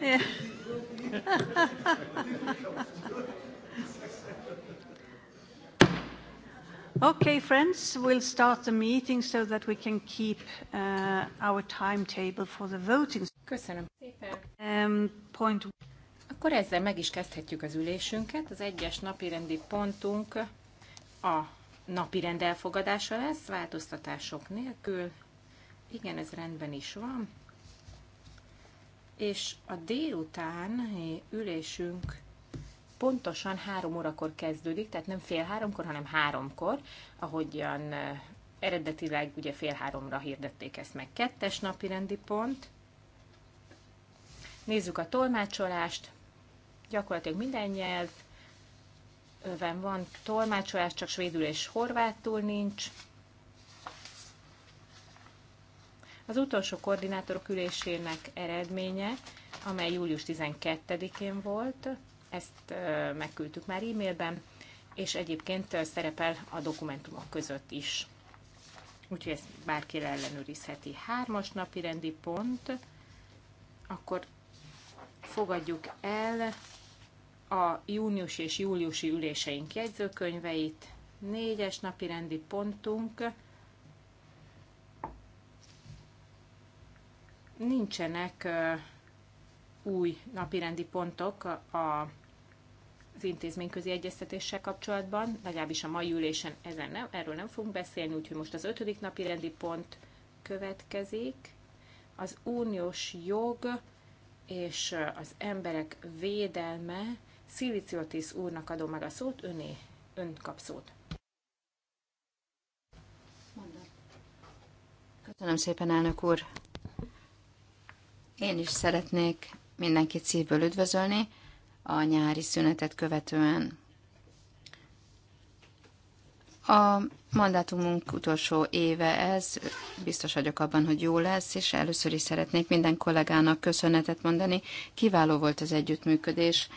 Yeah. okay, friends, we'll start the meeting so that we can keep uh, our timetable for the voting. Köszönöm szépen. Um, point. Akkor ezzel meg is kezdhetjük az ülésünket. Az egyes napirendi pontunk a napirend elfogadása lesz, változtatások nélkül. Igen, ez rendben is van és a délután ülésünk pontosan három órakor kezdődik, tehát nem fél háromkor, hanem háromkor, ahogyan eredetileg ugye fél háromra hirdették ezt meg. Kettes napi rendi pont. Nézzük a tolmácsolást. Gyakorlatilag minden nyelv, van tolmácsolás, csak svédül és horvátul nincs. Az utolsó koordinátorok ülésének eredménye, amely július 12-én volt, ezt megküldtük már e-mailben, és egyébként szerepel a dokumentumok között is. Úgyhogy ezt bárki ellenőrizheti. Hármas napi rendi pont, akkor fogadjuk el a június és júliusi üléseink jegyzőkönyveit. Négyes napi rendi pontunk, nincsenek új napirendi pontok a az intézményközi egyeztetéssel kapcsolatban, legalábbis a mai ülésen ezen nem, erről nem fogunk beszélni, úgyhogy most az ötödik napi rendi pont következik. Az uniós jog és az emberek védelme. Sziliciotis úrnak adom meg a szót, öné, ön kap szót. Köszönöm szépen, elnök úr. Én is szeretnék mindenkit szívből üdvözölni a nyári szünetet követően. A mandátumunk utolsó éve ez, biztos vagyok abban, hogy jó lesz, és először is szeretnék minden kollégának köszönetet mondani. Kiváló volt az együttműködés,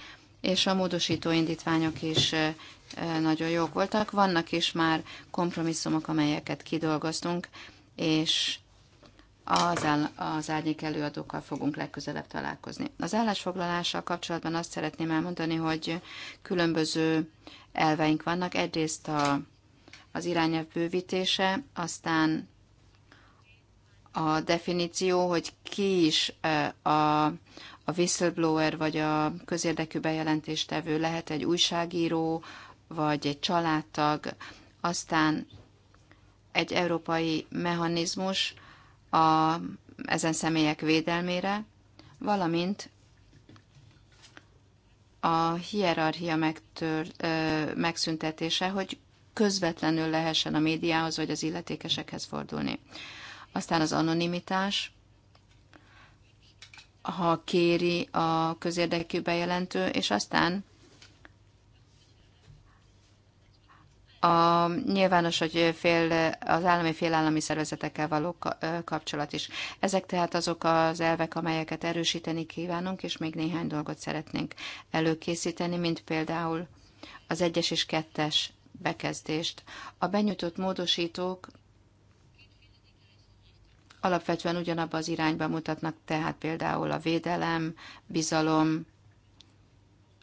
és a módosító indítványok is nagyon jók voltak. Vannak is már kompromisszumok, amelyeket kidolgoztunk, és az, áll, az árnyék előadókkal fogunk legközelebb találkozni. Az állásfoglalással kapcsolatban azt szeretném elmondani, hogy különböző elveink vannak. Egyrészt a, az irányelv bővítése, aztán a definíció, hogy ki is a, a whistleblower vagy a közérdekű bejelentéstevő lehet egy újságíró, vagy egy családtag, aztán egy európai mechanizmus, a, ezen személyek védelmére, valamint a hierarchia megtör, ö, megszüntetése, hogy közvetlenül lehessen a médiához vagy az illetékesekhez fordulni. Aztán az anonimitás, ha kéri a közérdekű bejelentő, és aztán a, nyilvános, hogy fél, az állami félállami szervezetekkel való kapcsolat is. Ezek tehát azok az elvek, amelyeket erősíteni kívánunk, és még néhány dolgot szeretnénk előkészíteni, mint például az egyes és kettes bekezdést. A benyújtott módosítók alapvetően ugyanabba az irányba mutatnak, tehát például a védelem, bizalom,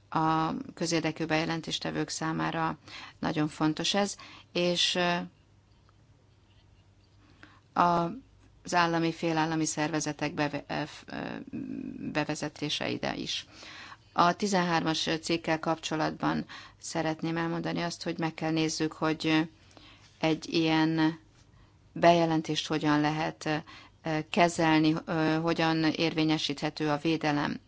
a közérdekű bejelentéstevők számára nagyon fontos ez, és az állami, félállami szervezetek bevezetése ide is. A 13-as cikkel kapcsolatban szeretném elmondani azt, hogy meg kell nézzük, hogy egy ilyen bejelentést hogyan lehet kezelni, hogyan érvényesíthető a védelem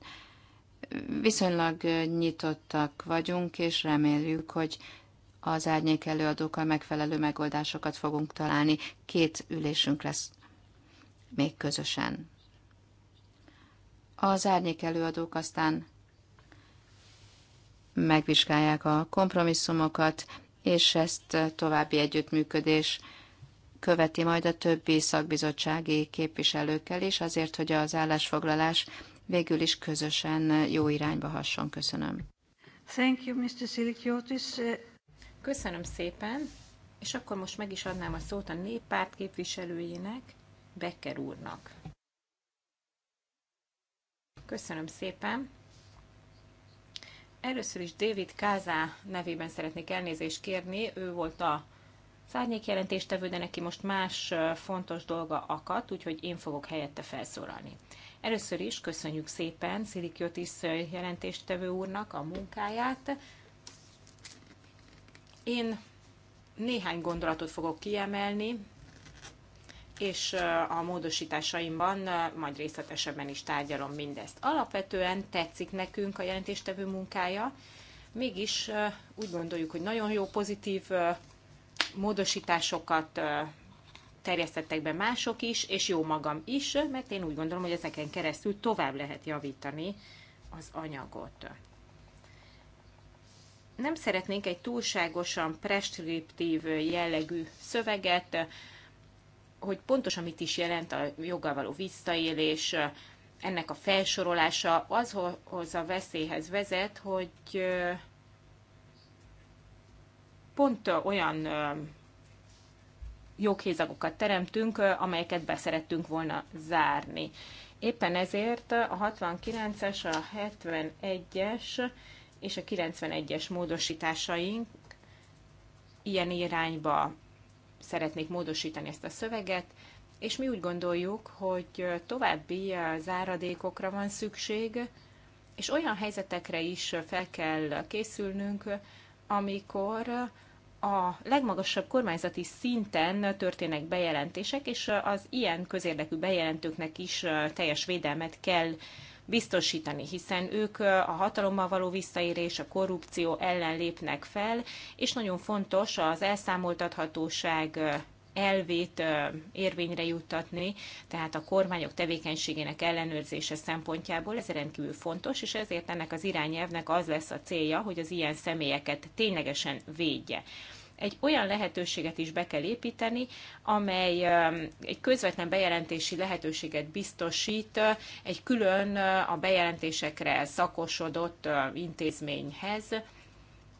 viszonylag nyitottak vagyunk, és reméljük, hogy az árnyék előadókkal megfelelő megoldásokat fogunk találni. Két ülésünk lesz még közösen. Az árnyék előadók aztán megvizsgálják a kompromisszumokat, és ezt további együttműködés követi majd a többi szakbizottsági képviselőkkel is, azért, hogy az állásfoglalás végül is közösen jó irányba hasson. Köszönöm. Thank you, Mr. Silikiotis. Köszönöm szépen, és akkor most meg is adnám a szót a néppárt képviselőjének, Becker úrnak. Köszönöm szépen. Először is David Kázá nevében szeretnék elnézést kérni. Ő volt a szárnyékjelentéstevő, de neki most más fontos dolga akadt, úgyhogy én fogok helyette felszólalni. Először is köszönjük szépen Jotis jelentéstevő úrnak a munkáját. Én néhány gondolatot fogok kiemelni, és a módosításaimban majd részletesebben is tárgyalom mindezt. Alapvetően tetszik nekünk a jelentéstevő munkája, mégis úgy gondoljuk, hogy nagyon jó pozitív módosításokat terjesztettek be mások is, és jó magam is, mert én úgy gondolom, hogy ezeken keresztül tovább lehet javítani az anyagot. Nem szeretnénk egy túlságosan preskriptív jellegű szöveget, hogy pontosan mit is jelent a joggal való visszaélés, ennek a felsorolása azhoz a veszélyhez vezet, hogy pont olyan joghézagokat teremtünk, amelyeket beszerettünk volna zárni. Éppen ezért a 69-es, a 71-es és a 91-es módosításaink ilyen irányba szeretnék módosítani ezt a szöveget, és mi úgy gondoljuk, hogy további záradékokra van szükség, és olyan helyzetekre is fel kell készülnünk, amikor a legmagasabb kormányzati szinten történnek bejelentések, és az ilyen közérdekű bejelentőknek is teljes védelmet kell biztosítani, hiszen ők a hatalommal való visszaérés, a korrupció ellen lépnek fel, és nagyon fontos az elszámoltathatóság elvét érvényre juttatni, tehát a kormányok tevékenységének ellenőrzése szempontjából ez rendkívül fontos, és ezért ennek az irányelvnek az lesz a célja, hogy az ilyen személyeket ténylegesen védje egy olyan lehetőséget is be kell építeni, amely egy közvetlen bejelentési lehetőséget biztosít egy külön a bejelentésekre szakosodott intézményhez,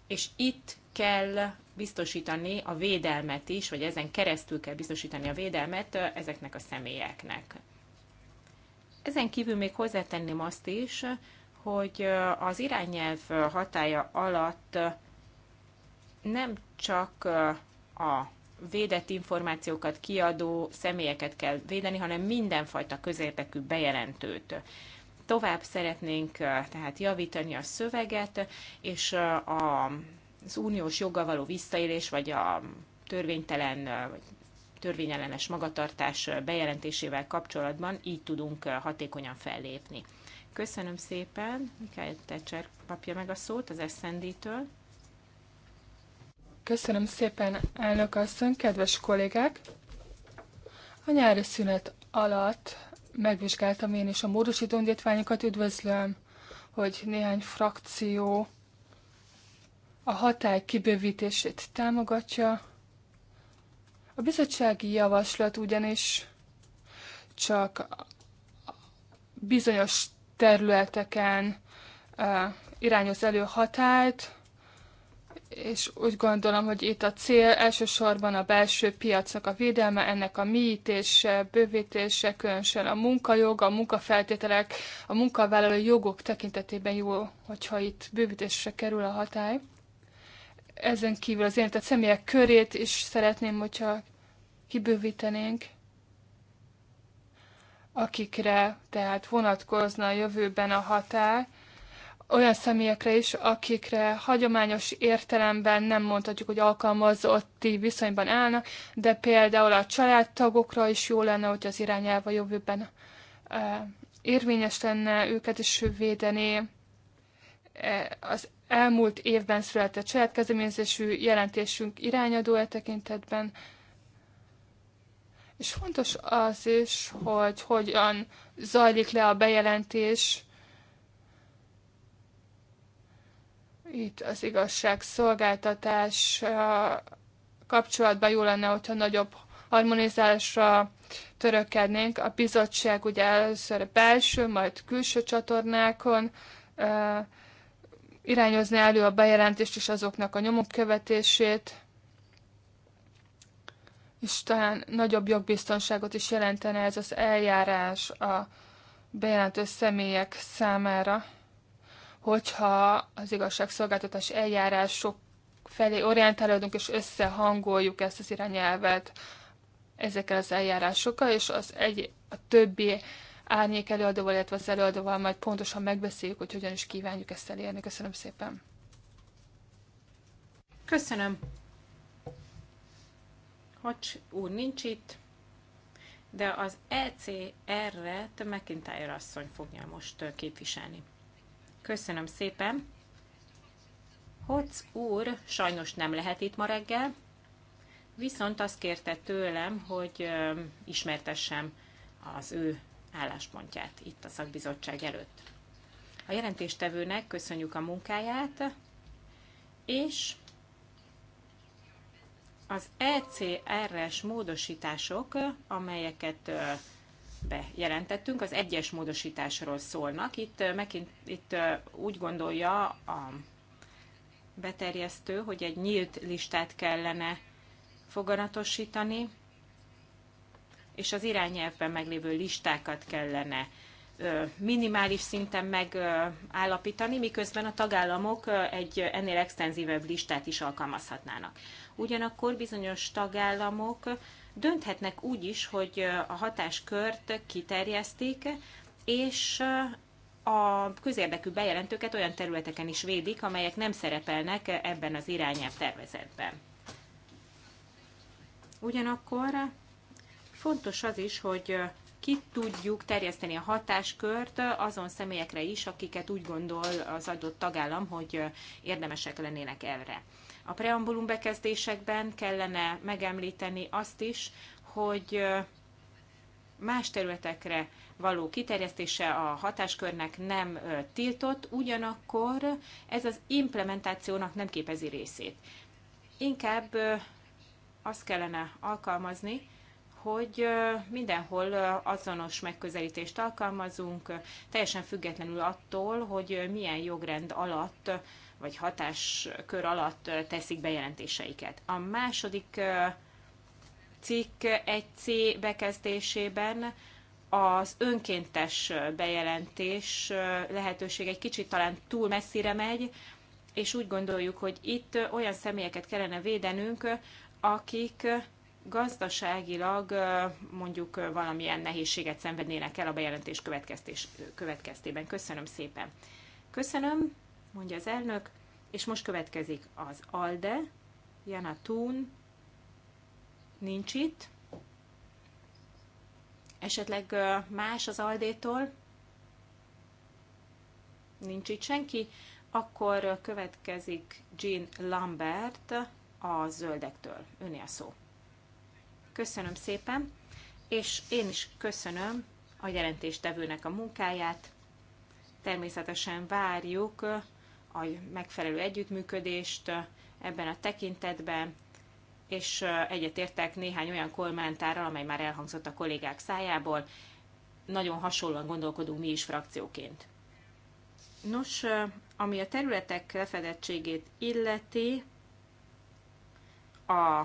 és itt kell biztosítani a védelmet is, vagy ezen keresztül kell biztosítani a védelmet ezeknek a személyeknek. Ezen kívül még hozzátenném azt is, hogy az irányelv hatája alatt nem csak a védett információkat kiadó személyeket kell védeni, hanem mindenfajta közérdekű bejelentőt. Tovább szeretnénk tehát javítani a szöveget, és a az uniós joggal való visszaélés, vagy a törvénytelen, vagy törvényellenes magatartás bejelentésével kapcsolatban így tudunk hatékonyan fellépni. Köszönöm szépen, Mikály Tecser kapja meg a szót az SZND-től. Köszönöm szépen, elnök asszony, kedves kollégák! A nyári szünet alatt megvizsgáltam én is a módosító indítványokat, üdvözlöm, hogy néhány frakció a hatály kibővítését támogatja. A bizottsági javaslat ugyanis csak bizonyos területeken irányoz elő hatályt, és úgy gondolom, hogy itt a cél elsősorban a belső piacnak a védelme, ennek a mítése, bővítése, különösen a munkajog, a munkafeltételek, a munkavállaló jogok tekintetében jó, hogyha itt bővítésre kerül a hatály ezen kívül az érintett személyek körét is szeretném, hogyha kibővítenénk, akikre tehát vonatkozna a jövőben a határ, olyan személyekre is, akikre hagyományos értelemben nem mondhatjuk, hogy alkalmazotti viszonyban állnak, de például a családtagokra is jó lenne, hogy az irányelva jövőben e, érvényes lenne, őket is védeni, E, az elmúlt évben született saját kezdeményezésű jelentésünk irányadó e tekintetben, és fontos az is, hogy hogyan zajlik le a bejelentés itt az igazságszolgáltatás e, kapcsolatban jó lenne, hogyha nagyobb harmonizálásra törökednénk. A bizottság ugye először belső, majd külső csatornákon e, irányozni elő a bejelentést és azoknak a nyomok követését, és talán nagyobb jogbiztonságot is jelentene ez az eljárás a bejelentő személyek számára, hogyha az igazságszolgáltatás eljárások felé orientálódunk és összehangoljuk ezt az irányelvet ezekkel az eljárásokkal, és az egy, a többi árnyék előadóval, illetve az előadóval majd pontosan megbeszéljük, hogy hogyan is kívánjuk ezt elérni. Köszönöm szépen! Köszönöm! Hacs úr nincs itt, de az ECR-re McIntyre asszony fogja most képviselni. Köszönöm szépen! Hoc úr sajnos nem lehet itt ma reggel, viszont azt kérte tőlem, hogy ismertessem az ő álláspontját itt a szakbizottság előtt. A jelentéstevőnek köszönjük a munkáját, és az ECRS módosítások, amelyeket bejelentettünk, az egyes módosításról szólnak. Itt, megint, itt úgy gondolja a beterjesztő, hogy egy nyílt listát kellene foganatosítani, és az irányelvben meglévő listákat kellene minimális szinten megállapítani, miközben a tagállamok egy ennél extenzívebb listát is alkalmazhatnának. Ugyanakkor bizonyos tagállamok dönthetnek úgy is, hogy a hatáskört kiterjesztik, és a közérdekű bejelentőket olyan területeken is védik, amelyek nem szerepelnek ebben az irányelv tervezetben. Ugyanakkor Fontos az is, hogy ki tudjuk terjeszteni a hatáskört azon személyekre is, akiket úgy gondol az adott tagállam, hogy érdemesek lennének erre. A preambulum bekezdésekben kellene megemlíteni azt is, hogy más területekre való kiterjesztése a hatáskörnek nem tiltott, ugyanakkor ez az implementációnak nem képezi részét. Inkább azt kellene alkalmazni, hogy mindenhol azonos megközelítést alkalmazunk, teljesen függetlenül attól, hogy milyen jogrend alatt vagy hatáskör alatt teszik bejelentéseiket. A második cikk 1C bekezdésében az önkéntes bejelentés lehetőség egy kicsit talán túl messzire megy, és úgy gondoljuk, hogy itt olyan személyeket kellene védenünk, akik gazdaságilag mondjuk valamilyen nehézséget szenvednének el a bejelentés következtés, következtében. Köszönöm szépen. Köszönöm, mondja az elnök, és most következik az ALDE, Jana Thun, nincs itt. Esetleg más az Aldétól? Nincs itt senki. Akkor következik Jean Lambert a zöldektől. Önél a szó. Köszönöm szépen, és én is köszönöm a jelentéstevőnek a munkáját. Természetesen várjuk a megfelelő együttműködést ebben a tekintetben, és egyetértek néhány olyan kommentárral, amely már elhangzott a kollégák szájából. Nagyon hasonlóan gondolkodunk mi is frakcióként. Nos, ami a területek lefedettségét illeti, a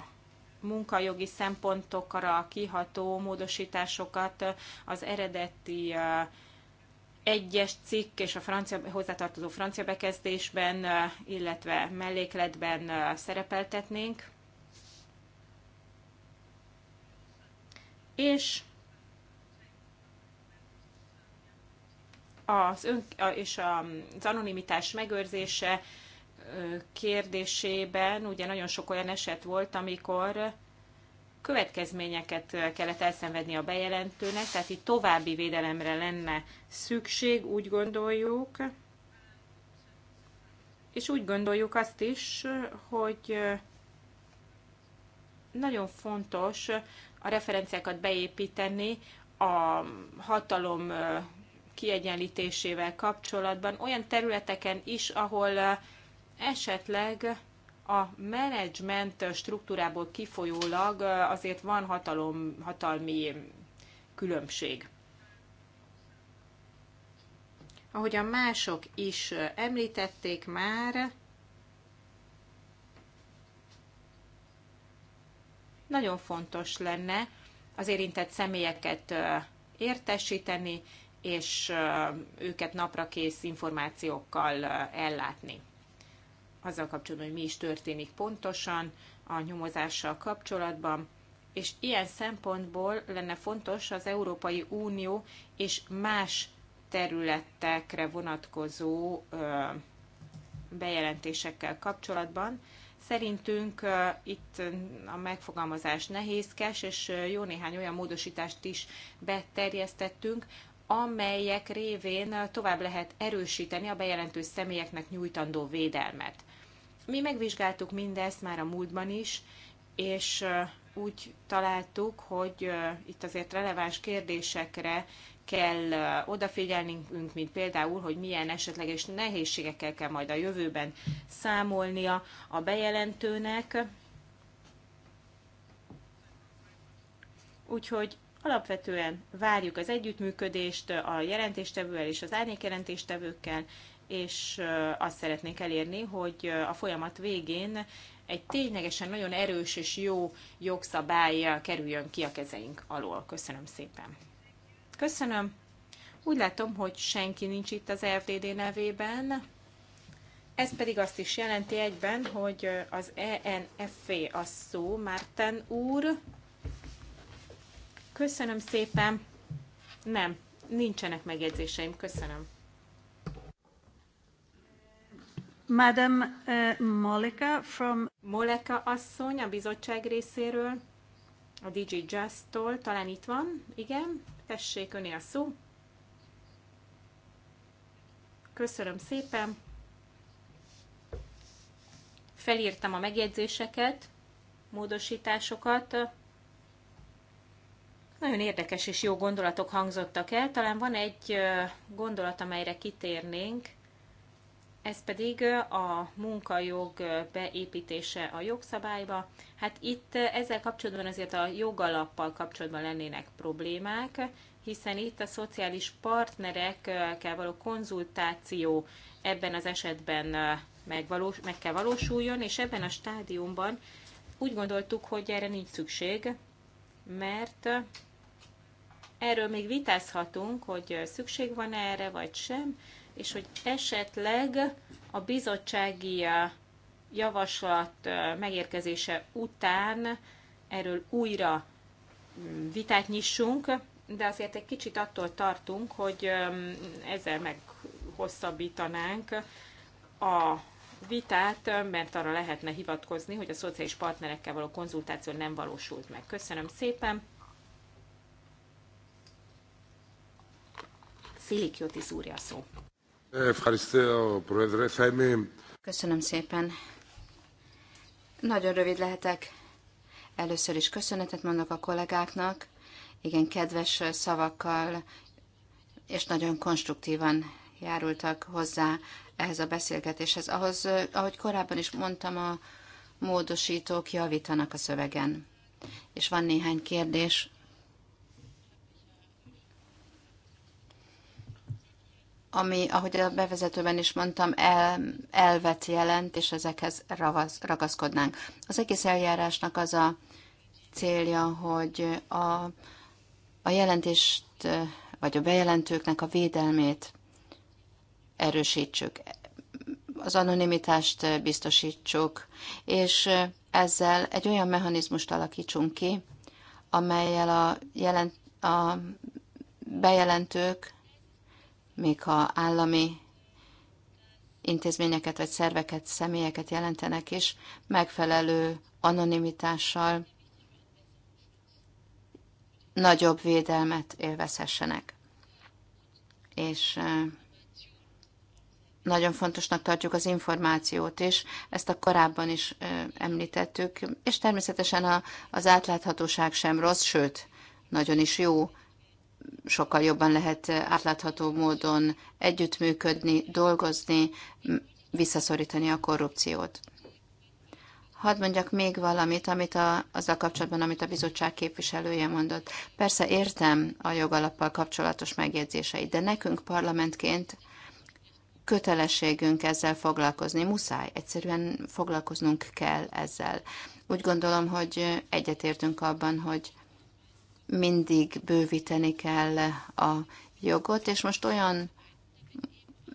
munkajogi szempontokra kiható módosításokat az eredeti eh, egyes cikk és a francia, hozzátartozó francia bekezdésben, eh, illetve mellékletben eh, szerepeltetnénk. És az ön, és az anonimitás megőrzése kérdésében ugye nagyon sok olyan eset volt, amikor következményeket kellett elszenvedni a bejelentőnek, tehát itt további védelemre lenne szükség, úgy gondoljuk. És úgy gondoljuk azt is, hogy nagyon fontos a referenciákat beépíteni a hatalom kiegyenlítésével kapcsolatban olyan területeken is, ahol esetleg a menedzsment struktúrából kifolyólag azért van hatalom, hatalmi különbség. Ahogy a mások is említették már, nagyon fontos lenne az érintett személyeket értesíteni, és őket naprakész információkkal ellátni azzal kapcsolatban, hogy mi is történik pontosan a nyomozással kapcsolatban, és ilyen szempontból lenne fontos az Európai Unió és más területekre vonatkozó bejelentésekkel kapcsolatban. Szerintünk itt a megfogalmazás nehézkes, és jó néhány olyan módosítást is beterjesztettünk, amelyek révén tovább lehet erősíteni a bejelentő személyeknek nyújtandó védelmet. Mi megvizsgáltuk mindezt már a múltban is, és úgy találtuk, hogy itt azért releváns kérdésekre kell odafigyelnünk, mint például, hogy milyen esetleges nehézségekkel kell majd a jövőben számolnia a bejelentőnek. Úgyhogy alapvetően várjuk az együttműködést a jelentéstevővel és az árnyékjelentéstevőkkel, és azt szeretnék elérni, hogy a folyamat végén egy ténylegesen nagyon erős és jó jogszabály kerüljön ki a kezeink alól. Köszönöm szépen. Köszönöm. Úgy látom, hogy senki nincs itt az FDD nevében. Ez pedig azt is jelenti egyben, hogy az ENFV e a szó, Márten úr. Köszönöm szépen. Nem, nincsenek megjegyzéseim, köszönöm. Madam uh, Moleka from... Moleka asszony a bizottság részéről, a DG Just-tól, talán itt van, igen, tessék öné a szó. Köszönöm szépen. Felírtam a megjegyzéseket, módosításokat. Nagyon érdekes és jó gondolatok hangzottak el. Talán van egy uh, gondolat, amelyre kitérnénk, ez pedig a munkajog beépítése a jogszabályba. Hát itt ezzel kapcsolatban azért a jogalappal kapcsolatban lennének problémák, hiszen itt a szociális partnerekkel való konzultáció ebben az esetben megvalós, meg kell valósuljon, és ebben a stádiumban úgy gondoltuk, hogy erre nincs szükség, mert erről még vitázhatunk, hogy szükség van -e erre, vagy sem, és hogy esetleg a bizottsági uh, javaslat uh, megérkezése után erről újra mm, vitát nyissunk, de azért egy kicsit attól tartunk, hogy um, ezzel meghosszabbítanánk a vitát, um, mert arra lehetne hivatkozni, hogy a szociális partnerekkel való konzultáció nem valósult meg. Köszönöm szépen! Szilik Jotis úrja szó. Köszönöm szépen. Nagyon rövid lehetek. Először is köszönetet mondok a kollégáknak. Igen, kedves szavakkal és nagyon konstruktívan járultak hozzá ehhez a beszélgetéshez. Ahhoz, ahogy korábban is mondtam, a módosítók javítanak a szövegen. És van néhány kérdés, ami, ahogy a bevezetőben is mondtam, el, elvet jelent, és ezekhez ragasz, ragaszkodnánk. Az egész eljárásnak az a célja, hogy a, a jelentést, vagy a bejelentőknek a védelmét erősítsük, az anonimitást biztosítsuk, és ezzel egy olyan mechanizmust alakítsunk ki, amelyel a, jelent, a bejelentők még ha állami intézményeket vagy szerveket, személyeket jelentenek is, megfelelő anonimitással nagyobb védelmet élvezhessenek. És nagyon fontosnak tartjuk az információt is, ezt a korábban is említettük, és természetesen a, az átláthatóság sem rossz, sőt, nagyon is jó, sokkal jobban lehet átlátható módon együttműködni, dolgozni, visszaszorítani a korrupciót. Hadd mondjak még valamit, amit a, azzal kapcsolatban, amit a bizottság képviselője mondott. Persze értem a jogalappal kapcsolatos megjegyzéseit, de nekünk parlamentként kötelességünk ezzel foglalkozni. Muszáj, egyszerűen foglalkoznunk kell ezzel. Úgy gondolom, hogy egyetértünk abban, hogy mindig bővíteni kell a jogot, és most olyan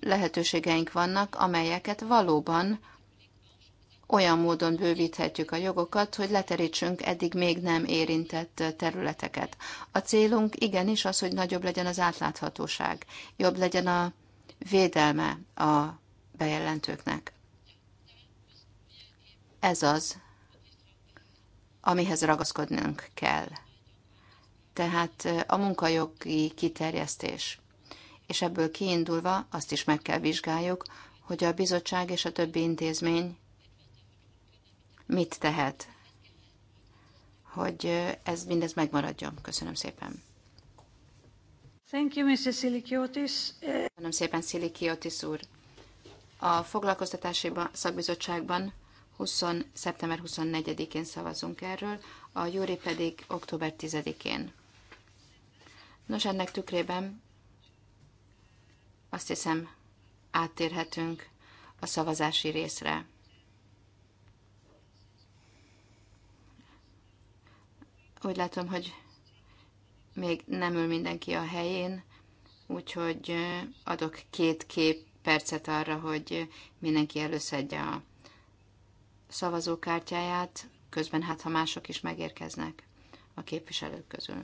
lehetőségeink vannak, amelyeket valóban olyan módon bővíthetjük a jogokat, hogy leterítsünk eddig még nem érintett területeket. A célunk igenis az, hogy nagyobb legyen az átláthatóság, jobb legyen a védelme a bejelentőknek. Ez az, amihez ragaszkodnunk kell tehát a munkajogi kiterjesztés. És ebből kiindulva azt is meg kell vizsgáljuk, hogy a bizottság és a többi intézmény mit tehet, hogy ez mindez megmaradjon. Köszönöm szépen. Thank you, Mr. Silikiotis. Köszönöm szépen, Silikiotis úr. A foglalkoztatási szakbizottságban 20, szeptember 24-én szavazunk erről, a júri pedig október 10-én. Nos, ennek tükrében azt hiszem áttérhetünk a szavazási részre. Úgy látom, hogy még nem ül mindenki a helyén, úgyhogy adok két kép percet arra, hogy mindenki előszedje a szavazókártyáját, közben hát ha mások is megérkeznek a képviselők közül.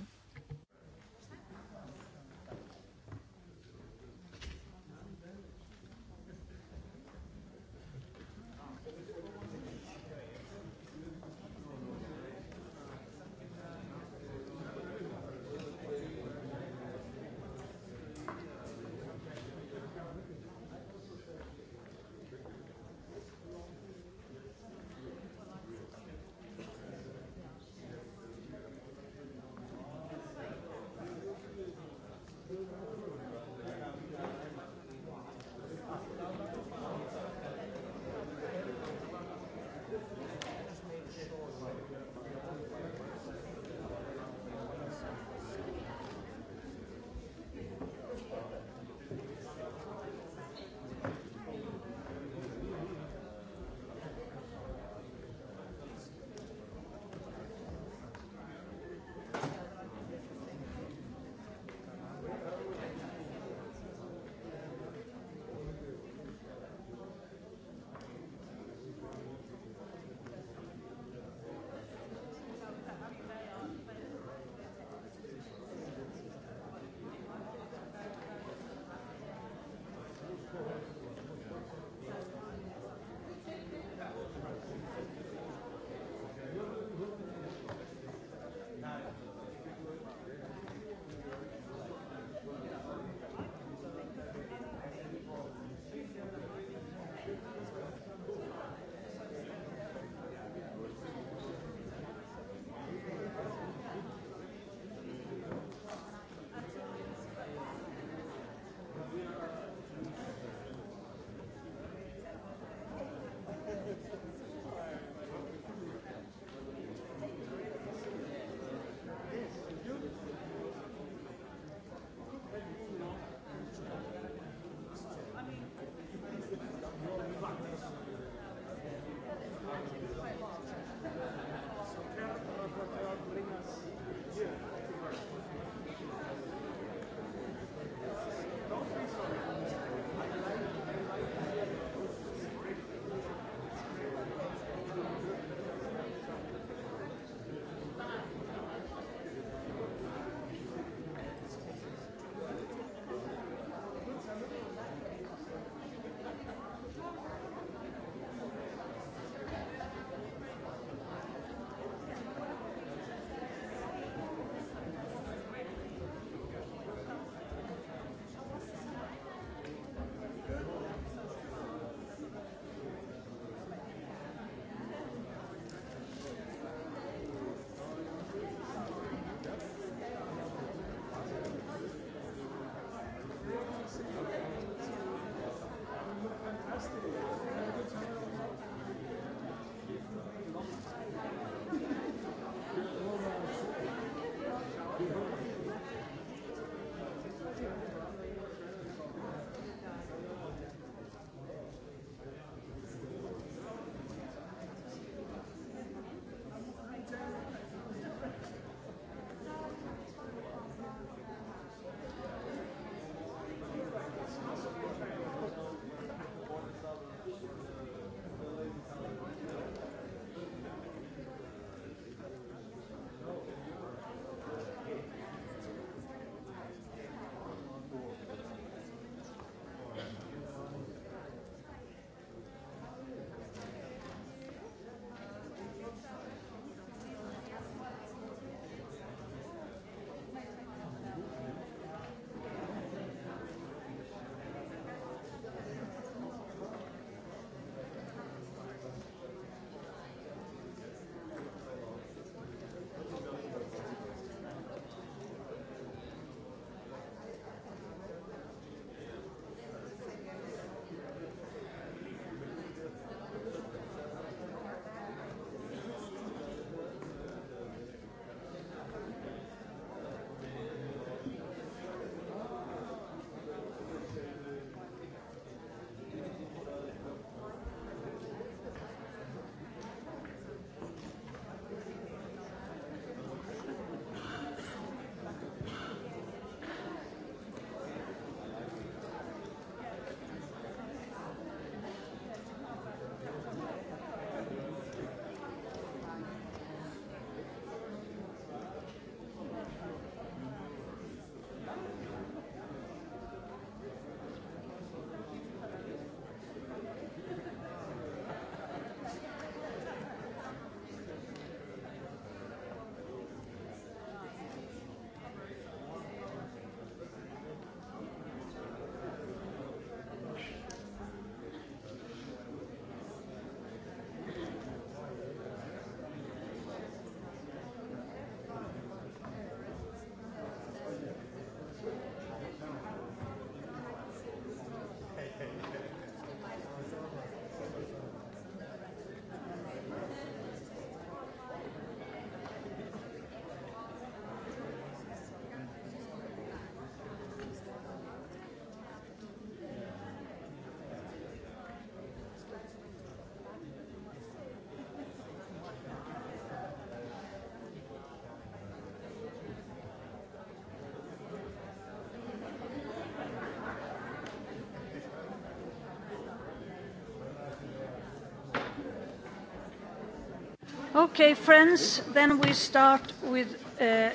Okay, friends, then we start with uh,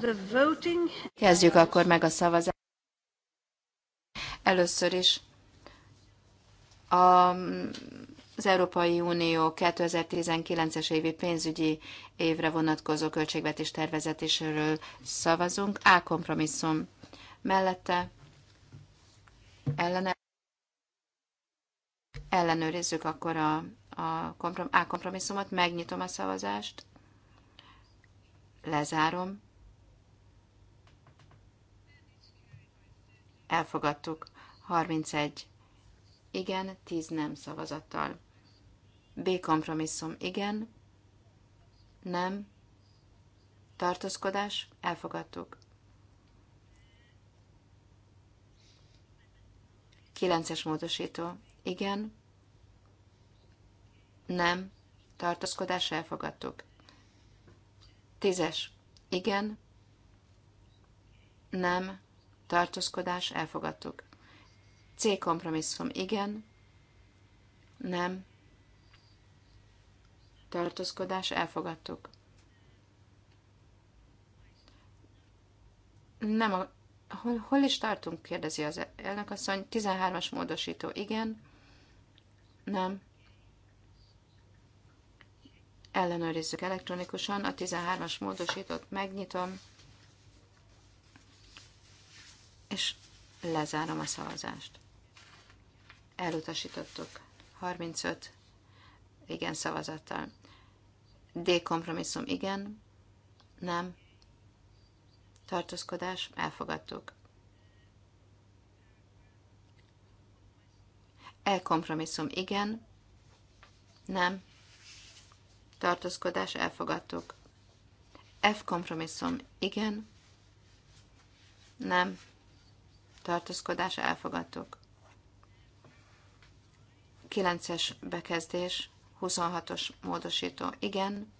the voting. Kezdjük akkor meg a szavazást. Először is a, az Európai Unió 2019-es évi pénzügyi évre vonatkozó költségvetés tervezetéséről szavazunk. A kompromisszum mellette ellene ellenőrizzük akkor a a kompromisszumot, megnyitom a szavazást, lezárom, elfogadtuk 31 igen, 10 nem szavazattal. B kompromisszum igen, nem, tartózkodás, elfogadtuk. 9-es módosító, igen, nem. Tartózkodás elfogadtuk. Tízes. Igen. Nem. Tartózkodás elfogadtuk. C kompromisszum. Igen. Nem. Tartózkodás elfogadtuk. Nem a... Hol, hol is tartunk? kérdezi az elnökasszony. 13-as módosító. Igen. Nem ellenőrizzük elektronikusan. A 13-as módosított megnyitom, és lezárom a szavazást. Elutasítottuk. 35 igen szavazattal. D kompromisszum igen, nem. Tartózkodás, elfogadtuk. E kompromisszum igen, nem tartózkodás elfogadtuk. F kompromisszum igen, nem, tartózkodás elfogadtuk. 9-es bekezdés, 26-os módosító igen,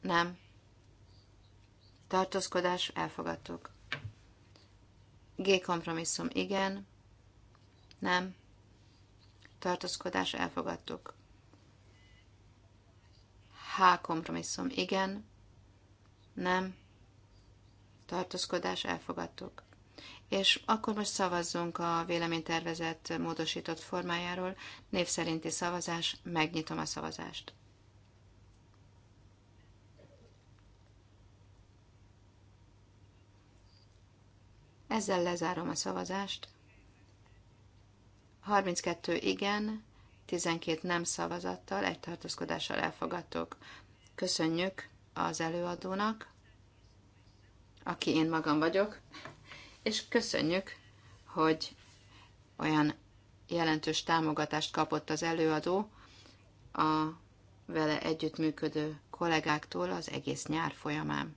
nem, tartózkodás elfogadtuk. G kompromisszum igen, nem, tartózkodás elfogadtuk. H kompromisszum igen, nem, tartózkodás elfogadtuk. És akkor most szavazzunk a véleménytervezet módosított formájáról. Név szerinti szavazás, megnyitom a szavazást. Ezzel lezárom a szavazást. 32 igen, 12 nem szavazattal, egy tartózkodással elfogadtok. Köszönjük az előadónak, aki én magam vagyok, és köszönjük, hogy olyan jelentős támogatást kapott az előadó a vele együttműködő kollégáktól az egész nyár folyamán.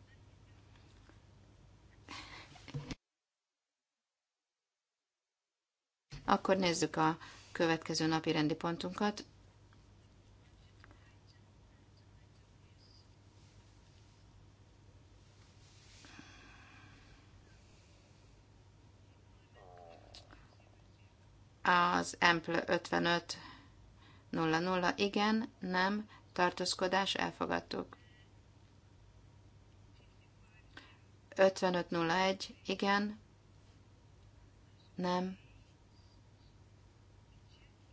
Akkor nézzük a következő napi rendi pontunkat. Az Emple 55 00 igen, nem, tartózkodás, elfogadtuk. 5501 igen, nem,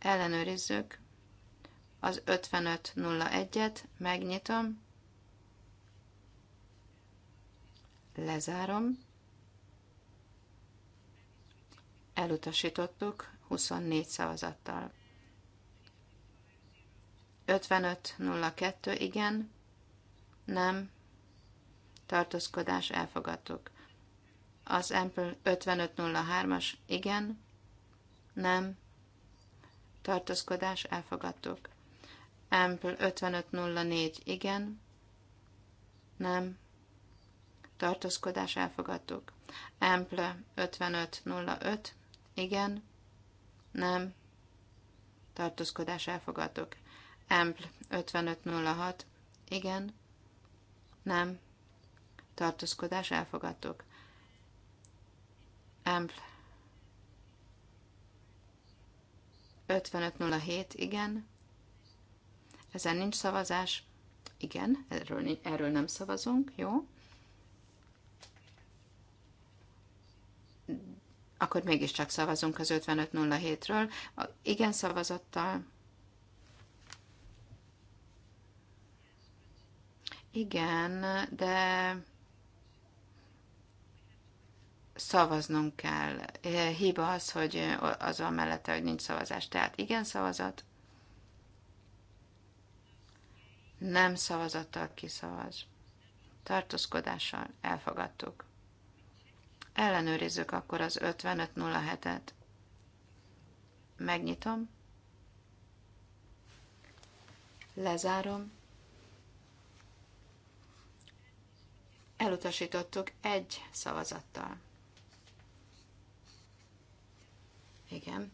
ellenőrizzük az 5501-et, megnyitom, lezárom, elutasítottuk 24 szavazattal. 5502 igen, nem, tartózkodás elfogadtuk. Az Ample 5503-as igen, nem, tartózkodás, elfogadtuk. Ample 5504, igen, nem, tartózkodás, elfogadtuk. Ample 5505, igen, nem, tartózkodás, elfogadtuk. Ample 5506, igen, nem, tartózkodás, elfogadtuk. Ample 5507, igen. Ezen nincs szavazás. Igen, erről, erről nem szavazunk, jó. Akkor mégiscsak szavazunk az 5507-ről. Igen szavazattal. Igen, de szavaznunk kell. Eh, hiba az, hogy eh, az van mellette, hogy nincs szavazás. Tehát igen szavazat, nem szavazattal kiszavaz. Tartózkodással elfogadtuk. Ellenőrizzük akkor az 5507-et. Megnyitom. Lezárom. Elutasítottuk egy szavazattal. Igen.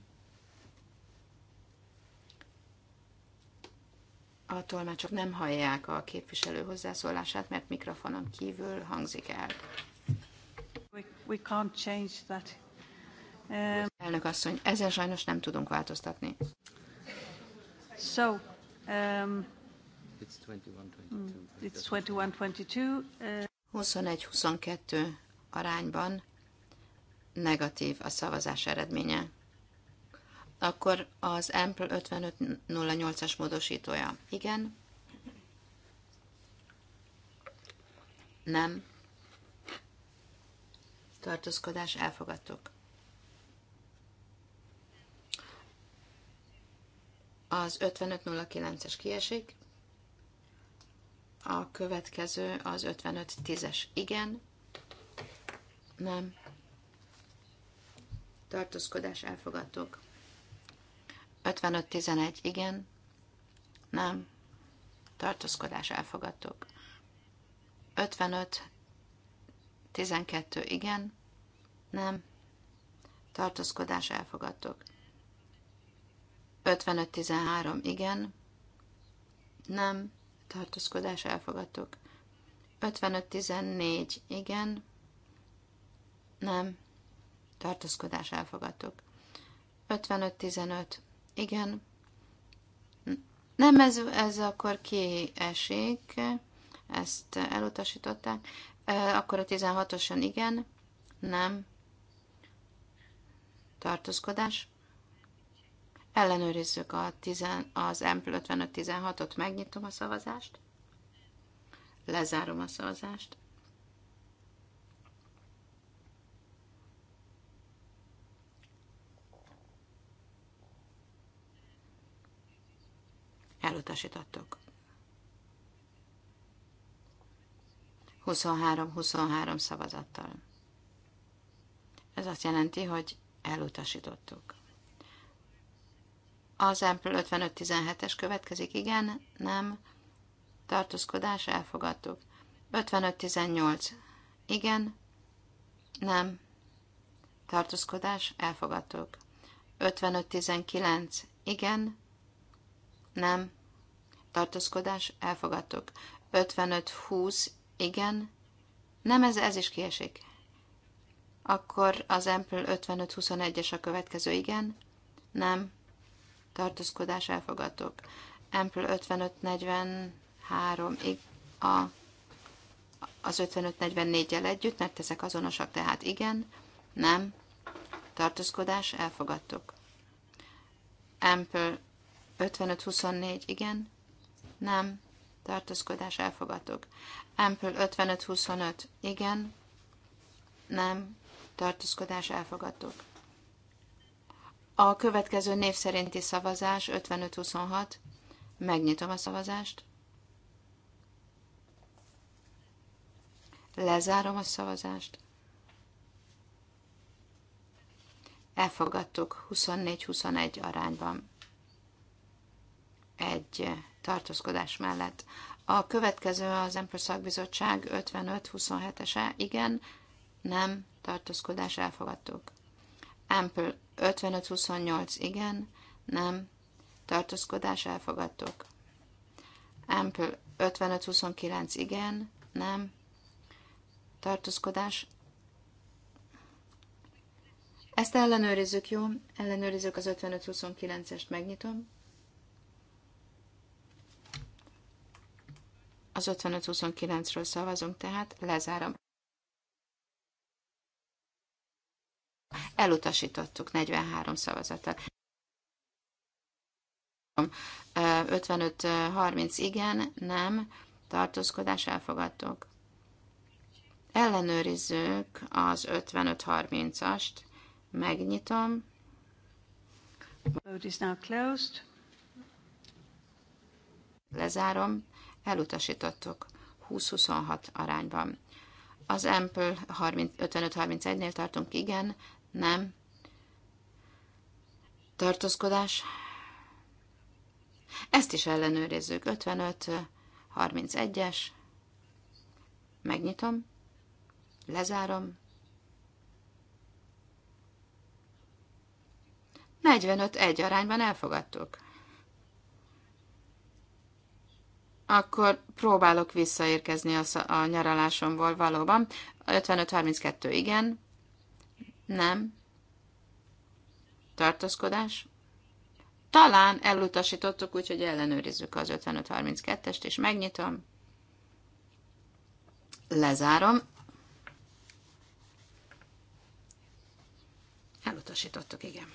A tolmácsok nem hallják a képviselő hozzászólását, mert mikrofonon kívül hangzik el. We, we can't change that. Um... Elnök asszony, ezzel sajnos nem tudunk változtatni. So, um, it's 21-22. 21-22. Mm, uh... 21-22 arányban negatív a szavazás eredménye. Akkor az Ample 5508-as módosítója. Igen. Nem. Tartózkodás elfogadtuk. Az 5509-es kiesik. A következő az 5510-es. Igen. Nem. Tartózkodás elfogadtuk. 55-11 igen, nem, tartózkodás elfogadtuk. 55-12 igen, nem, tartózkodás elfogadtuk. 55-13 igen, nem, tartózkodás elfogadtuk. 55-14 igen, nem, tartózkodás elfogadtuk. 55-15 igen. Nem, ez, ez akkor kiesik, ezt elutasították. Akkor a 16-osan igen, nem. Tartózkodás. Ellenőrizzük a tizen az M55-16-ot, megnyitom a szavazást. Lezárom a szavazást. elutasítottuk. 23-23 szavazattal. Ez azt jelenti, hogy elutasítottuk. Az Ample 55-17-es következik, igen, nem, tartózkodás, elfogadtuk. 55-18, igen, nem, tartózkodás, elfogadtuk. 55-19, igen, nem, tartózkodás, elfogadtuk. 55-20, igen, nem, ez, ez is kiesik. Akkor az Ample 55-21-es a következő, igen, nem, tartózkodás, elfogadtuk. Ample 55-43, a, az 55-44-jel együtt, mert ezek azonosak, tehát igen, nem, tartózkodás, elfogadtuk. Ample 55-24, igen, nem, tartózkodás elfogadok. Ample 55-25, igen, nem, tartózkodás elfogadok. A következő név szerinti szavazás 55-26, megnyitom a szavazást. Lezárom a szavazást. Elfogadtuk 24-21 arányban. Egy tartózkodás mellett. A következő az Empress Szakbizottság 55-27-ese, igen, nem, tartózkodás elfogadtuk. Ample 55-28, igen, nem, tartózkodás elfogadtuk. Ample 55-29, igen, nem, tartózkodás. Ezt ellenőrizzük, jó? Ellenőrizzük az 55-29-est, megnyitom. Az 55-29-ről szavazunk, tehát lezárom. Elutasítottuk 43 szavazattal. 55-30 igen, nem, tartózkodás elfogadtok. Ellenőrizzük az 55-30-ast, megnyitom. Vote is now closed. Lezárom, elutasítottuk 20-26 arányban. Az Ample 55-31-nél tartunk, igen, nem. Tartózkodás. Ezt is ellenőrizzük. 55-31-es. Megnyitom. Lezárom. 45-1 arányban elfogadtuk. akkor próbálok visszaérkezni a, a nyaralásomból valóban. 55-32 igen, nem, tartózkodás. Talán elutasítottuk, úgyhogy ellenőrizzük az 55-32-est, és megnyitom, lezárom, elutasítottuk, igen.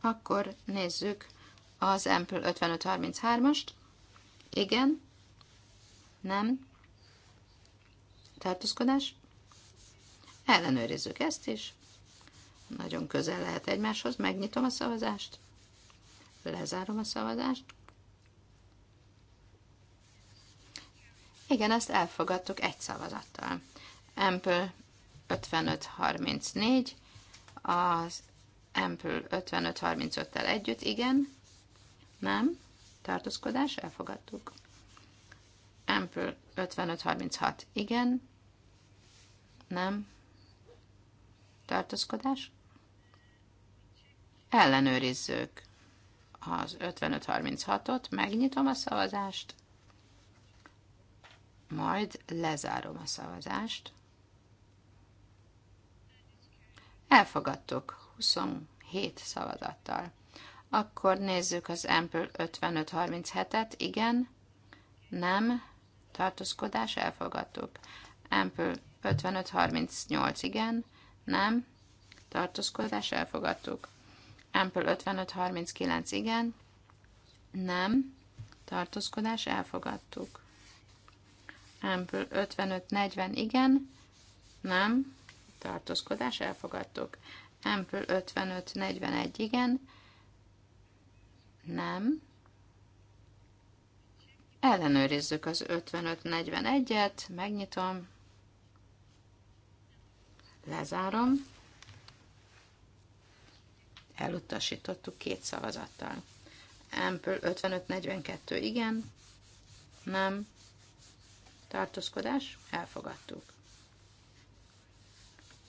Akkor nézzük az Ample 5533-ast. Igen. Nem. Tartózkodás. Ellenőrizzük ezt is. Nagyon közel lehet egymáshoz. Megnyitom a szavazást. Lezárom a szavazást. Igen, ezt elfogadtuk egy szavazattal. Ample 5534, az Ample 5535-tel együtt, igen. Nem? Tartózkodás? Elfogadtuk. Ample 5536. Igen. Nem. Tartózkodás? Ellenőrizzük az 5536-ot, megnyitom a szavazást, majd lezárom a szavazást. Elfogadtuk 27 szavazattal. Akkor nézzük az Ample 5537-et. Igen, nem, tartózkodás, elfogadtuk. Ample 5538, igen, nem, tartózkodás, elfogadtuk. Ample 5539, igen, nem, tartózkodás, elfogadtuk. Ample 5540, igen, nem, tartózkodás, elfogadtuk. Ample 5541, igen, nem. Ellenőrizzük az 55-41-et, megnyitom, lezárom. Elutasítottuk két szavazattal. Ample 55-42 igen, nem, tartózkodás, elfogadtuk.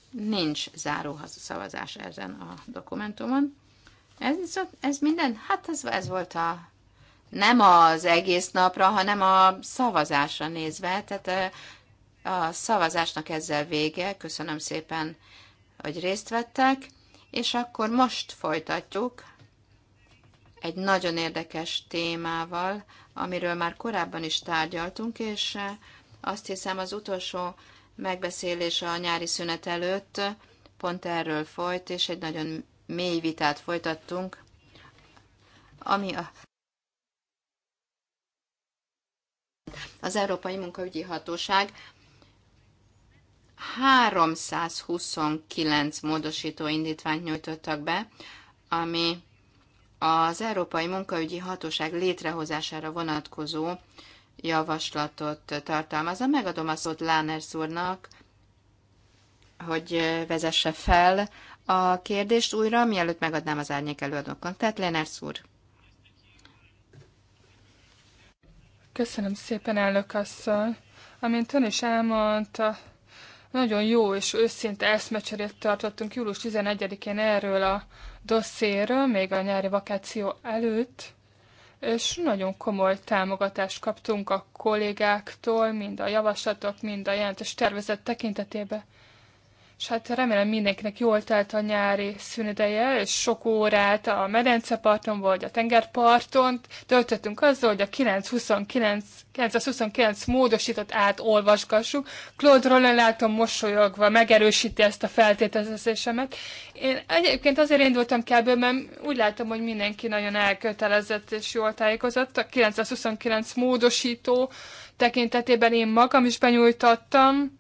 Nincs záró szavazás ezen a dokumentumon. Ez, ez minden? Hát ez, ez volt a nem az egész napra, hanem a szavazásra nézve. Tehát eh, a szavazásnak ezzel vége. Köszönöm szépen, hogy részt vettek. És akkor most folytatjuk egy nagyon érdekes témával, amiről már korábban is tárgyaltunk, és eh, azt hiszem az utolsó megbeszélés a nyári szünet előtt pont erről folyt, és egy nagyon mély vitát folytattunk, ami a az Európai Munkaügyi Hatóság 329 módosító indítványt nyújtottak be, ami az Európai Munkaügyi Hatóság létrehozására vonatkozó javaslatot tartalmaz. Megadom a szót Lánersz úrnak, hogy vezesse fel a kérdést újra, mielőtt megadnám az árnyék előadókon. Tehát Lenársz úr. Köszönöm szépen, elnök asszony. Amint ön is elmondta, nagyon jó és őszinte eszmecserét tartottunk július 11-én erről a dosszéről, még a nyári vakáció előtt, és nagyon komoly támogatást kaptunk a kollégáktól, mind a javaslatok, mind a jelentős tervezet tekintetében és hát remélem mindenkinek jól telt a nyári szünideje, és sok órát a medenceparton vagy a tengerparton töltöttünk azzal, hogy a 929, 929 módosított átolvasgassuk. Claude Roland látom mosolyogva megerősíti ezt a feltételezésemet. Én egyébként azért indultam kb, mert úgy látom, hogy mindenki nagyon elkötelezett és jól tájékozott. A 929 módosító tekintetében én magam is benyújtottam,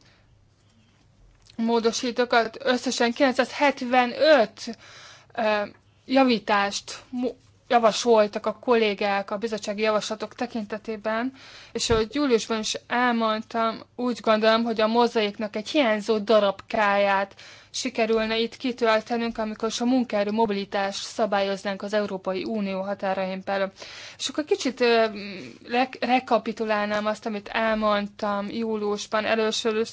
módosítókat, összesen 975 javítást javasoltak a kollégák a bizottsági javaslatok tekintetében, és ahogy júliusban is elmondtam, úgy gondolom, hogy a mozaiknak egy hiányzó darabkáját sikerülne itt kitöltenünk, amikor is a munkaerő mobilitást szabályoznánk az Európai Unió határain belül. És akkor kicsit re- rekapitulálnám azt, amit elmondtam júliusban először Is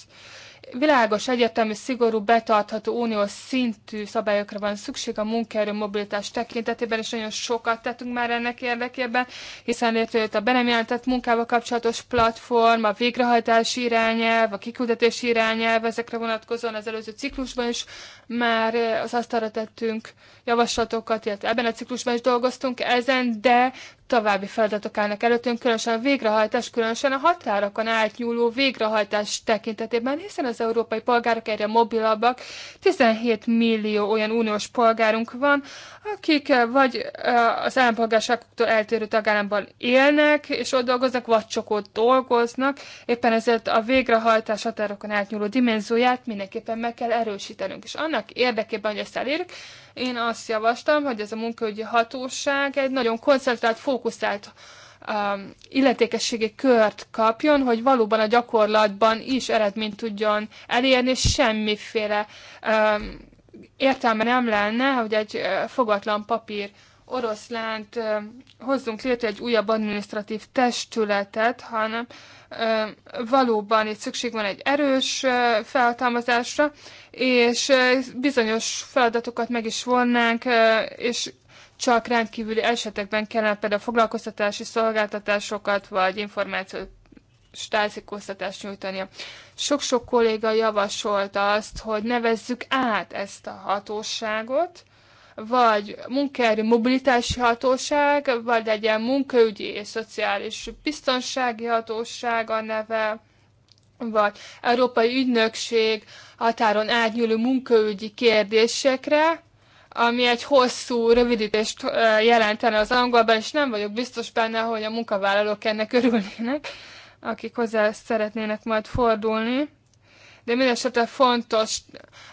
világos, egyértelmű, szigorú, betartható uniós szintű szabályokra van szükség a munkaerő mobilitás tekintetében, és nagyon sokat tettünk már ennek érdekében, hiszen létrejött a be nem jelentett munkával kapcsolatos platform, a végrehajtási irányelv, a kiküldetési irányelv, ezekre vonatkozóan az előző ciklusban is már az asztalra tettünk javaslatokat, illetve ebben a ciklusban is dolgoztunk ezen, de további feladatok állnak előttünk, különösen a végrehajtás, különösen a határokon átnyúló végrehajtás tekintetében, hiszen az európai polgárok erre mobilabbak, 17 millió olyan uniós polgárunk van, akik eh, vagy eh, az állampolgárságoktól eltérő tagállamban élnek, és ott dolgoznak, vagy csak ott dolgoznak, éppen ezért a végrehajtás határokon átnyúló dimenzióját mindenképpen meg kell erősítenünk, és annak érdekében, hogy ezt elérjük, én azt javaslom, hogy ez a munkaügyi hatóság egy nagyon koncentrált, fókuszált um, illetékességi kört kapjon, hogy valóban a gyakorlatban is eredményt tudjon elérni, és semmiféle um, értelme nem lenne, hogy egy uh, fogatlan papír oroszlánt uh, hozzunk létre egy újabb administratív testületet, hanem valóban itt szükség van egy erős feltámadásra, és bizonyos feladatokat meg is vonnánk, és csak rendkívüli esetekben kellene például foglalkoztatási szolgáltatásokat, vagy információt stájszékoztatást nyújtania. Sok-sok kolléga javasolta azt, hogy nevezzük át ezt a hatóságot, vagy munkaerő mobilitási hatóság, vagy legyen munkaügyi és szociális biztonsági hatóság a neve, vagy Európai Ügynökség határon átnyúló munkaügyi kérdésekre, ami egy hosszú rövidítést jelentene az angolban, és nem vagyok biztos benne, hogy a munkavállalók ennek örülnének, akik hozzá szeretnének majd fordulni de esetre fontos,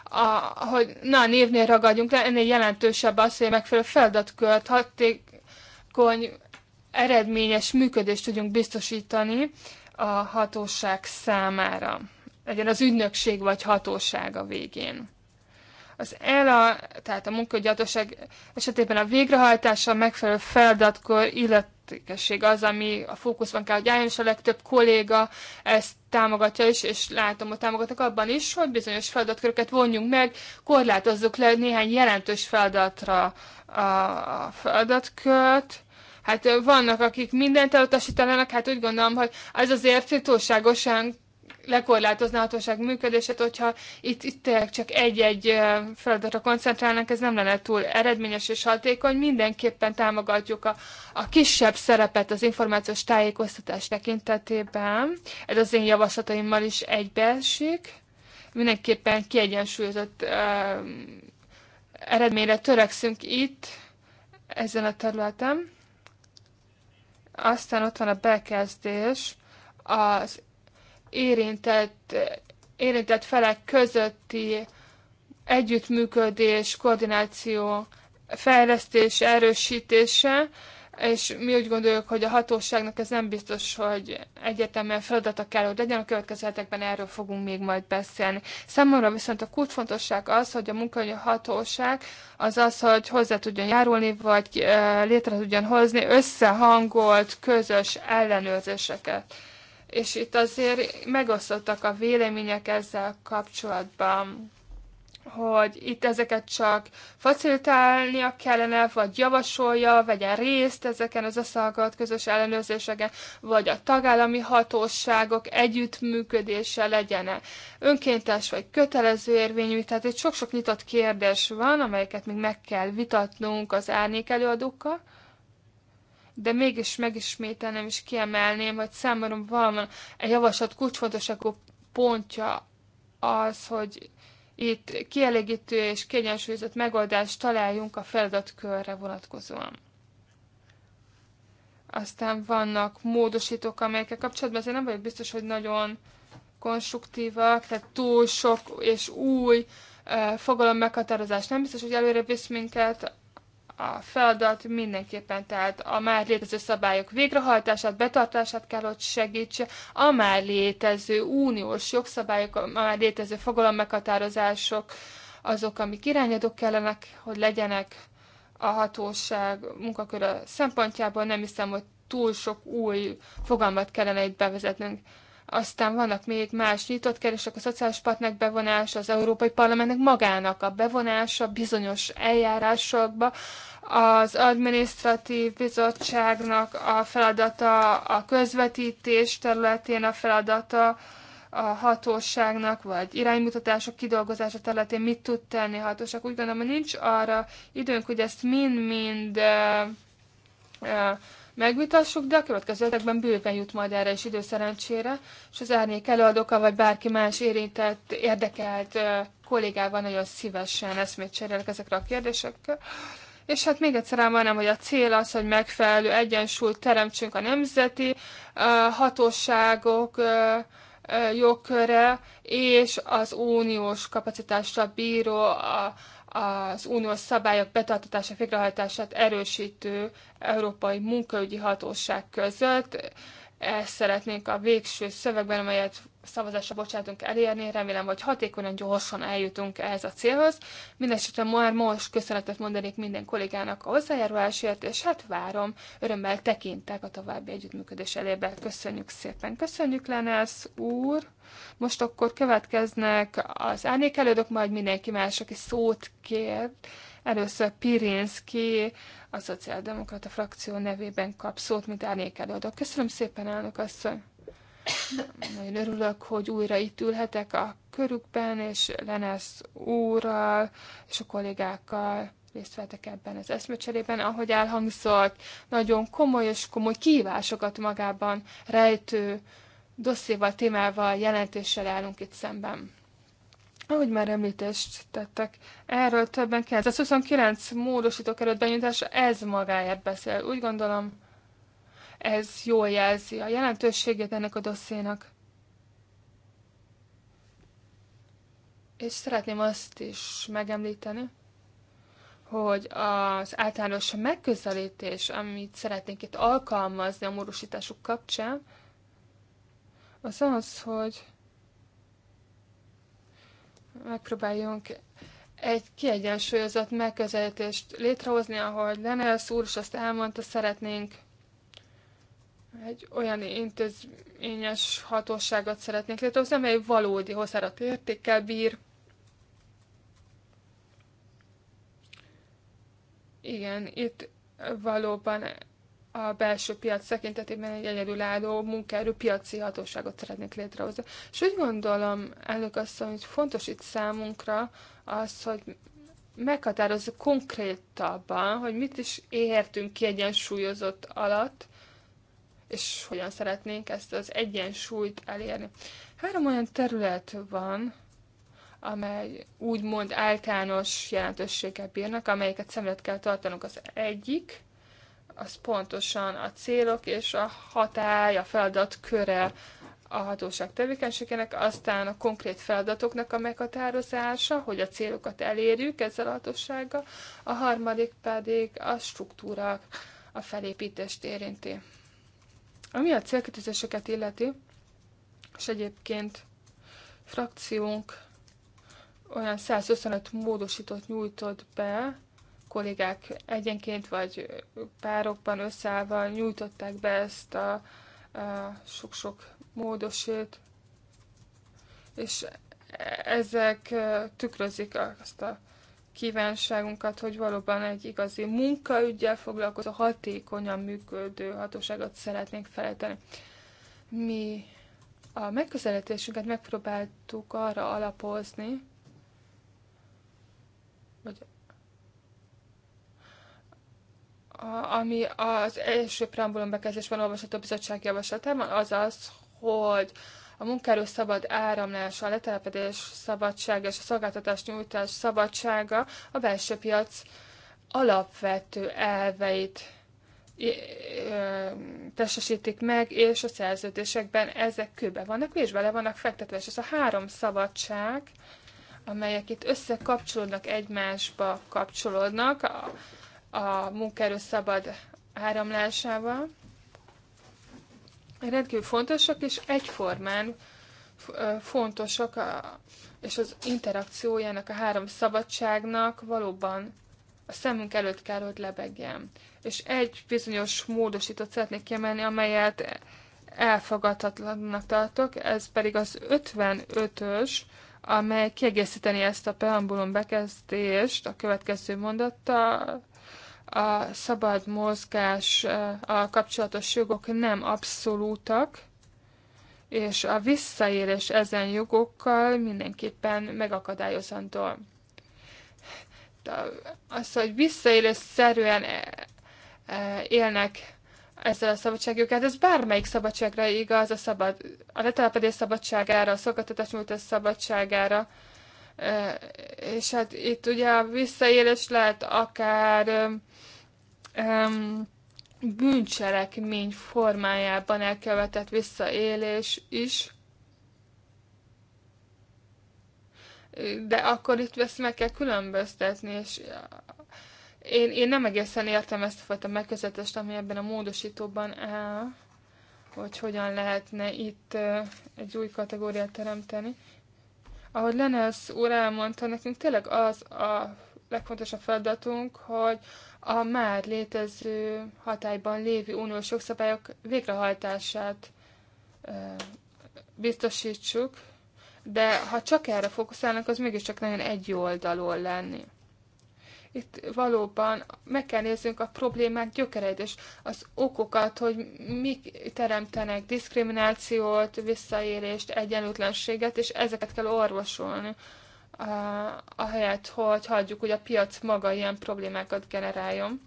a, hogy na, névnél ragadjunk de ennél jelentősebb az, hogy megfelelő feladatkört, hatékony, eredményes működést tudjunk biztosítani a hatóság számára. Legyen az ügynökség vagy hatóság a végén. Az ELA, tehát a munkaügyi esetében a végrehajtása megfelelő feladatkor, illetve illetékesség az, ami a fókuszban kell, hogy álljon, és a legtöbb kolléga ezt támogatja is, és látom, hogy támogatnak abban is, hogy bizonyos feladatköröket vonjunk meg, korlátozzuk le néhány jelentős feladatra a feladatkört, Hát vannak, akik mindent elutasítanak, hát úgy gondolom, hogy ez azért túlságosan lekorlátozná a hatóság működését, hogyha itt, itt csak egy-egy feladatra koncentrálnak, ez nem lenne túl eredményes és hatékony. Mindenképpen támogatjuk a, a kisebb szerepet az információs tájékoztatás tekintetében. Ez az én javaslataimmal is egybeesik. Mindenképpen kiegyensúlyozott uh, eredményre törekszünk itt, ezen a területen. Aztán ott van a bekezdés, az érintett, érintett felek közötti együttműködés, koordináció, fejlesztés, erősítése, és mi úgy gondoljuk, hogy a hatóságnak ez nem biztos, hogy egyetemen feladata kell, hogy legyen. A következő hetekben erről fogunk még majd beszélni. Számomra viszont a kulcsfontosság az, hogy a munkahelyi hatóság az az, hogy hozzá tudjon járulni, vagy eh, létre tudjon hozni összehangolt, közös ellenőrzéseket és itt azért megosztottak a vélemények ezzel kapcsolatban, hogy itt ezeket csak facilitálnia kellene, vagy javasolja, vegyen részt ezeken az összehangolt közös ellenőrzéseken, vagy a tagállami hatóságok együttműködése legyen -e. önkéntes vagy kötelező érvényű, tehát itt sok-sok nyitott kérdés van, amelyeket még meg kell vitatnunk az árnyék előadókkal de mégis megismételném és kiemelném, hogy számomra valóban egy javaslat kulcsfontosságú pontja az, hogy itt kielégítő és kiegyensúlyozott megoldást találjunk a feladatkörre vonatkozóan. Aztán vannak módosítók, amelyekkel kapcsolatban azért nem vagyok biztos, hogy nagyon konstruktívak, tehát túl sok és új fogalom meghatározás nem biztos, hogy előre visz minket a feladat mindenképpen, tehát a már létező szabályok végrehajtását, betartását kell, hogy segítse, a már létező uniós jogszabályok, a már létező fogalommeghatározások, azok, amik irányadók kellenek, hogy legyenek a hatóság munkaköre szempontjából, nem hiszem, hogy túl sok új fogalmat kellene itt bevezetnünk. Aztán vannak még más nyitott keresek, a szociális partnerek bevonása, az Európai Parlamentnek magának a bevonása bizonyos eljárásokba, az adminisztratív bizottságnak a feladata, a közvetítés területén a feladata, a hatóságnak, vagy iránymutatások kidolgozása területén mit tud tenni a hatóság. Úgy gondolom, hogy nincs arra időnk, hogy ezt mind-mind uh, uh, megvitassuk, de a következő években bőven jut majd erre is idő szerencsére, és az árnyék előadóka, vagy bárki más érintett, érdekelt kollégával nagyon szívesen eszmét cserélek ezekre a kérdésekkel. És hát még egyszer elmondanám, hogy a cél az, hogy megfelelő egyensúlyt teremtsünk a nemzeti hatóságok jogköre és az uniós kapacitásra bíró a, az uniós szabályok betartatása, végrehajtását erősítő Európai Munkaügyi Hatóság között. Ezt szeretnénk a végső szövegben, amelyet szavazásra bocsátunk elérni. Remélem, hogy hatékonyan, gyorsan eljutunk ehhez a célhoz. Mindenesetre már most köszönetet mondanék minden kollégának a hozzájárulásért, és hát várom, örömmel tekintek a további együttműködés elébe. Köszönjük szépen. Köszönjük, Lenelsz úr! Most akkor következnek az elnékelődök, majd mindenki más, aki szót kér. Először Pirinski, a Szociáldemokrata frakció nevében kap szót, mint elnékelődök. Köszönöm szépen, elnök asszony! Nagyon örülök, hogy újra itt ülhetek a körükben, és Lenesz úrral és a kollégákkal részt vettek ebben az eszmecserében, ahogy elhangzott, nagyon komoly és komoly kihívásokat magában rejtő dosszéval, témával, jelentéssel állunk itt szemben. Ahogy már említést tettek, erről többen 29 módosítók előtt benyújtása, ez magáért beszél. Úgy gondolom, ez jól jelzi a jelentőségét ennek a dosszénak. És szeretném azt is megemlíteni, hogy az általános megközelítés, amit szeretnénk itt alkalmazni a módosításuk kapcsán, az az, hogy megpróbáljunk egy kiegyensúlyozott megközelítést létrehozni, ahogy Lenelsz úr is azt elmondta, szeretnénk egy olyan intézményes hatóságot szeretnénk létrehozni, amely valódi hozzárat értékkel bír. Igen, itt valóban a belső piac tekintetében egy egyedülálló piaci hatóságot szeretnék létrehozni. És úgy gondolom, elnök asszony, hogy fontos itt számunkra az, hogy meghatározzuk konkrétabban, hogy mit is értünk kiegyensúlyozott alatt, és hogyan szeretnénk ezt az egyensúlyt elérni. Három olyan terület van, amely úgymond általános jelentőséggel bírnak, amelyeket szemlet kell tartanunk. Az egyik, az pontosan a célok és a hatály, a feladat köre a hatóság tevékenységének, aztán a konkrét feladatoknak a meghatározása, hogy a célokat elérjük ezzel a hatósággal, a harmadik pedig a struktúra, a felépítést érinti. Ami a célkötözéseket illeti, és egyébként frakciónk olyan 125 módosított nyújtott be, kollégák egyenként vagy párokban összeállva nyújtották be ezt a sok-sok módosít, és ezek tükrözik azt a kívánságunkat, hogy valóban egy igazi munkaügyel foglalkozó, hatékonyan működő hatóságot szeretnénk felelteni. Mi a megközelítésünket megpróbáltuk arra alapozni, vagy ami az első preambulum bekezdésben olvasható bizottság javaslatában, az az, hogy a munkaerő szabad áramlás, a letelepedés szabadsága és a szolgáltatás nyújtás szabadsága a belső piac alapvető elveit testesítik meg, és a szerződésekben ezek kőbe vannak, és bele vannak fektetve, és ez a három szabadság, amelyek itt összekapcsolódnak, egymásba kapcsolódnak, a, a munkaerő szabad áramlásával. Rendkívül fontosak és egyformán fontosak, a, és az interakciójának, a három szabadságnak valóban a szemünk előtt kell, hogy lebegjen. És egy bizonyos módosítót szeretnék kiemelni, amelyet elfogadhatatlannak tartok, ez pedig az 55-ös, amely kiegészíteni ezt a preambulum bekezdést a következő mondattal, a szabad mozgás a kapcsolatos jogok nem abszolútak, és a visszaérés ezen jogokkal mindenképpen megakadályozandó. Az, hogy visszaélés szerűen e, e, élnek ezzel a szabadságjogát, ez bármelyik szabadságra igaz, a, szabad, a letelepedés szabadságára, a szolgáltatás nyújtás szabadságára, és hát itt ugye a visszaélés lehet akár um, bűncselekmény formájában elkövetett visszaélés is. De akkor itt ezt meg kell különböztetni, és én, én nem egészen értem ezt a fajta megközelítést, ami ebben a módosítóban áll, hogy hogyan lehetne itt egy új kategóriát teremteni. Ahogy az úr elmondta, nekünk tényleg az a legfontosabb feladatunk, hogy a már létező hatályban lévő uniós jogszabályok végrehajtását e, biztosítsuk, de ha csak erre fókuszálnak, az mégiscsak nagyon oldalon lenni itt valóban meg kell néznünk a problémák gyökereit és az okokat, hogy mik teremtenek diszkriminációt, visszaélést, egyenlőtlenséget, és ezeket kell orvosolni ahelyett, hogy hagyjuk, hogy a piac maga ilyen problémákat generáljon.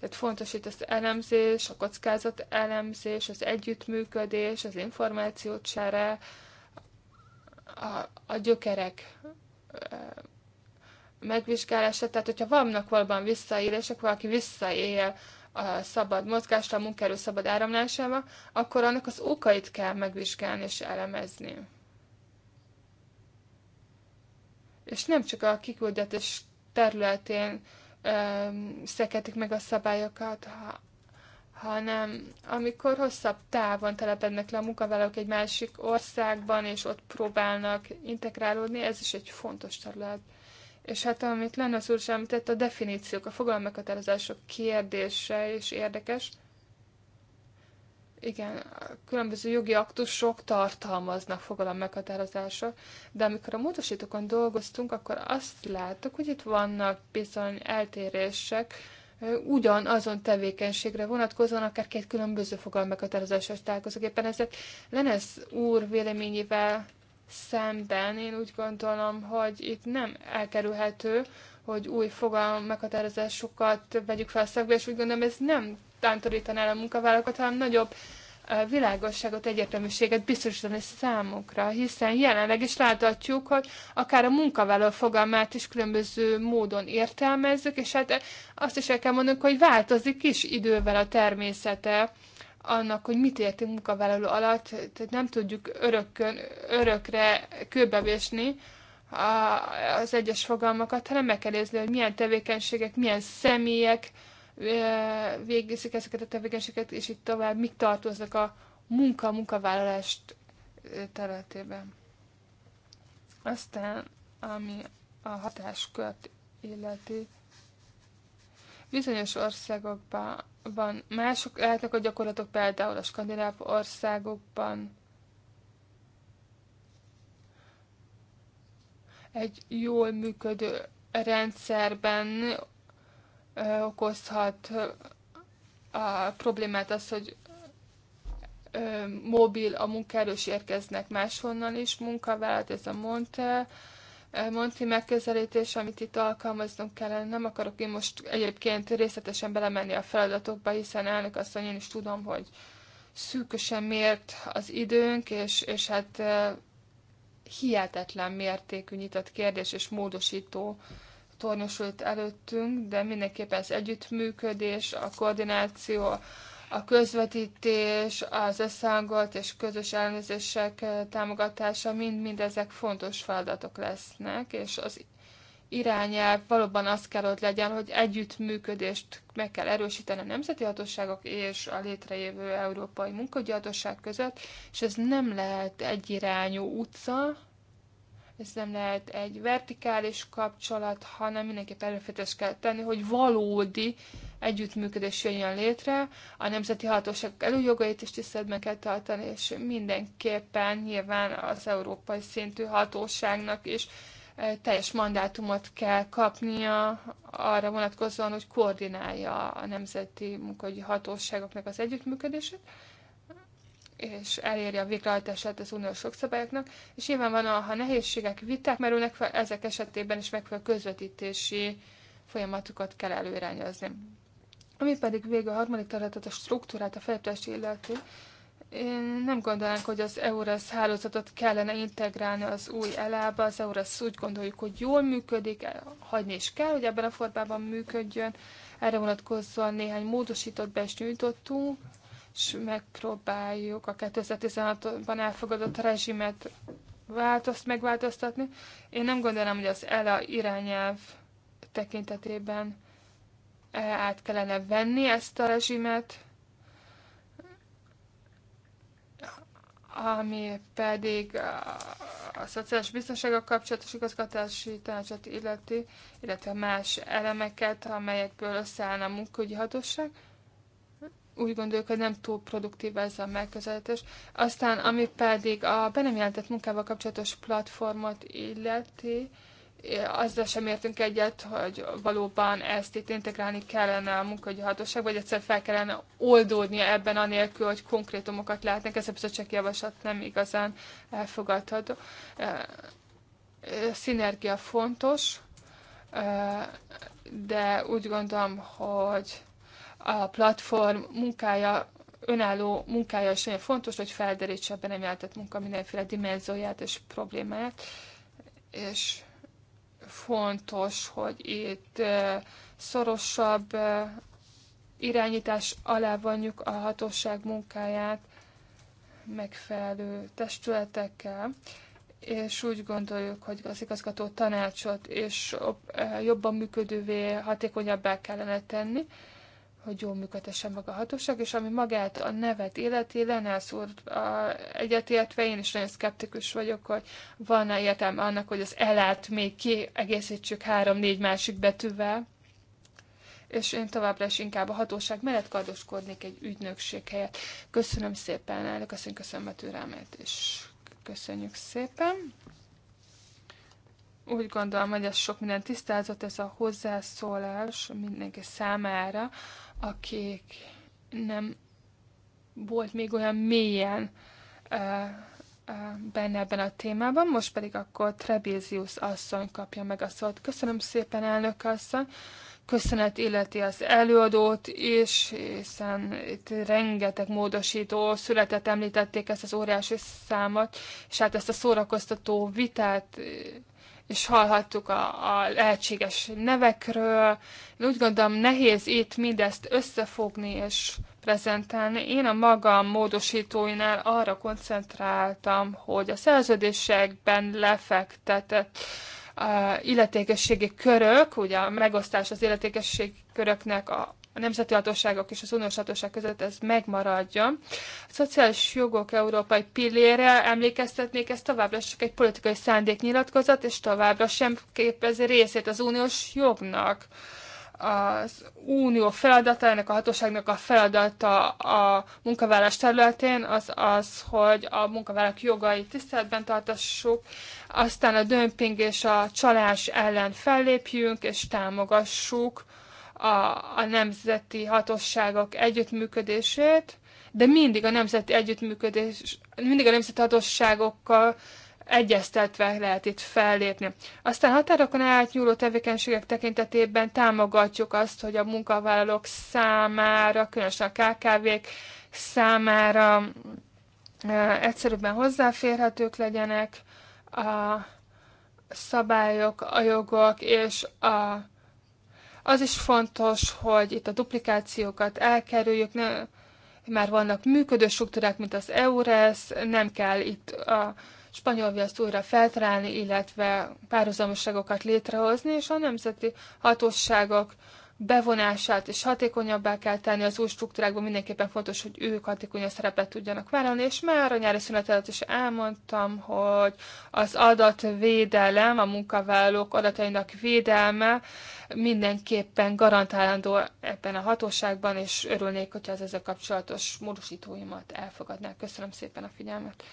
Tehát fontos itt az elemzés, a kockázat elemzés, az együttműködés, az információt a, a gyökerek megvizsgálása. Tehát, hogyha vannak valóban visszaélések, valaki visszaél a szabad mozgásra, a munkaerő szabad áramlásával, akkor annak az okait kell megvizsgálni és elemezni. És nem csak a kiküldetés területén szeketik meg a szabályokat, hanem amikor hosszabb távon telepednek le a munkavállalók egy másik országban, és ott próbálnak integrálódni, ez is egy fontos terület. És hát amit Lenna az úr is a definíciók, a fogalmeghatározások kérdése is érdekes. Igen, a különböző jogi aktusok tartalmaznak fogalommeghatározások, de amikor a módosítókon dolgoztunk, akkor azt láttuk, hogy itt vannak bizony eltérések, ugyanazon tevékenységre vonatkozóan, akár két különböző meghatározásos találkozok. Éppen ezért Lenesz úr véleményével szemben én úgy gondolom, hogy itt nem elkerülhető, hogy új fogalom meghatározásokat vegyük fel a szakba, és úgy gondolom, ez nem tántorítaná el a munkavállalókat, hanem nagyobb világosságot, egyetemiséget biztosítani számukra, hiszen jelenleg is láthatjuk, hogy akár a munkavállaló fogalmát is különböző módon értelmezzük, és hát azt is el kell mondanunk, hogy változik is idővel a természete annak, hogy mit értünk munkavállaló alatt, tehát nem tudjuk örökön, örökre kőbevésni az egyes fogalmakat, hanem meg kell nézni, hogy milyen tevékenységek, milyen személyek, végzik ezeket a tevékenységeket, és itt tovább, mik tartoznak a munka, munkavállalást területében. Aztán, ami a hatáskört illeti, bizonyos országokban van, mások lehetnek a gyakorlatok, például a skandináv országokban, egy jól működő rendszerben okozhat a problémát az, hogy mobil a munkaerős érkeznek máshonnan is, munkavállalat, ez a Monte, Monti megközelítés, amit itt alkalmaznunk kellene. Nem akarok én most egyébként részletesen belemenni a feladatokba, hiszen elnök mondja, én is tudom, hogy szűkösen mért az időnk, és, és hát hihetetlen mértékű nyitott kérdés és módosító tornyosult előttünk, de mindenképpen az együttműködés, a koordináció, a közvetítés, az összehangolt és közös elnézések eh, támogatása, mind mindezek fontos feladatok lesznek, és az irányelv valóban az kell, hogy legyen, hogy együttműködést meg kell erősíteni a nemzeti hatóságok és a létrejövő európai munkagyi között, és ez nem lehet egyirányú utca, ez nem lehet egy vertikális kapcsolat, hanem mindenképp előfetes kell tenni, hogy valódi együttműködés jöjjön létre, a nemzeti hatóság előjogait is tiszteletben kell tartani, és mindenképpen nyilván az európai szintű hatóságnak is eh, teljes mandátumot kell kapnia arra vonatkozóan, hogy koordinálja a nemzeti munkahogyi hatóságoknak az együttműködését és elérje a végrehajtását az uniós jogszabályoknak, és van ha nehézségek, viták merülnek fel, ezek esetében is megfelelő közvetítési folyamatokat kell előirányozni. Ami pedig végül a harmadik területet, a struktúrát, a felépítást illeti, én nem gondolnánk, hogy az EURES hálózatot kellene integrálni az új elába. Az EURES úgy gondoljuk, hogy jól működik, hagyni is kell, hogy ebben a formában működjön. Erre vonatkozóan néhány módosított be is nyújtottunk, és megpróbáljuk a 2016-ban elfogadott rezsimet változt, megváltoztatni. Én nem gondolom, hogy az ELA irányelv tekintetében e át kellene venni ezt a rezsimet, ami pedig a szociális biztonsággal kapcsolatos igazgatási tanácsot illeti, illetve más elemeket, amelyekből összeáll a munkahogyi hatóság úgy gondoljuk, hogy nem túl produktív ez a megközelítés. Aztán, ami pedig a be nem jelentett munkával kapcsolatos platformot illeti, azzal sem értünk egyet, hogy valóban ezt itt integrálni kellene a munkahogyi hatóság, vagy egyszer fel kellene oldódnia ebben anélkül, hogy konkrétumokat látnak. Ez a bizottság javaslat nem igazán elfogadható. Szinergia fontos, de úgy gondolom, hogy a platform munkája, önálló munkája is nagyon fontos, hogy felderítse a nem munka mindenféle dimenzióját és problémáját, és fontos, hogy itt szorosabb irányítás alá vonjuk a hatóság munkáját megfelelő testületekkel, és úgy gondoljuk, hogy az igazgató tanácsot és jobban működővé, hatékonyabbá kellene tenni, hogy jól működhessen maga a hatóság, és ami magát a nevet illeti, Lenász úr egyetértve, én is nagyon szkeptikus vagyok, hogy van-e értelme annak, hogy az elát még kiegészítsük három-négy másik betűvel, és én továbbra is inkább a hatóság mellett kardoskodnék egy ügynökség helyett. Köszönöm szépen, elnök, köszönöm, köszönöm a türelmet, és köszönjük szépen. Úgy gondolom, hogy ez sok minden tisztázott, ez a hozzászólás mindenki számára akik nem volt még olyan mélyen benne ebben a témában, most pedig akkor Trebézius asszony kapja meg a szót. Köszönöm szépen, elnök asszony! Köszönet illeti az előadót is, hiszen itt rengeteg módosító született, említették ezt az óriási számot, és hát ezt a szórakoztató vitát és hallhattuk a, a lehetséges nevekről. Én úgy gondolom, nehéz itt mindezt összefogni és prezentálni. Én a magam módosítóinál arra koncentráltam, hogy a szerződésekben lefektetett uh, illetékességi körök, ugye a megosztás az illetékességi köröknek a a nemzeti hatóságok és az uniós hatóság között ez megmaradja A szociális jogok európai pillére emlékeztetnék, ez továbbra csak egy politikai szándéknyilatkozat, és továbbra sem képezi részét az uniós jognak az unió feladata, ennek a hatóságnak a feladata a munkavállás területén az az, hogy a munkavállalók jogait tiszteletben tartassuk, aztán a dömping és a csalás ellen fellépjünk és támogassuk a, a nemzeti hatosságok együttműködését, de mindig a nemzeti együttműködés, mindig a nemzeti hatosságokkal egyeztetve lehet itt fellépni. Aztán határokon átnyúló tevékenységek tekintetében támogatjuk azt, hogy a munkavállalók számára, különösen a KKV-k számára egyszerűbben hozzáférhetők legyenek a szabályok, a jogok és a az is fontos, hogy itt a duplikációkat elkerüljük, ne, már vannak működő struktúrák, mint az EURES, nem kell itt a spanyol viaszt újra feltalálni, illetve párhuzamoságokat létrehozni, és a nemzeti hatóságok bevonását és hatékonyabbá kell tenni az új struktúrákban, mindenképpen fontos, hogy ők hatékonyabb szerepet tudjanak vállalni, és már a nyári szünet előtt is elmondtam, hogy az adatvédelem, a munkavállalók adatainak védelme mindenképpen garantálandó ebben a hatóságban, és örülnék, hogyha az ezzel kapcsolatos módosítóimat elfogadnák. Köszönöm szépen a figyelmet.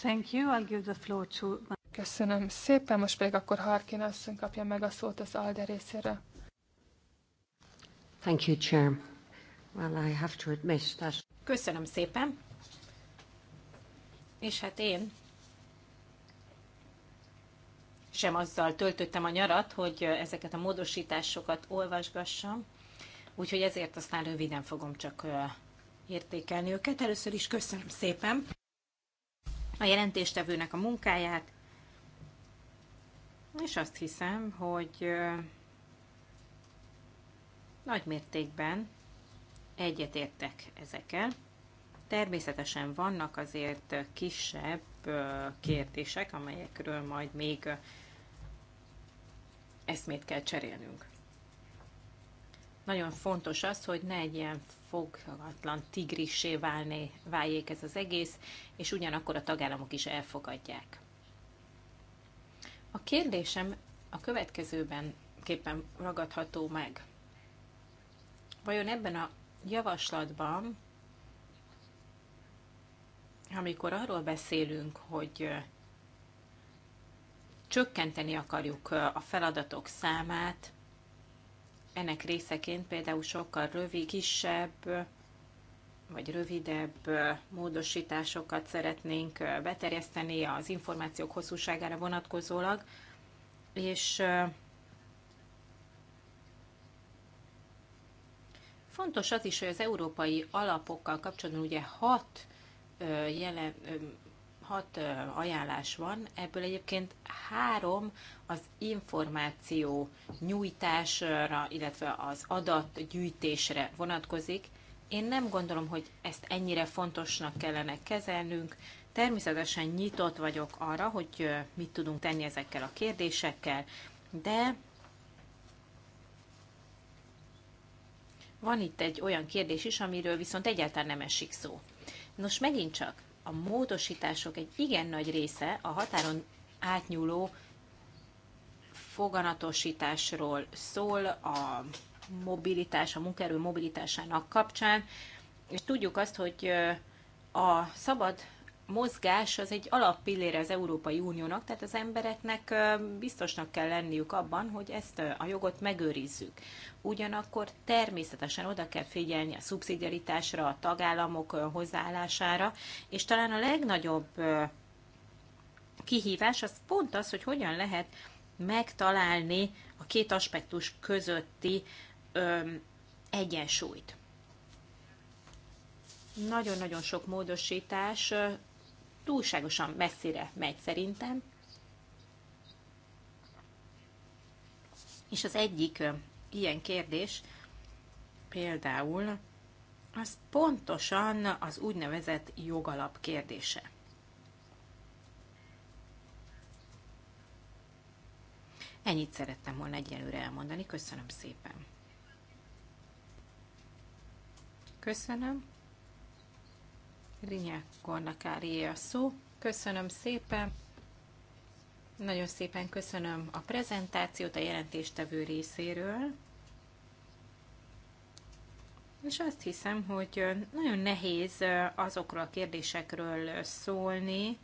Thank you. I'll give the floor to... Köszönöm szépen, most pedig akkor Harkin asszony kapja meg a szót az ALDE részéről. Thank you, Chair. Well, I have to admit that... Köszönöm szépen. És hát én sem azzal töltöttem a nyarat, hogy ezeket a módosításokat olvasgassam, úgyhogy ezért aztán röviden fogom csak értékelni őket. Először is köszönöm szépen a jelentéstevőnek a munkáját, és azt hiszem, hogy nagy mértékben egyetértek ezekkel. Természetesen vannak azért kisebb kérdések, amelyekről majd még eszmét kell cserélnünk. Nagyon fontos az, hogy ne egy ilyen foghatlan tigrissé válni, váljék ez az egész, és ugyanakkor a tagállamok is elfogadják. A kérdésem a következőben képpen ragadható meg. Vajon ebben a javaslatban, amikor arról beszélünk, hogy csökkenteni akarjuk a feladatok számát, ennek részeként például sokkal rövid, kisebb, vagy rövidebb módosításokat szeretnénk beterjeszteni az információk hosszúságára vonatkozólag, és Fontos az is, hogy az európai alapokkal kapcsolatban ugye hat, jelen, hat ajánlás van, ebből egyébként három az információ nyújtásra, illetve az adatgyűjtésre vonatkozik. Én nem gondolom, hogy ezt ennyire fontosnak kellene kezelnünk. Természetesen nyitott vagyok arra, hogy mit tudunk tenni ezekkel a kérdésekkel, de van itt egy olyan kérdés is, amiről viszont egyáltalán nem esik szó. Nos, megint csak a módosítások egy igen nagy része a határon átnyúló foganatosításról szól a mobilitás, a munkaerő mobilitásának kapcsán, és tudjuk azt, hogy a szabad mozgás az egy alappillére az Európai Uniónak, tehát az embereknek biztosnak kell lenniük abban, hogy ezt a jogot megőrizzük. Ugyanakkor természetesen oda kell figyelni a szubszidiaritásra, a tagállamok hozzáállására, és talán a legnagyobb kihívás az pont az, hogy hogyan lehet megtalálni a két aspektus közötti egyensúlyt nagyon-nagyon sok módosítás túlságosan messzire megy szerintem. És az egyik ilyen kérdés például az pontosan az úgynevezett jogalap kérdése. Ennyit szerettem volna egyelőre elmondani. Köszönöm szépen. Köszönöm. Rinye Kornakárié a szó. Köszönöm szépen. Nagyon szépen köszönöm a prezentációt a jelentéstevő részéről. És azt hiszem, hogy nagyon nehéz azokról a kérdésekről szólni,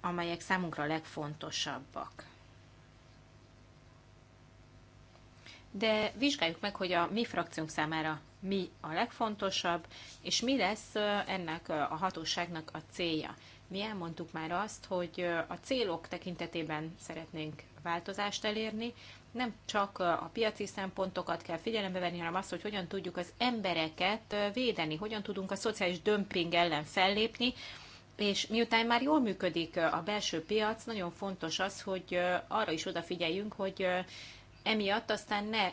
amelyek számunkra legfontosabbak. de vizsgáljuk meg, hogy a mi frakciónk számára mi a legfontosabb, és mi lesz ennek a hatóságnak a célja. Mi elmondtuk már azt, hogy a célok tekintetében szeretnénk változást elérni, nem csak a piaci szempontokat kell figyelembe venni, hanem azt, hogy hogyan tudjuk az embereket védeni, hogyan tudunk a szociális dömping ellen fellépni, és miután már jól működik a belső piac, nagyon fontos az, hogy arra is odafigyeljünk, hogy emiatt aztán ne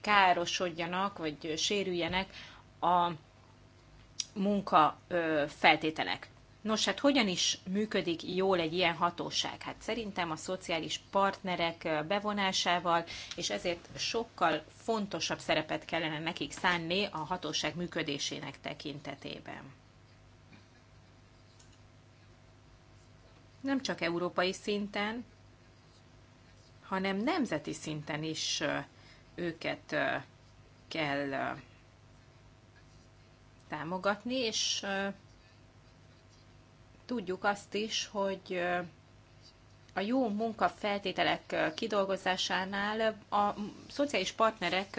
károsodjanak, vagy sérüljenek a munka feltételek. Nos, hát hogyan is működik jól egy ilyen hatóság? Hát szerintem a szociális partnerek bevonásával, és ezért sokkal fontosabb szerepet kellene nekik szánni a hatóság működésének tekintetében. Nem csak európai szinten, hanem nemzeti szinten is őket kell támogatni, és tudjuk azt is, hogy a jó munka feltételek kidolgozásánál a szociális partnerek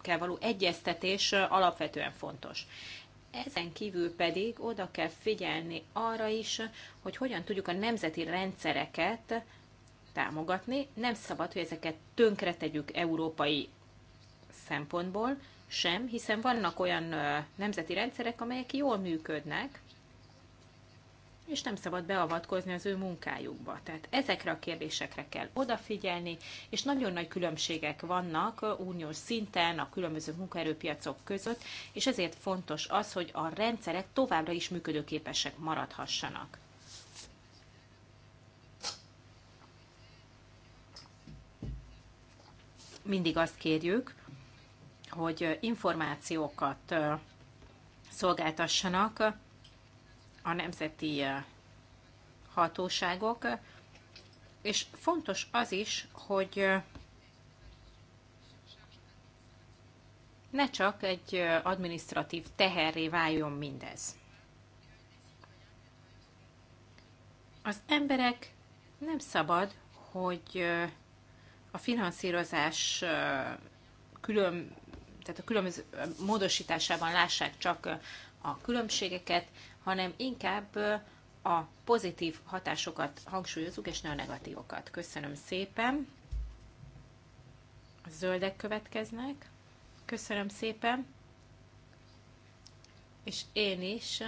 kell való egyeztetés alapvetően fontos. Ezen kívül pedig oda kell figyelni arra is, hogy hogyan tudjuk a nemzeti rendszereket támogatni. Nem szabad, hogy ezeket tönkre tegyük európai szempontból sem, hiszen vannak olyan nemzeti rendszerek, amelyek jól működnek, és nem szabad beavatkozni az ő munkájukba. Tehát ezekre a kérdésekre kell odafigyelni, és nagyon nagy különbségek vannak uniós szinten a különböző munkaerőpiacok között, és ezért fontos az, hogy a rendszerek továbbra is működőképesek maradhassanak. mindig azt kérjük, hogy információkat szolgáltassanak a nemzeti hatóságok, és fontos az is, hogy ne csak egy administratív teherré váljon mindez. Az emberek nem szabad, hogy a finanszírozás külön, tehát a különböző módosításában lássák csak a különbségeket, hanem inkább a pozitív hatásokat hangsúlyozzuk, és ne a negatívokat. Köszönöm szépen. A zöldek következnek. Köszönöm szépen. És én is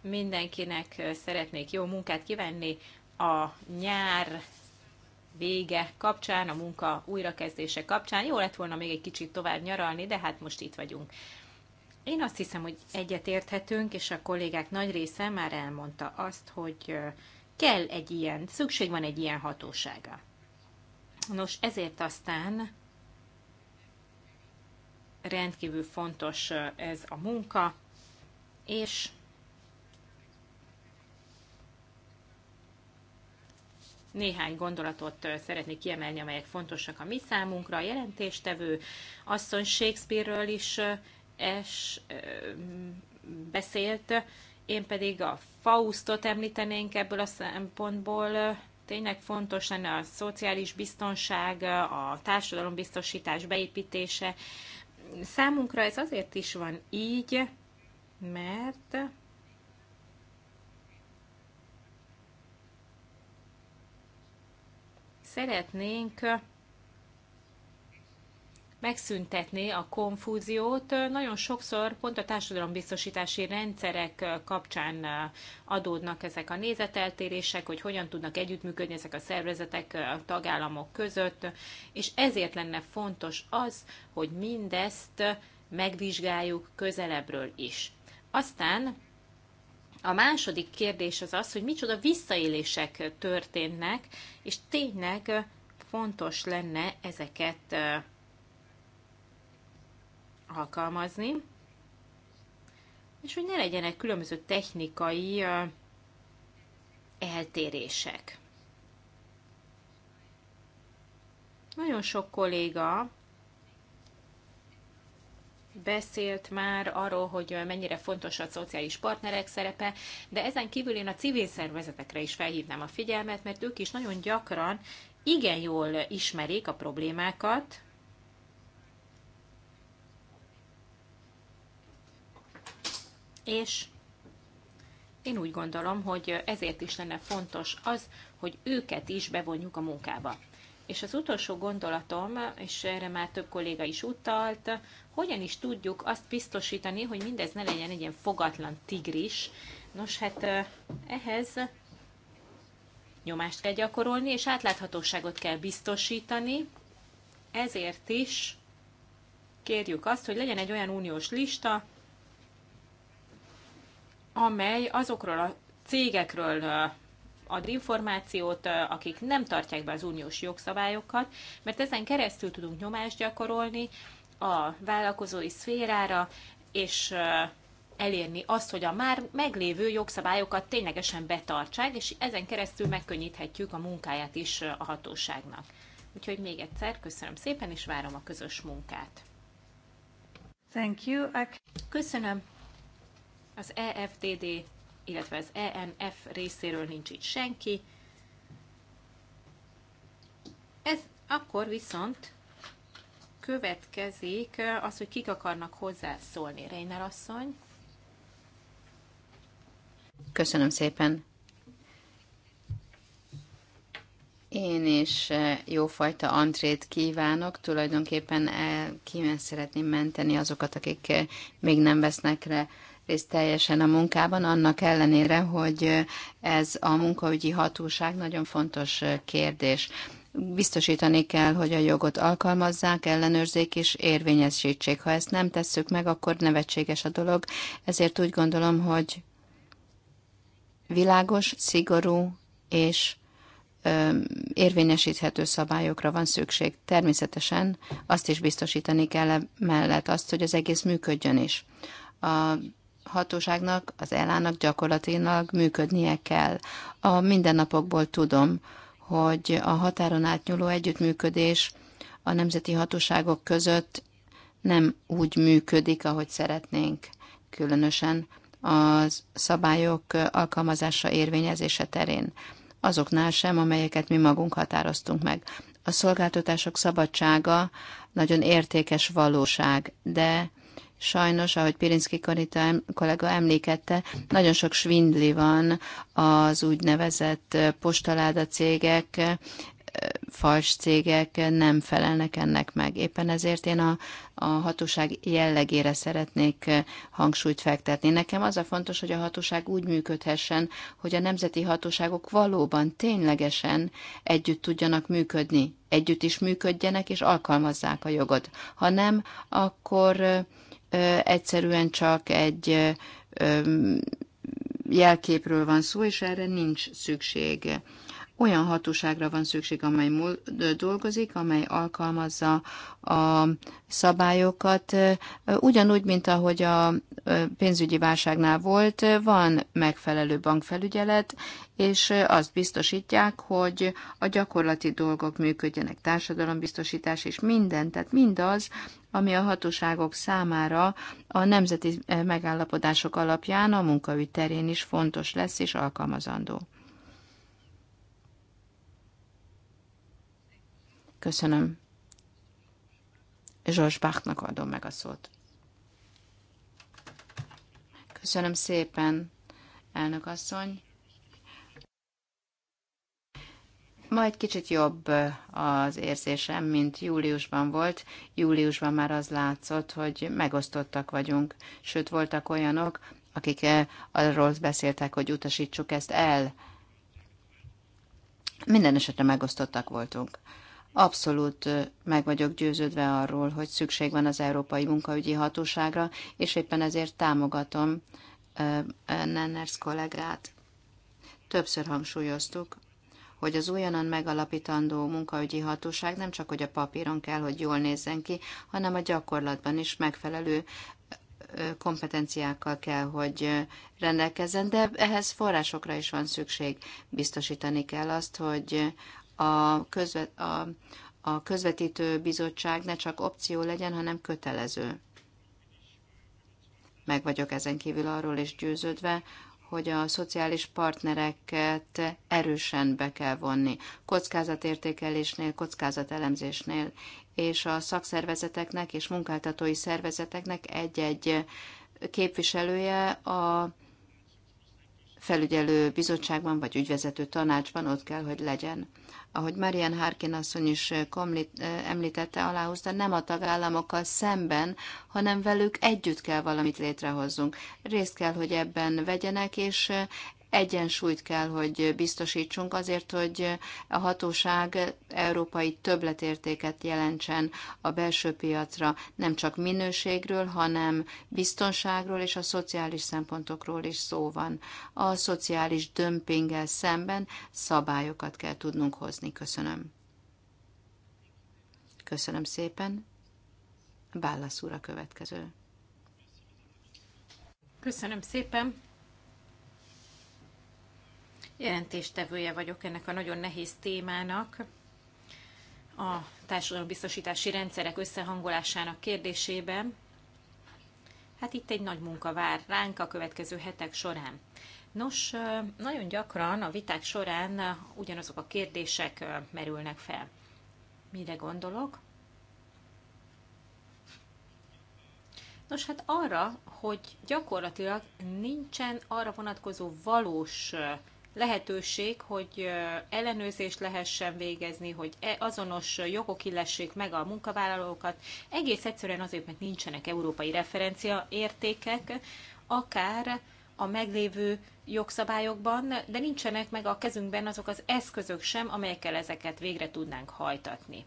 mindenkinek szeretnék jó munkát kívánni a nyár vége kapcsán, a munka újrakezdése kapcsán. Jó lett volna még egy kicsit tovább nyaralni, de hát most itt vagyunk. Én azt hiszem, hogy egyetérthetünk, és a kollégák nagy része már elmondta azt, hogy kell egy ilyen, szükség van egy ilyen hatósága. Nos, ezért aztán rendkívül fontos ez a munka, és néhány gondolatot szeretnék kiemelni, amelyek fontosak a mi számunkra. A jelentéstevő asszony Shakespeare-ről is es, beszélt, én pedig a Faustot említenénk ebből a szempontból. Tényleg fontos lenne a szociális biztonság, a társadalombiztosítás beépítése. Számunkra ez azért is van így, mert szeretnénk megszüntetni a konfúziót. Nagyon sokszor pont a társadalombiztosítási rendszerek kapcsán adódnak ezek a nézeteltérések, hogy hogyan tudnak együttműködni ezek a szervezetek a tagállamok között, és ezért lenne fontos az, hogy mindezt megvizsgáljuk közelebbről is. Aztán a második kérdés az az, hogy micsoda visszaélések történnek, és tényleg fontos lenne ezeket alkalmazni, és hogy ne legyenek különböző technikai eltérések. Nagyon sok kolléga beszélt már arról, hogy mennyire fontos a szociális partnerek szerepe, de ezen kívül én a civil szervezetekre is felhívnám a figyelmet, mert ők is nagyon gyakran igen jól ismerik a problémákat, és én úgy gondolom, hogy ezért is lenne fontos az, hogy őket is bevonjuk a munkába. És az utolsó gondolatom, és erre már több kolléga is utalt, hogyan is tudjuk azt biztosítani, hogy mindez ne legyen egy ilyen fogatlan tigris. Nos, hát ehhez nyomást kell gyakorolni, és átláthatóságot kell biztosítani. Ezért is kérjük azt, hogy legyen egy olyan uniós lista, amely azokról a cégekről ad információt, akik nem tartják be az uniós jogszabályokat, mert ezen keresztül tudunk nyomást gyakorolni a vállalkozói szférára, és elérni azt, hogy a már meglévő jogszabályokat ténylegesen betartsák, és ezen keresztül megkönnyíthetjük a munkáját is a hatóságnak. Úgyhogy még egyszer köszönöm szépen, és várom a közös munkát. Thank you. Köszönöm. Az EFDD illetve az ENF részéről nincs itt senki. Ez akkor viszont következik eh, az, hogy kik akarnak hozzászólni. Reiner asszony. Köszönöm szépen. Én is eh, jófajta antrét kívánok, tulajdonképpen kíván szeretném menteni azokat, akik eh, még nem vesznek re, részt teljesen a munkában, annak ellenére, hogy ez a munkaügyi hatóság nagyon fontos kérdés. Biztosítani kell, hogy a jogot alkalmazzák, ellenőrzék és érvényesítsék. Ha ezt nem tesszük meg, akkor nevetséges a dolog, ezért úgy gondolom, hogy világos, szigorú és érvényesíthető szabályokra van szükség. Természetesen azt is biztosítani kell mellett azt, hogy az egész működjön is. A hatóságnak, az elának gyakorlatilag működnie kell. A mindennapokból tudom, hogy a határon átnyúló együttműködés a nemzeti hatóságok között nem úgy működik, ahogy szeretnénk, különösen a szabályok alkalmazása, érvényezése terén. Azoknál sem, amelyeket mi magunk határoztunk meg. A szolgáltatások szabadsága nagyon értékes valóság, de sajnos, ahogy Pirinszki Karita kollega emlékette, nagyon sok svindli van az úgynevezett postaláda cégek, fals cégek nem felelnek ennek meg. Éppen ezért én a, a hatóság jellegére szeretnék hangsúlyt fektetni. Nekem az a fontos, hogy a hatóság úgy működhessen, hogy a nemzeti hatóságok valóban ténylegesen együtt tudjanak működni, együtt is működjenek és alkalmazzák a jogot. Ha nem, akkor egyszerűen csak egy jelképről van szó, és erre nincs szükség olyan hatóságra van szükség, amely dolgozik, amely alkalmazza a szabályokat, ugyanúgy, mint ahogy a pénzügyi válságnál volt, van megfelelő bankfelügyelet, és azt biztosítják, hogy a gyakorlati dolgok működjenek, társadalombiztosítás és minden, tehát mindaz, ami a hatóságok számára a nemzeti megállapodások alapján a munkaügy terén is fontos lesz és alkalmazandó. Köszönöm. Zsors Bachnak adom meg a szót. Köszönöm szépen, elnök asszony. Ma egy kicsit jobb az érzésem, mint júliusban volt. Júliusban már az látszott, hogy megosztottak vagyunk. Sőt, voltak olyanok, akik arról beszéltek, hogy utasítsuk ezt el. Minden esetre megosztottak voltunk. Abszolút meg vagyok győződve arról, hogy szükség van az Európai Munkaügyi Hatóságra, és éppen ezért támogatom Nenners kollégát. Többször hangsúlyoztuk, hogy az újonnan megalapítandó munkaügyi hatóság nem csak hogy a papíron kell, hogy jól nézzen ki, hanem a gyakorlatban is megfelelő kompetenciákkal kell, hogy rendelkezzen, de ehhez forrásokra is van szükség. Biztosítani kell azt, hogy a, közvet, a, a közvetítő bizottság ne csak opció legyen, hanem kötelező. Meg vagyok ezen kívül arról is győződve, hogy a szociális partnereket erősen be kell vonni. Kockázatértékelésnél, kockázatelemzésnél, és a szakszervezeteknek és munkáltatói szervezeteknek egy-egy képviselője a felügyelő bizottságban vagy ügyvezető tanácsban ott kell, hogy legyen. Ahogy Marian Harkin asszony is eh, komlit, eh, említette aláhúzta, nem a tagállamokkal szemben, hanem velük együtt kell valamit létrehozzunk. Részt kell, hogy ebben vegyenek, és eh, Egyensúlyt kell, hogy biztosítsunk azért, hogy a hatóság európai többletértéket jelentsen a belső piacra, nem csak minőségről, hanem biztonságról és a szociális szempontokról is szó van. A szociális dömpinggel szemben szabályokat kell tudnunk hozni. Köszönöm. Köszönöm szépen. Bálasz úr a következő. Köszönöm szépen jelentéstevője vagyok ennek a nagyon nehéz témának, a társadalombiztosítási rendszerek összehangolásának kérdésében. Hát itt egy nagy munka vár ránk a következő hetek során. Nos, nagyon gyakran a viták során ugyanazok a kérdések merülnek fel. Mire gondolok? Nos, hát arra, hogy gyakorlatilag nincsen arra vonatkozó valós lehetőség, hogy ellenőrzést lehessen végezni, hogy e azonos jogok illessék meg a munkavállalókat, egész egyszerűen azért, mert nincsenek európai referencia értékek, akár a meglévő jogszabályokban, de nincsenek meg a kezünkben azok az eszközök sem, amelyekkel ezeket végre tudnánk hajtatni.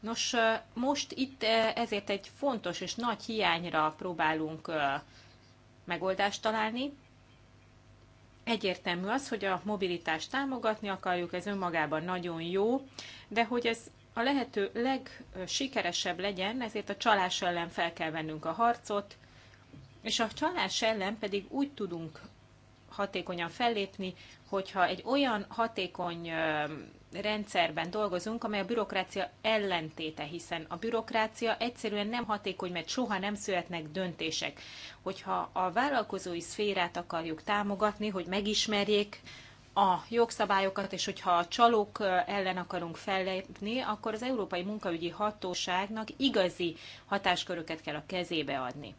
Nos, most itt ezért egy fontos és nagy hiányra próbálunk megoldást találni, Egyértelmű az, hogy a mobilitást támogatni akarjuk, ez önmagában nagyon jó, de hogy ez a lehető legsikeresebb legyen, ezért a csalás ellen fel kell vennünk a harcot, és a csalás ellen pedig úgy tudunk hatékonyan fellépni, hogyha egy olyan hatékony rendszerben dolgozunk, amely a bürokrácia ellentéte, hiszen a bürokrácia egyszerűen nem hatékony, mert soha nem születnek döntések. Hogyha a vállalkozói szférát akarjuk támogatni, hogy megismerjék a jogszabályokat, és hogyha a csalók ellen akarunk fellépni, akkor az Európai Munkaügyi Hatóságnak igazi hatásköröket kell a kezébe adni.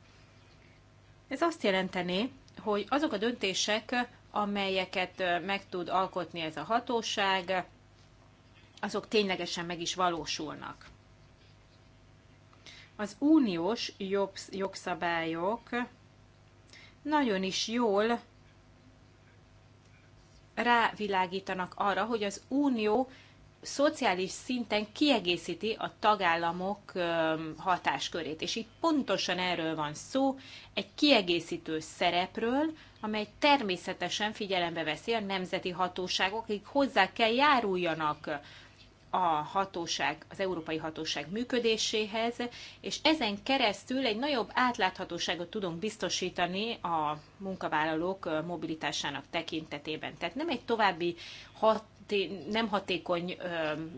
Ez azt jelenteni, hogy azok a döntések, amelyeket meg tud alkotni ez a hatóság, azok ténylegesen meg is valósulnak. Az uniós jogszabályok nagyon is jól rávilágítanak arra, hogy az unió szociális szinten kiegészíti a tagállamok hatáskörét. És itt pontosan erről van szó, egy kiegészítő szerepről, amely természetesen figyelembe veszi a nemzeti hatóságok, akik hozzá kell járuljanak a hatóság, az európai hatóság működéséhez, és ezen keresztül egy nagyobb átláthatóságot tudunk biztosítani a munkavállalók mobilitásának tekintetében. Tehát nem egy további hat, nem hatékony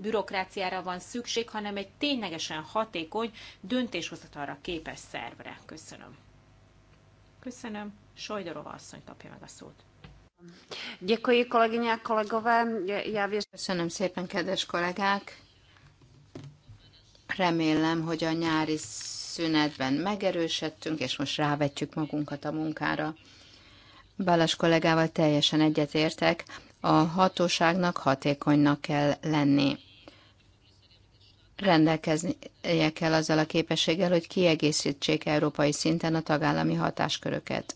bürokráciára van szükség, hanem egy ténylegesen hatékony döntéshozatalra képes szervre. Köszönöm. Köszönöm. Sajdorova asszony kapja meg a szót. Děkuji, kolegyně a kolegové. Já Köszönöm szépen, kedves kollégák. Remélem, hogy a nyári szünetben megerősödtünk, és most rávetjük magunkat a munkára. Balas kollégával teljesen egyetértek, a hatóságnak hatékonynak kell lenni. Rendelkeznie kell azzal a képességgel, hogy kiegészítsék európai szinten a tagállami hatásköröket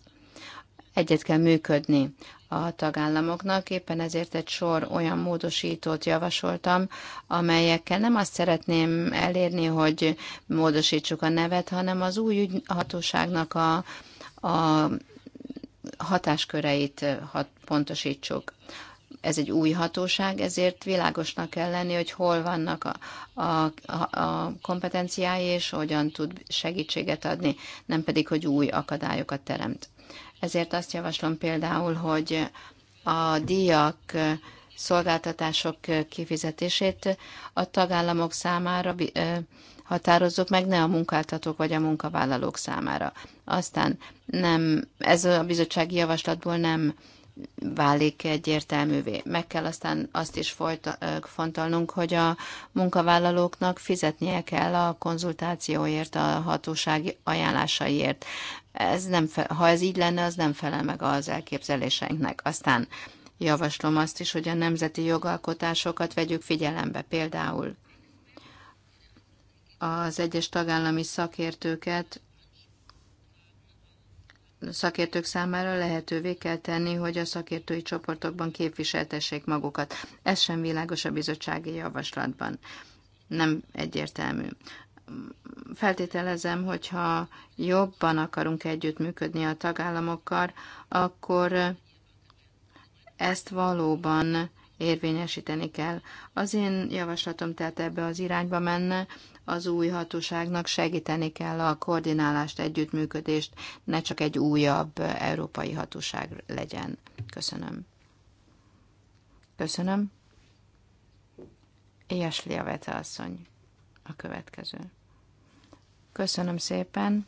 egyet kell működni a tagállamoknak. Éppen ezért egy sor olyan módosítót javasoltam, amelyekkel nem azt szeretném elérni, hogy módosítsuk a nevet, hanem az új hatóságnak a, a hatásköreit hat, pontosítsuk. Ez egy új hatóság, ezért világosnak kell lenni, hogy hol vannak a, a, a kompetenciái, és hogyan tud segítséget adni, nem pedig, hogy új akadályokat teremt. Ezért azt javaslom például, hogy a díjak szolgáltatások kifizetését a tagállamok számára határozzuk meg, ne a munkáltatók vagy a munkavállalók számára. Aztán nem, ez a bizottsági javaslatból nem válik egyértelművé. Meg kell aztán azt is folyta, fontolnunk, hogy a munkavállalóknak fizetnie kell a konzultációért, a hatósági ajánlásaiért. Ez nem fe, ha ez így lenne, az nem felel meg az elképzeléseinknek. Aztán javaslom azt is, hogy a nemzeti jogalkotásokat vegyük figyelembe. Például az egyes tagállami szakértőket szakértők számára lehetővé kell tenni, hogy a szakértői csoportokban képviseltessék magukat. Ez sem világos a bizottsági javaslatban. Nem egyértelmű feltételezem, hogyha jobban akarunk együttműködni a tagállamokkal, akkor ezt valóban érvényesíteni kell. Az én javaslatom tehát ebbe az irányba menne, az új hatóságnak segíteni kell a koordinálást, együttműködést, ne csak egy újabb európai hatóság legyen. Köszönöm. Köszönöm. Ilyes Liavete asszony a következő. Köszönöm szépen.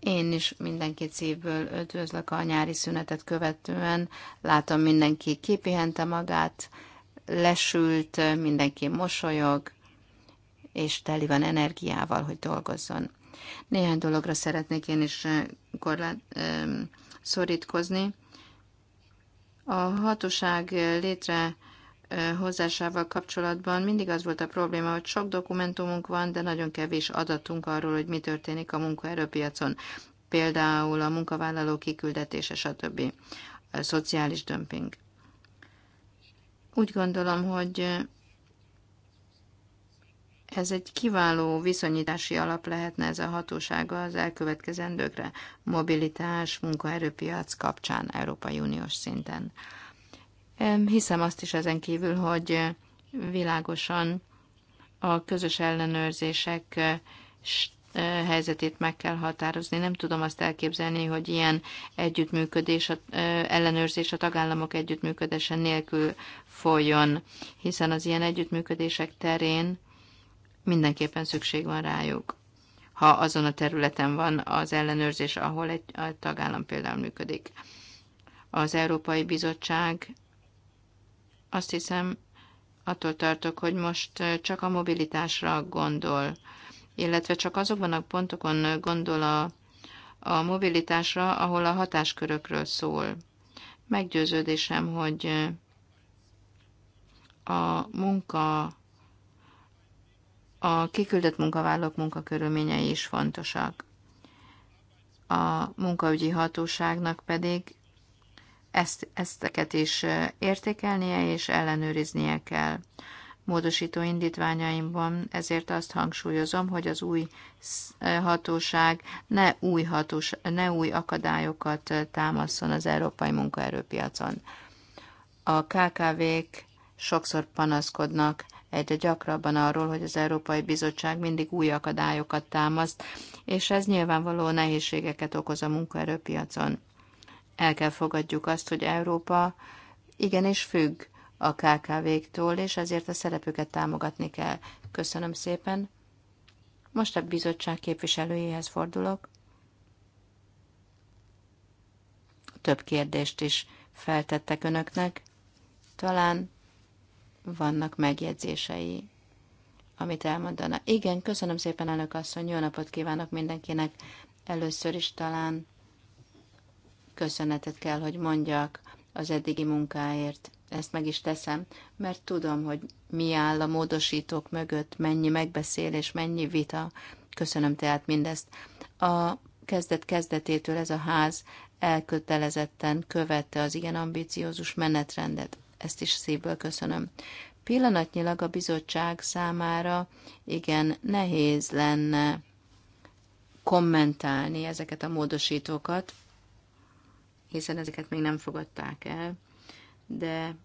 Én is mindenkit szívből üdvözlök a nyári szünetet követően. Látom, mindenki kipihente magát, lesült, mindenki mosolyog, és teli van energiával, hogy dolgozzon. Néhány dologra szeretnék én is eh, korlát, eh, szorítkozni. A hatóság létre hozzásával kapcsolatban mindig az volt a probléma, hogy sok dokumentumunk van, de nagyon kevés adatunk arról, hogy mi történik a munkaerőpiacon. Például a munkavállaló kiküldetése, stb. A szociális dömping. Úgy gondolom, hogy ez egy kiváló viszonyítási alap lehetne ez a hatósága az elkövetkezendőkre, mobilitás, munkaerőpiac kapcsán Európai Uniós szinten. Hiszem azt is ezen kívül, hogy világosan a közös ellenőrzések eh, eh, helyzetét meg kell határozni. Nem tudom azt elképzelni, hogy ilyen együttműködés, eh, ellenőrzés a tagállamok együttműködése nélkül folyjon, hiszen az ilyen együttműködések terén mindenképpen szükség van rájuk, ha azon a területen van az ellenőrzés, ahol egy tagállam például működik. Az Európai Bizottság azt hiszem, attól tartok, hogy most eh, csak a mobilitásra gondol, illetve csak azokban a pontokon eh, gondol a, a mobilitásra, ahol a hatáskörökről szól. Meggyőződésem, hogy eh, a munka, a kiküldött munkavállalók munkakörülményei is fontosak. A munkaügyi hatóságnak pedig ezt, ezteket is értékelnie és ellenőriznie kell. Módosító indítványaimban ezért azt hangsúlyozom, hogy az új hatóság ne új, hatós, ne új akadályokat támaszon az európai munkaerőpiacon. A KKV-k sokszor panaszkodnak egyre gyakrabban arról, hogy az Európai Bizottság mindig új akadályokat támaszt, és ez nyilvánvaló nehézségeket okoz a munkaerőpiacon. El kell fogadjuk azt, hogy Európa igenis függ a KKV-któl, és ezért a szerepüket támogatni kell. Köszönöm szépen. Most a bizottság képviselőjéhez fordulok. Több kérdést is feltettek önöknek. Talán vannak megjegyzései, amit elmondana. Igen, köszönöm szépen, elnök asszony, jó napot kívánok mindenkinek. Először is talán köszönetet kell, hogy mondjak az eddigi munkáért. Ezt meg is teszem, mert tudom, hogy mi áll a módosítók mögött, mennyi megbeszélés, mennyi vita. Köszönöm tehát mindezt. A kezdet kezdetétől ez a ház elkötelezetten követte az igen ambiciózus menetrendet. Ezt is szívből köszönöm. Pillanatnyilag a bizottság számára igen nehéz lenne kommentálni ezeket a módosítókat, hiszen ezeket még nem fogadták el, de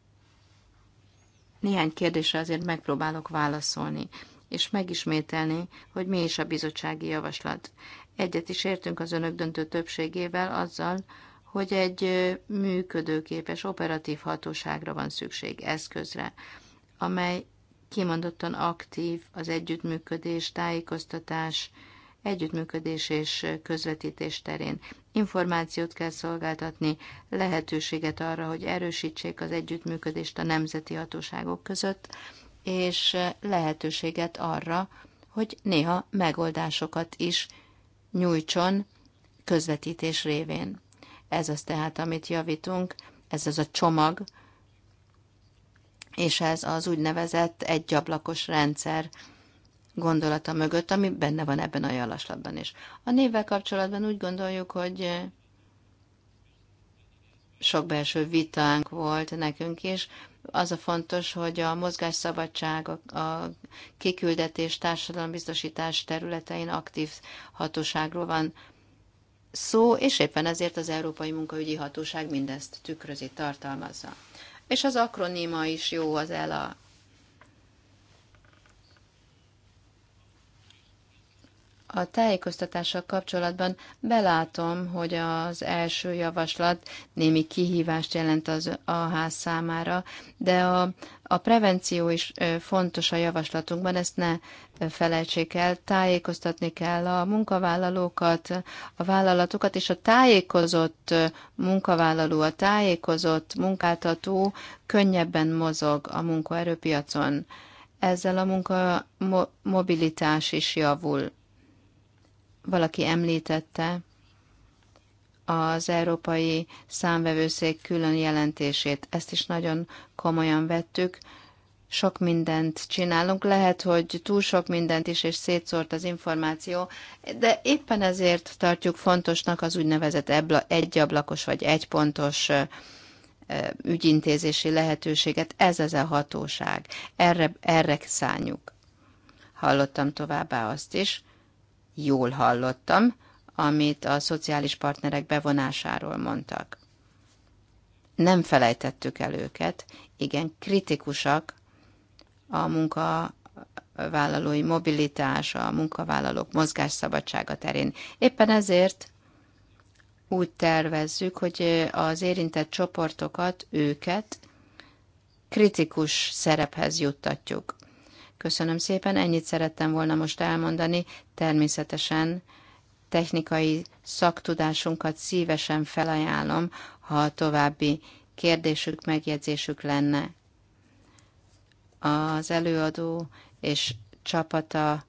néhány kérdésre azért megpróbálok válaszolni, és megismételni, hogy mi is a bizottsági javaslat. Egyet is értünk az önök döntő többségével azzal, hogy egy működőképes operatív hatóságra van szükség, eszközre, amely kimondottan aktív az együttműködés, tájékoztatás, együttműködés és közvetítés terén. Információt kell szolgáltatni, lehetőséget arra, hogy erősítsék az együttműködést a nemzeti hatóságok között, és lehetőséget arra, hogy néha megoldásokat is nyújtson közvetítés révén. Ez az tehát, amit javítunk, ez az a csomag, és ez az úgynevezett egyablakos rendszer, gondolata mögött, ami benne van ebben a javaslatban is. A névvel kapcsolatban úgy gondoljuk, hogy eh, sok belső vitánk volt nekünk is. Az a fontos, hogy a mozgásszabadság, a, a kiküldetés, társadalombiztosítás területein aktív hatóságról van szó, és éppen ezért az Európai Munkaügyi Hatóság mindezt tükrözi, tartalmazza. És az akroníma is jó az ELA A tájékoztatással kapcsolatban belátom, hogy az első javaslat némi kihívást jelent az a ház számára, de a, a prevenció is fontos a javaslatunkban, ezt ne felejtsék el, tájékoztatni kell a munkavállalókat, a vállalatokat, és a tájékozott munkavállaló, a tájékozott munkáltató könnyebben mozog a munkaerőpiacon. Ezzel a munka mobilitás is javul valaki említette az Európai Számvevőszék külön jelentését. Ezt is nagyon komolyan vettük. Sok mindent csinálunk, lehet, hogy túl sok mindent is, és szétszórt az információ, de éppen ezért tartjuk fontosnak az úgynevezett egyablakos vagy egypontos ügyintézési lehetőséget. Ez az a hatóság. Erre, erre szálljuk. Hallottam továbbá azt is, jól hallottam, amit a szociális partnerek bevonásáról mondtak. Nem felejtettük el őket, igen, kritikusak a munka vállalói mobilitás, a munkavállalók mozgásszabadsága terén. Éppen ezért úgy tervezzük, hogy az érintett csoportokat, őket kritikus szerephez juttatjuk. Köszönöm szépen, ennyit szerettem volna most elmondani. Természetesen technikai szaktudásunkat szívesen felajánlom, ha további kérdésük, megjegyzésük lenne. Az előadó és csapata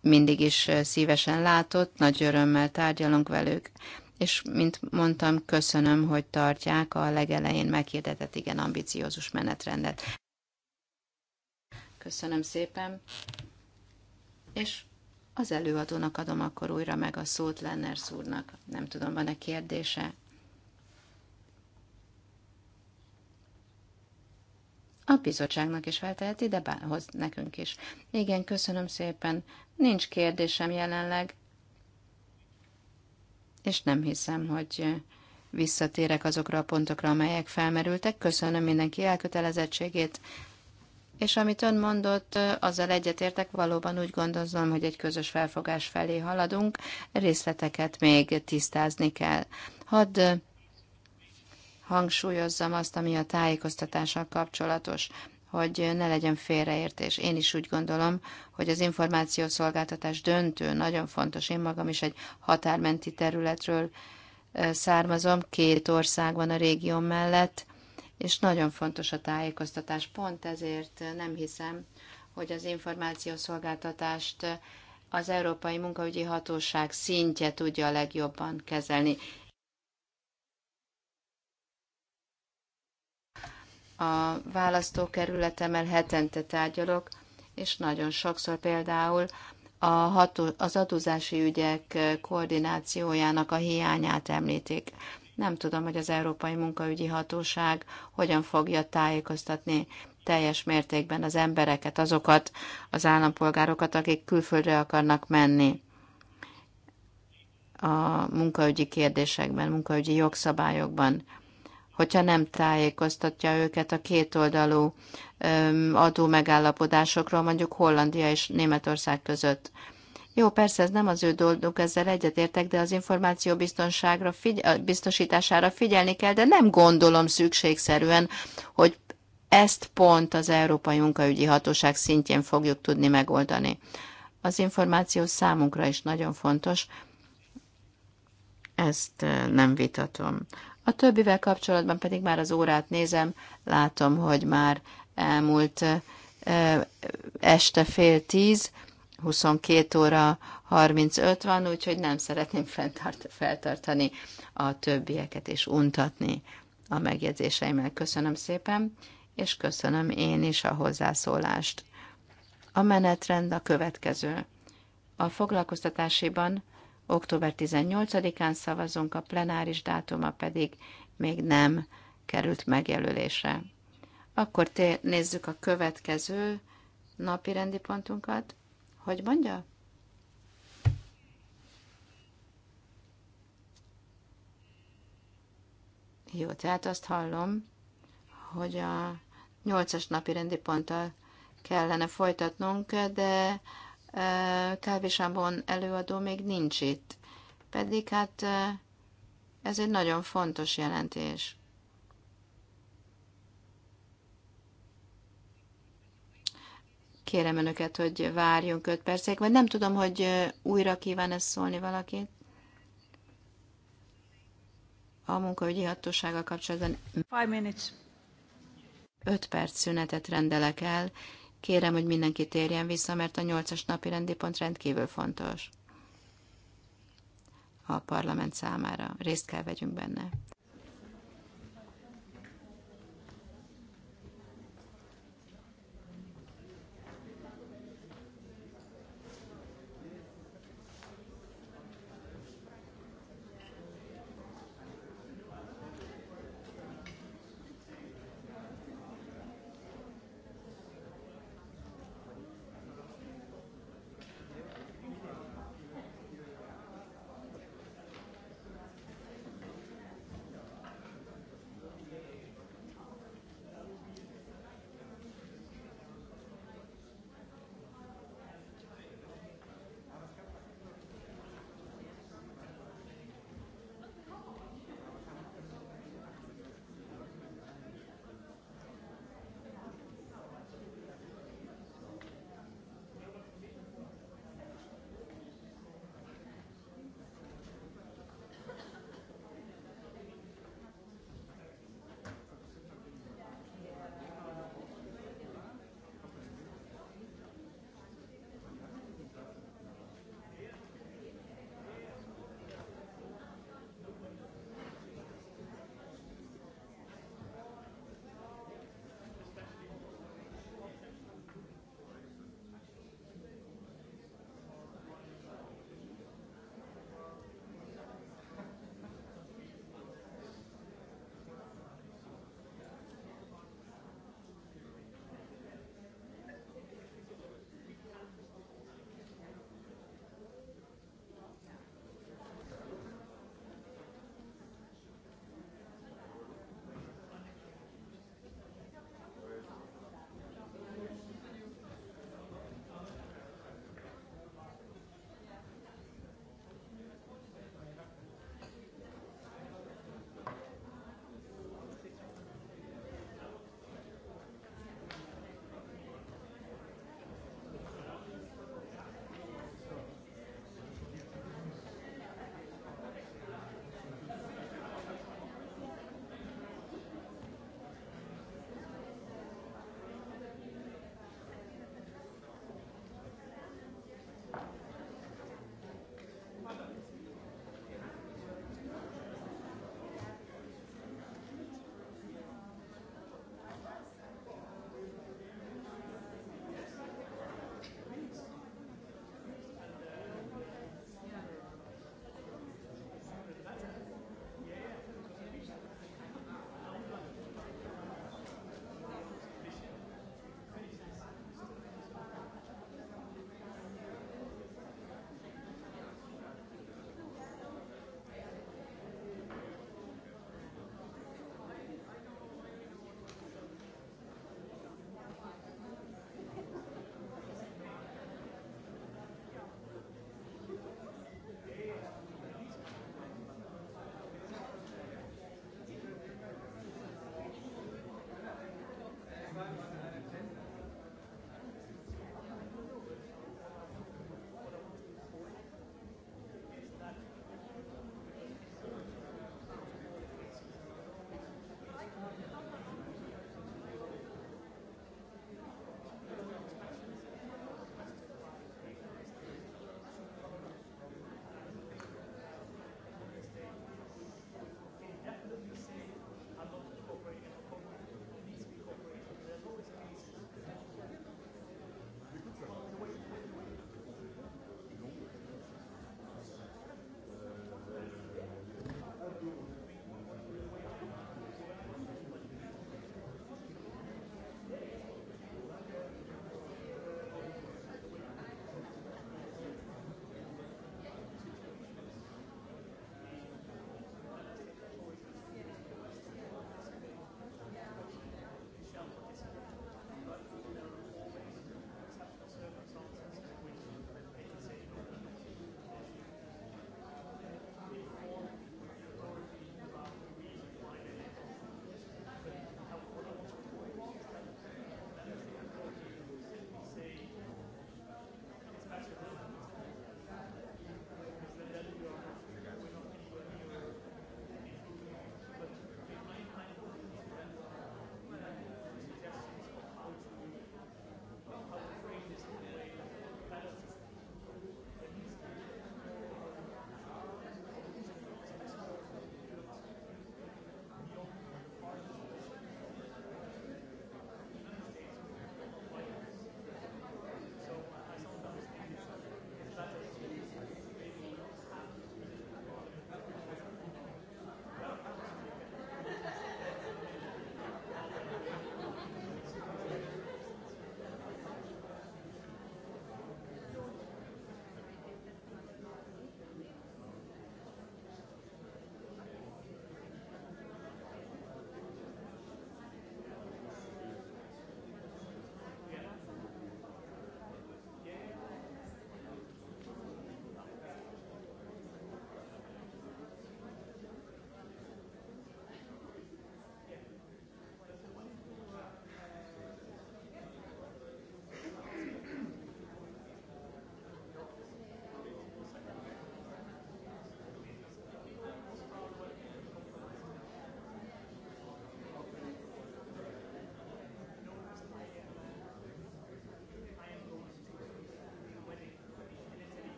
mindig is szívesen látott, nagy örömmel tárgyalunk velük, és mint mondtam, köszönöm, hogy tartják a legelején meghirdetett igen ambiciózus menetrendet. Köszönöm szépen. És az előadónak adom akkor újra meg a szót Lenners úrnak. Nem tudom, van-e kérdése? A bizottságnak is felteheti, de bárhoz nekünk is. Igen, köszönöm szépen. Nincs kérdésem jelenleg. És nem hiszem, hogy visszatérek azokra a pontokra, amelyek felmerültek. Köszönöm mindenki elkötelezettségét, és amit ön mondott, azzal egyetértek, valóban úgy gondozom, hogy egy közös felfogás felé haladunk, részleteket még tisztázni kell. Hadd hangsúlyozzam azt, ami a tájékoztatással kapcsolatos, hogy ne legyen félreértés. Én is úgy gondolom, hogy az információszolgáltatás döntő, nagyon fontos. Én magam is egy határmenti területről származom, két ország van a régió mellett, és nagyon fontos a tájékoztatás. Pont ezért nem hiszem, hogy az információszolgáltatást az Európai Munkaügyi Hatóság szintje tudja a legjobban kezelni. A választókerületemmel hetente tárgyalok, és nagyon sokszor például a ható, az adózási ügyek koordinációjának a hiányát említik. Nem tudom, hogy az Európai Munkaügyi Hatóság hogyan fogja tájékoztatni teljes mértékben az embereket, azokat az állampolgárokat, akik külföldre akarnak menni a munkaügyi kérdésekben, munkaügyi jogszabályokban. Hogyha nem tájékoztatja őket a kétoldalú adó megállapodásokról, mondjuk Hollandia és Németország között jó, persze ez nem az ő dolguk, ezzel egyetértek, de az információ biztonságra figy- biztosítására figyelni kell, de nem gondolom szükségszerűen, hogy ezt pont az Európai Munkaügyi Hatóság szintjén fogjuk tudni megoldani. Az információ számunkra is nagyon fontos, ezt nem vitatom. A többivel kapcsolatban pedig már az órát nézem, látom, hogy már elmúlt este fél tíz, 22 óra 35 van, úgyhogy nem szeretném fenntart, feltartani a többieket és untatni a megjegyzéseimmel. Köszönöm szépen, és köszönöm én is a hozzászólást. A menetrend a következő. A foglalkoztatásiban október 18-án szavazunk, a plenáris dátuma pedig még nem került megjelölésre. Akkor nézzük a következő napi rendi pontunkat. Hogy mondja? Jó, tehát azt hallom, hogy a nyolcas napi rendi ponttal kellene folytatnunk, de Kávésámban előadó még nincs itt. Pedig hát ez egy nagyon fontos jelentés. Kérem önöket, hogy várjunk 5 percig, vagy nem tudom, hogy újra kíván ezt szólni valakit. A munkaügyi hatósággal kapcsolatban 5 perc szünetet rendelek el. Kérem, hogy mindenki térjen vissza, mert a 8-as napi rendi pont rendkívül fontos a parlament számára. Részt kell vegyünk benne.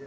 Yeah.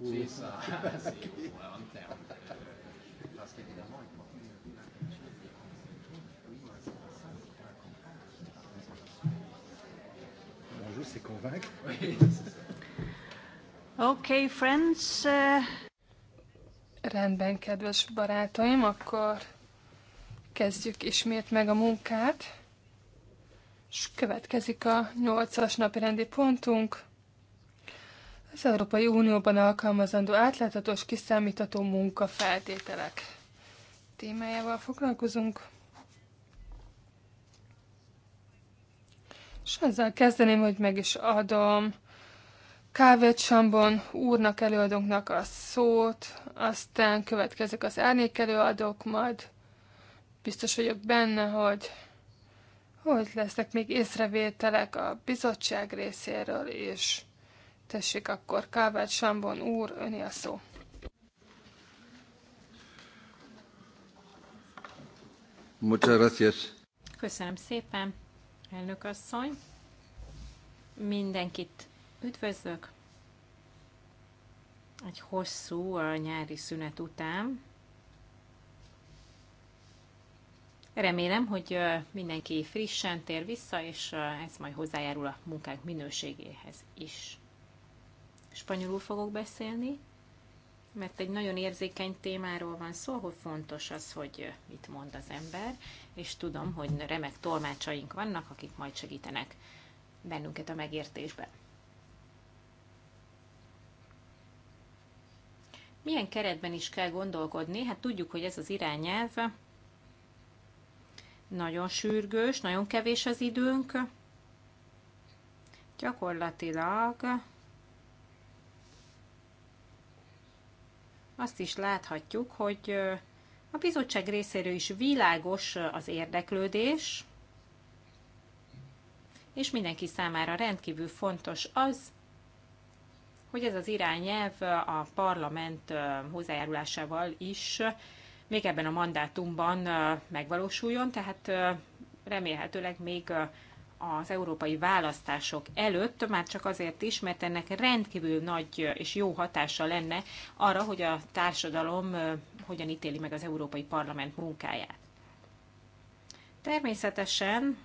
sì, Okay, friends. Uh, rendben, kedves barátaim, akkor kezdjük ismét meg a munkát. És következik a nyolcas napi rendi pontunk az Európai Unióban alkalmazandó átláthatós kiszámítható munkafeltételek témájával foglalkozunk. És azzal kezdeném, hogy meg is adom Kávét Sambon úrnak, előadónknak a szót, aztán következik az árnyék előadók, majd biztos vagyok benne, hogy hogy lesznek még észrevételek a bizottság részéről is Tessék akkor, Kávát Sambon úr, öné a szó. Köszönöm szépen, elnök asszony. Mindenkit üdvözlök. Egy hosszú a nyári szünet után. Remélem, hogy mindenki frissen tér vissza, és ez majd hozzájárul a munkák minőségéhez is spanyolul fogok beszélni, mert egy nagyon érzékeny témáról van szó, hogy fontos az, hogy mit mond az ember, és tudom, hogy remek tolmácsaink vannak, akik majd segítenek bennünket a megértésben. Milyen keretben is kell gondolkodni? Hát tudjuk, hogy ez az irányelv nagyon sürgős, nagyon kevés az időnk. Gyakorlatilag azt is láthatjuk, hogy a bizottság részéről is világos az érdeklődés, és mindenki számára rendkívül fontos az, hogy ez az irányelv a parlament hozzájárulásával is még ebben a mandátumban megvalósuljon, tehát remélhetőleg még az európai választások előtt, már csak azért is, mert ennek rendkívül nagy és jó hatása lenne arra, hogy a társadalom hogyan ítéli meg az Európai Parlament munkáját. Természetesen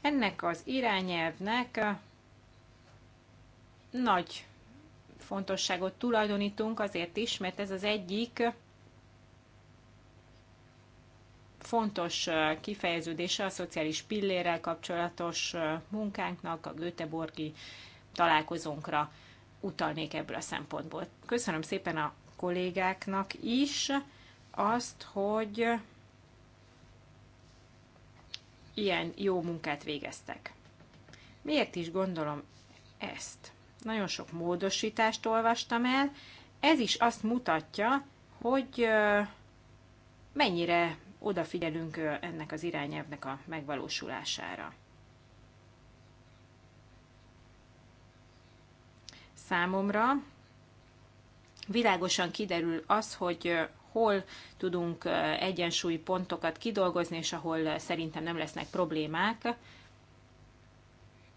ennek az irányelvnek nagy fontosságot tulajdonítunk azért is, mert ez az egyik fontos kifejeződése a szociális pillérrel kapcsolatos munkánknak, a Göteborgi találkozónkra utalnék ebből a szempontból. Köszönöm szépen a kollégáknak is azt, hogy ilyen jó munkát végeztek. Miért is gondolom ezt? Nagyon sok módosítást olvastam el, ez is azt mutatja, hogy mennyire odafigyelünk ennek az irányelvnek a megvalósulására. Számomra világosan kiderül az, hogy hol tudunk pontokat kidolgozni, és ahol szerintem nem lesznek problémák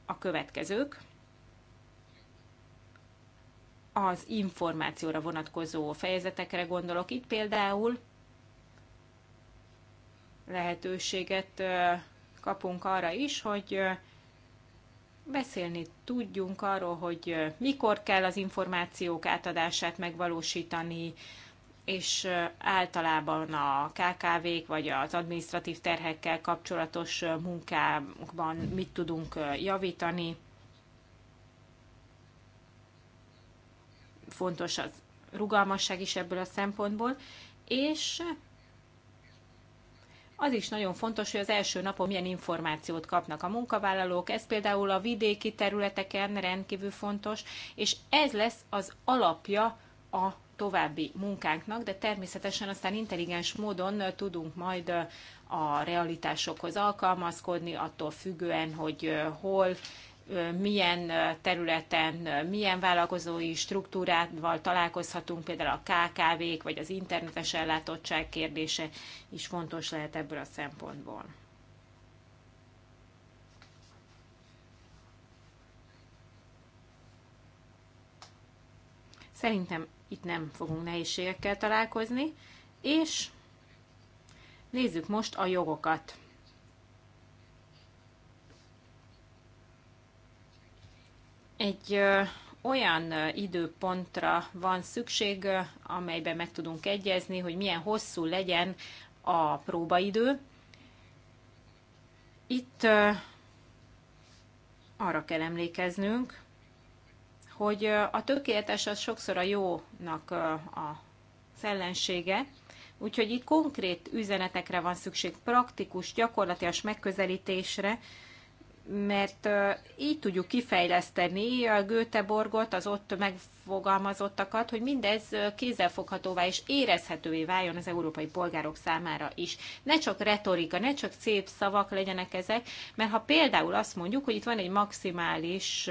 a következők. Az információra vonatkozó fejezetekre gondolok itt például, lehetőséget kapunk arra is, hogy beszélni tudjunk arról, hogy mikor kell az információk átadását megvalósítani, és általában a KKV-k vagy az administratív terhekkel kapcsolatos munkában mit tudunk javítani. Fontos az rugalmasság is ebből a szempontból, és az is nagyon fontos, hogy az első napon milyen információt kapnak a munkavállalók. Ez például a vidéki területeken rendkívül fontos, és ez lesz az alapja a további munkánknak, de természetesen aztán intelligens módon tudunk majd a realitásokhoz alkalmazkodni, attól függően, hogy eh, hol milyen területen, milyen vállalkozói struktúrával találkozhatunk, például a KKV-k vagy az internetes ellátottság kérdése is fontos lehet ebből a szempontból. Szerintem itt nem fogunk nehézségekkel találkozni, és nézzük most a jogokat. egy olyan időpontra van szükség, amelyben meg tudunk egyezni, hogy milyen hosszú legyen a próbaidő. Itt arra kell emlékeznünk, hogy a tökéletes az sokszor a jónak a szellensége, úgyhogy itt konkrét üzenetekre van szükség, praktikus, gyakorlatias megközelítésre, mert így tudjuk kifejleszteni a Göteborgot, az ott megfogalmazottakat, hogy mindez kézzelfoghatóvá és érezhetővé váljon az európai polgárok számára is. Ne csak retorika, ne csak szép szavak legyenek ezek, mert ha például azt mondjuk, hogy itt van egy maximális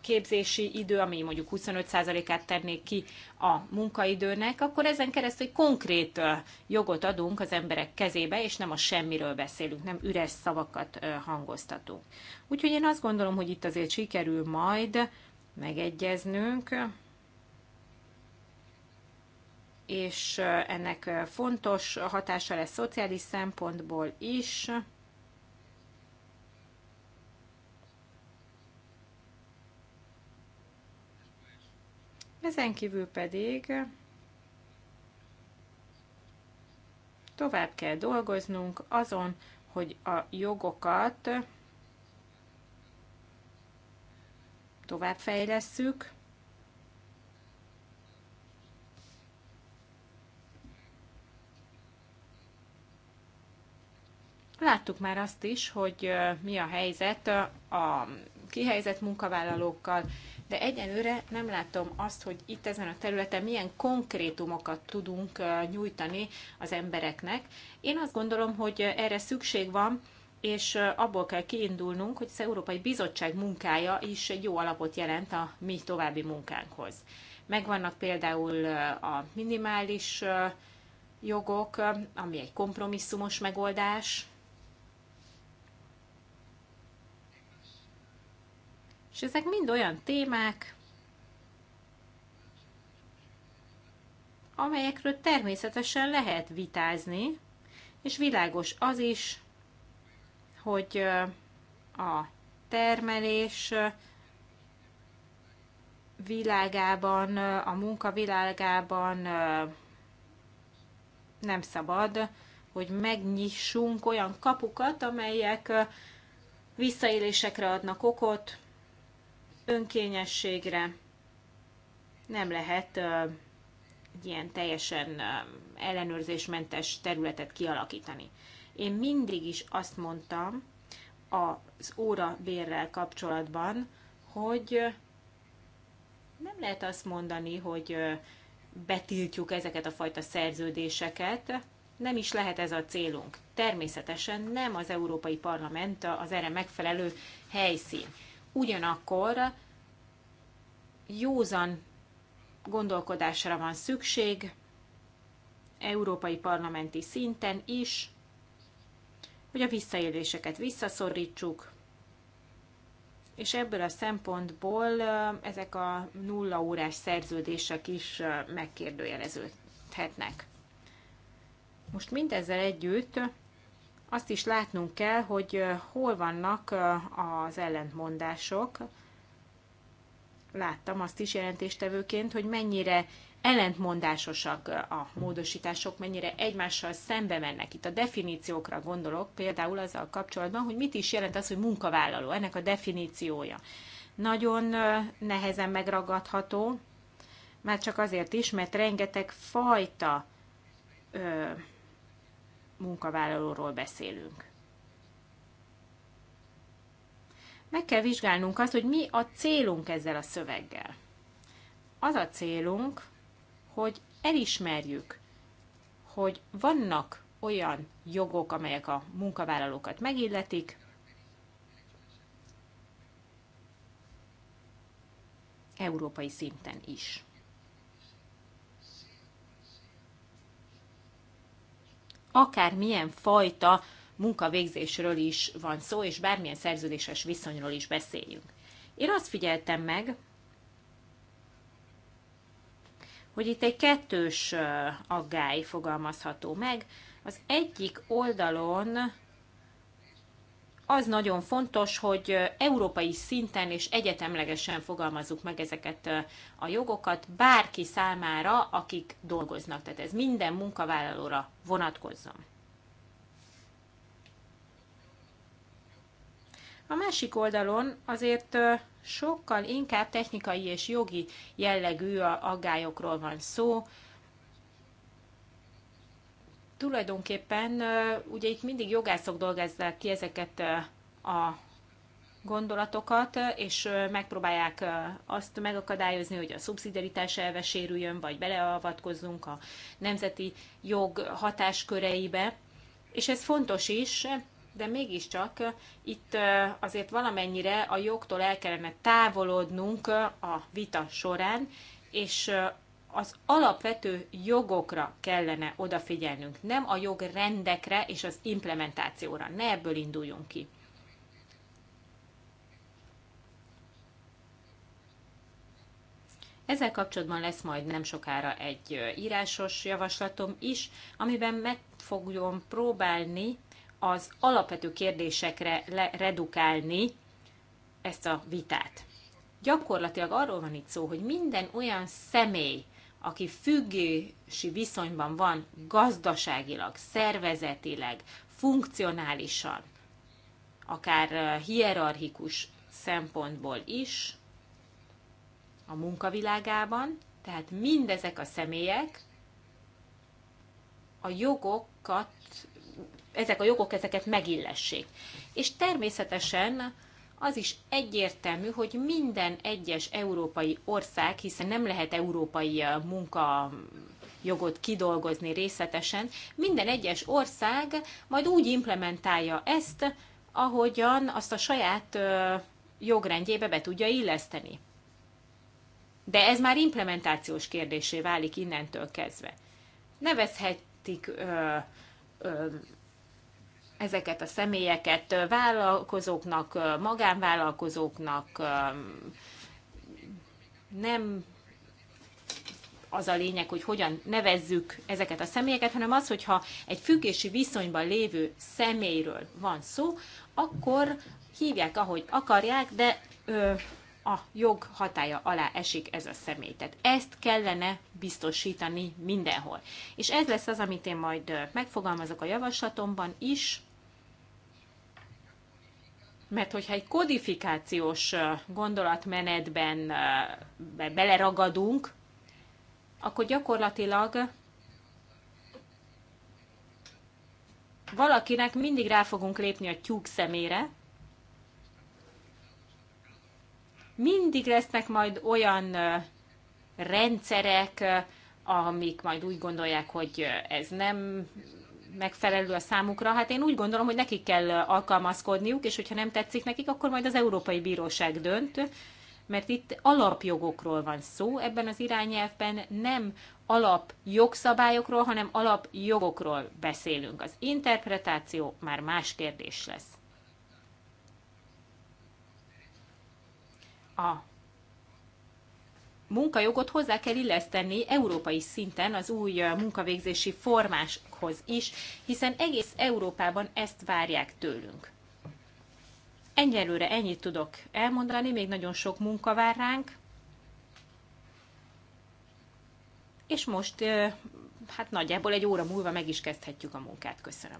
képzési idő, ami mondjuk 25%-át tennék ki a munkaidőnek, akkor ezen keresztül egy konkrét jogot adunk az emberek kezébe, és nem a semmiről beszélünk, nem üres szavakat hangoztatunk. Úgyhogy én azt gondolom, hogy itt azért sikerül majd megegyeznünk, és ennek fontos hatása lesz szociális szempontból is. Ezen kívül pedig tovább kell dolgoznunk azon, hogy a jogokat továbbfejlesszük, Láttuk már azt is, hogy mi a helyzet a kihelyzett munkavállalókkal, de egyenőre nem látom azt, hogy itt ezen a területen milyen konkrétumokat tudunk nyújtani az embereknek. Én azt gondolom, hogy erre szükség van, és abból kell kiindulnunk, hogy az Európai Bizottság munkája is egy jó alapot jelent a mi további munkánkhoz. Megvannak például a minimális jogok, ami egy kompromisszumos megoldás, És ezek mind olyan témák, amelyekről természetesen lehet vitázni, és világos az is, hogy a termelés világában, a munka világában nem szabad, hogy megnyissunk olyan kapukat, amelyek visszaélésekre adnak okot, önkényességre. Nem lehet egy ilyen teljesen ellenőrzésmentes területet kialakítani. Én mindig is azt mondtam az bérrel kapcsolatban, hogy nem lehet azt mondani, hogy betiltjuk ezeket a fajta szerződéseket, nem is lehet ez a célunk. Természetesen nem az Európai Parlament az erre megfelelő helyszín ugyanakkor józan gondolkodásra van szükség, európai parlamenti szinten is, hogy a visszaéléseket visszaszorítsuk, és ebből a szempontból ezek a nulla órás szerződések is megkérdőjeleződhetnek. Most mindezzel együtt azt is látnunk kell, hogy hol vannak az ellentmondások. Láttam azt is jelentéstevőként, hogy mennyire ellentmondásosak a módosítások, mennyire egymással szembe mennek. Itt a definíciókra gondolok, például azzal kapcsolatban, hogy mit is jelent az, hogy munkavállaló, ennek a definíciója. Nagyon nehezen megragadható, már csak azért is, mert rengeteg fajta munkavállalóról beszélünk. Meg kell vizsgálnunk azt, hogy mi a célunk ezzel a szöveggel. Az a célunk, hogy elismerjük, hogy vannak olyan jogok, amelyek a munkavállalókat megilletik, európai szinten is. akármilyen fajta munkavégzésről is van szó, és bármilyen szerződéses viszonyról is beszéljünk. Én azt figyeltem meg, hogy itt egy kettős aggály fogalmazható meg. Az egyik oldalon az nagyon fontos, hogy európai szinten és egyetemlegesen fogalmazzuk meg ezeket a jogokat bárki számára, akik dolgoznak. Tehát ez minden munkavállalóra vonatkozzon. A másik oldalon azért sokkal inkább technikai és jogi jellegű aggályokról van szó, tulajdonképpen ugye itt mindig jogászok dolgozzák ki ezeket a gondolatokat, és megpróbálják azt megakadályozni, hogy a szubszidiaritás elve sérüljön, vagy beleavatkozzunk a nemzeti jog hatásköreibe. És ez fontos is, de mégiscsak itt azért valamennyire a jogtól el kellene távolodnunk a vita során, és az alapvető jogokra kellene odafigyelnünk, nem a jogrendekre és az implementációra. Ne ebből induljunk ki. Ezzel kapcsolatban lesz majd nem sokára egy írásos javaslatom is, amiben meg fogjon próbálni az alapvető kérdésekre redukálni ezt a vitát. Gyakorlatilag arról van itt szó, hogy minden olyan személy, aki függési viszonyban van gazdaságilag, szervezetileg, funkcionálisan, akár hierarchikus szempontból is a munkavilágában, tehát mindezek a személyek a jogokat, ezek a jogok ezeket megillessék. És természetesen az is egyértelmű, hogy minden egyes európai ország, hiszen nem lehet európai munka jogot kidolgozni részletesen, minden egyes ország majd úgy implementálja ezt, ahogyan azt a saját jogrendjébe be tudja illeszteni. De ez már implementációs kérdésé válik innentől kezdve. Nevezhetik ö, ö, ezeket a személyeket vállalkozóknak, magánvállalkozóknak nem az a lényeg, hogy hogyan nevezzük ezeket a személyeket, hanem az, hogyha egy függési viszonyban lévő személyről van szó, akkor hívják, ahogy akarják, de ö, a jog hatája alá esik ez a személy. Tehát ezt kellene biztosítani mindenhol. És ez lesz az, amit én majd megfogalmazok a javaslatomban is, mert hogyha egy kodifikációs gondolatmenetben beleragadunk, akkor gyakorlatilag valakinek mindig rá fogunk lépni a tyúk szemére, mindig lesznek majd olyan rendszerek, amik majd úgy gondolják, hogy ez nem megfelelő a számukra, hát én úgy gondolom, hogy nekik kell alkalmazkodniuk, és hogyha nem tetszik nekik, akkor majd az Európai Bíróság dönt, mert itt alapjogokról van szó, ebben az irányelvben nem alapjogszabályokról, hanem alapjogokról beszélünk. Az interpretáció már más kérdés lesz. A munkajogot hozzá kell illeszteni európai szinten az új munkavégzési formákhoz is, hiszen egész Európában ezt várják tőlünk. Egyelőre ennyit tudok elmondani, még nagyon sok munka vár ránk. És most, hát nagyjából egy óra múlva meg is kezdhetjük a munkát. Köszönöm.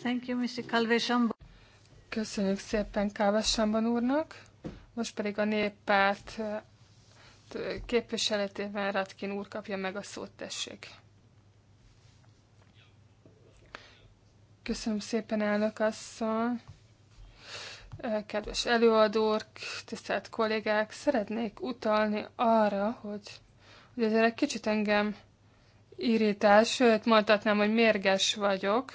Thank you, Mr. Calvésambon. Köszönjük szépen Kávesambon úrnak. Most pedig a néppárt képviseletében Ratkin úr kapja meg a szót, tessék. Köszönöm szépen, elnök asszony. Kedves előadók, tisztelt kollégák, szeretnék utalni arra, hogy, hogy ezért egy kicsit engem irítás, sőt mondhatnám, hogy mérges vagyok,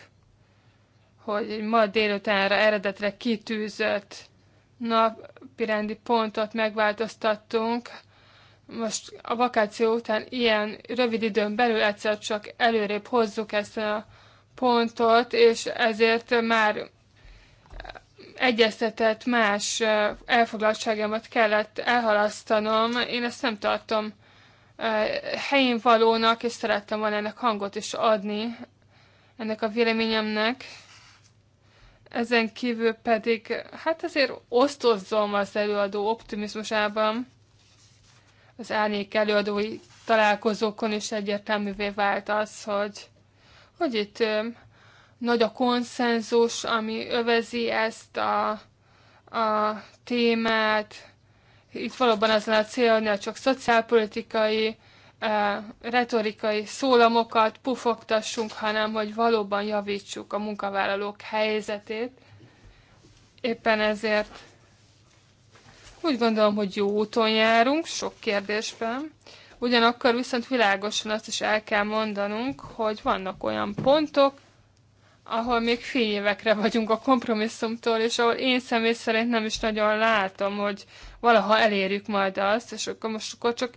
hogy ma délutánra eredetre kitűzött napirendi pontot megváltoztattunk, most a vakáció után ilyen rövid időn belül egyszer csak előrébb hozzuk ezt a pontot, és ezért már egyeztetett más elfoglaltságomat kellett elhalasztanom. Én ezt nem tartom helyén valónak, és szerettem volna ennek hangot is adni, ennek a véleményemnek. Ezen kívül pedig, hát azért osztozzom az előadó optimizmusában, az árnyék előadói találkozókon is egyértelművé vált az, hogy, hogy itt nagy a konszenzus, ami övezi ezt a, a témát. Itt valóban az a cél, hogy csak szociálpolitikai, retorikai szólamokat pufogtassunk, hanem hogy valóban javítsuk a munkavállalók helyzetét. Éppen ezért úgy gondolom, hogy jó úton járunk sok kérdésben, ugyanakkor viszont világosan azt is el kell mondanunk, hogy vannak olyan pontok, ahol még fél évekre vagyunk a kompromisszumtól, és ahol én személy szerint nem is nagyon látom, hogy valaha elérjük majd azt, és akkor most akkor csak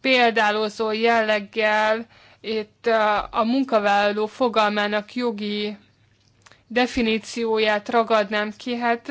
példálózó jelleggel itt a, uh, a munkavállaló fogalmának jogi definícióját ragadnám ki. Hát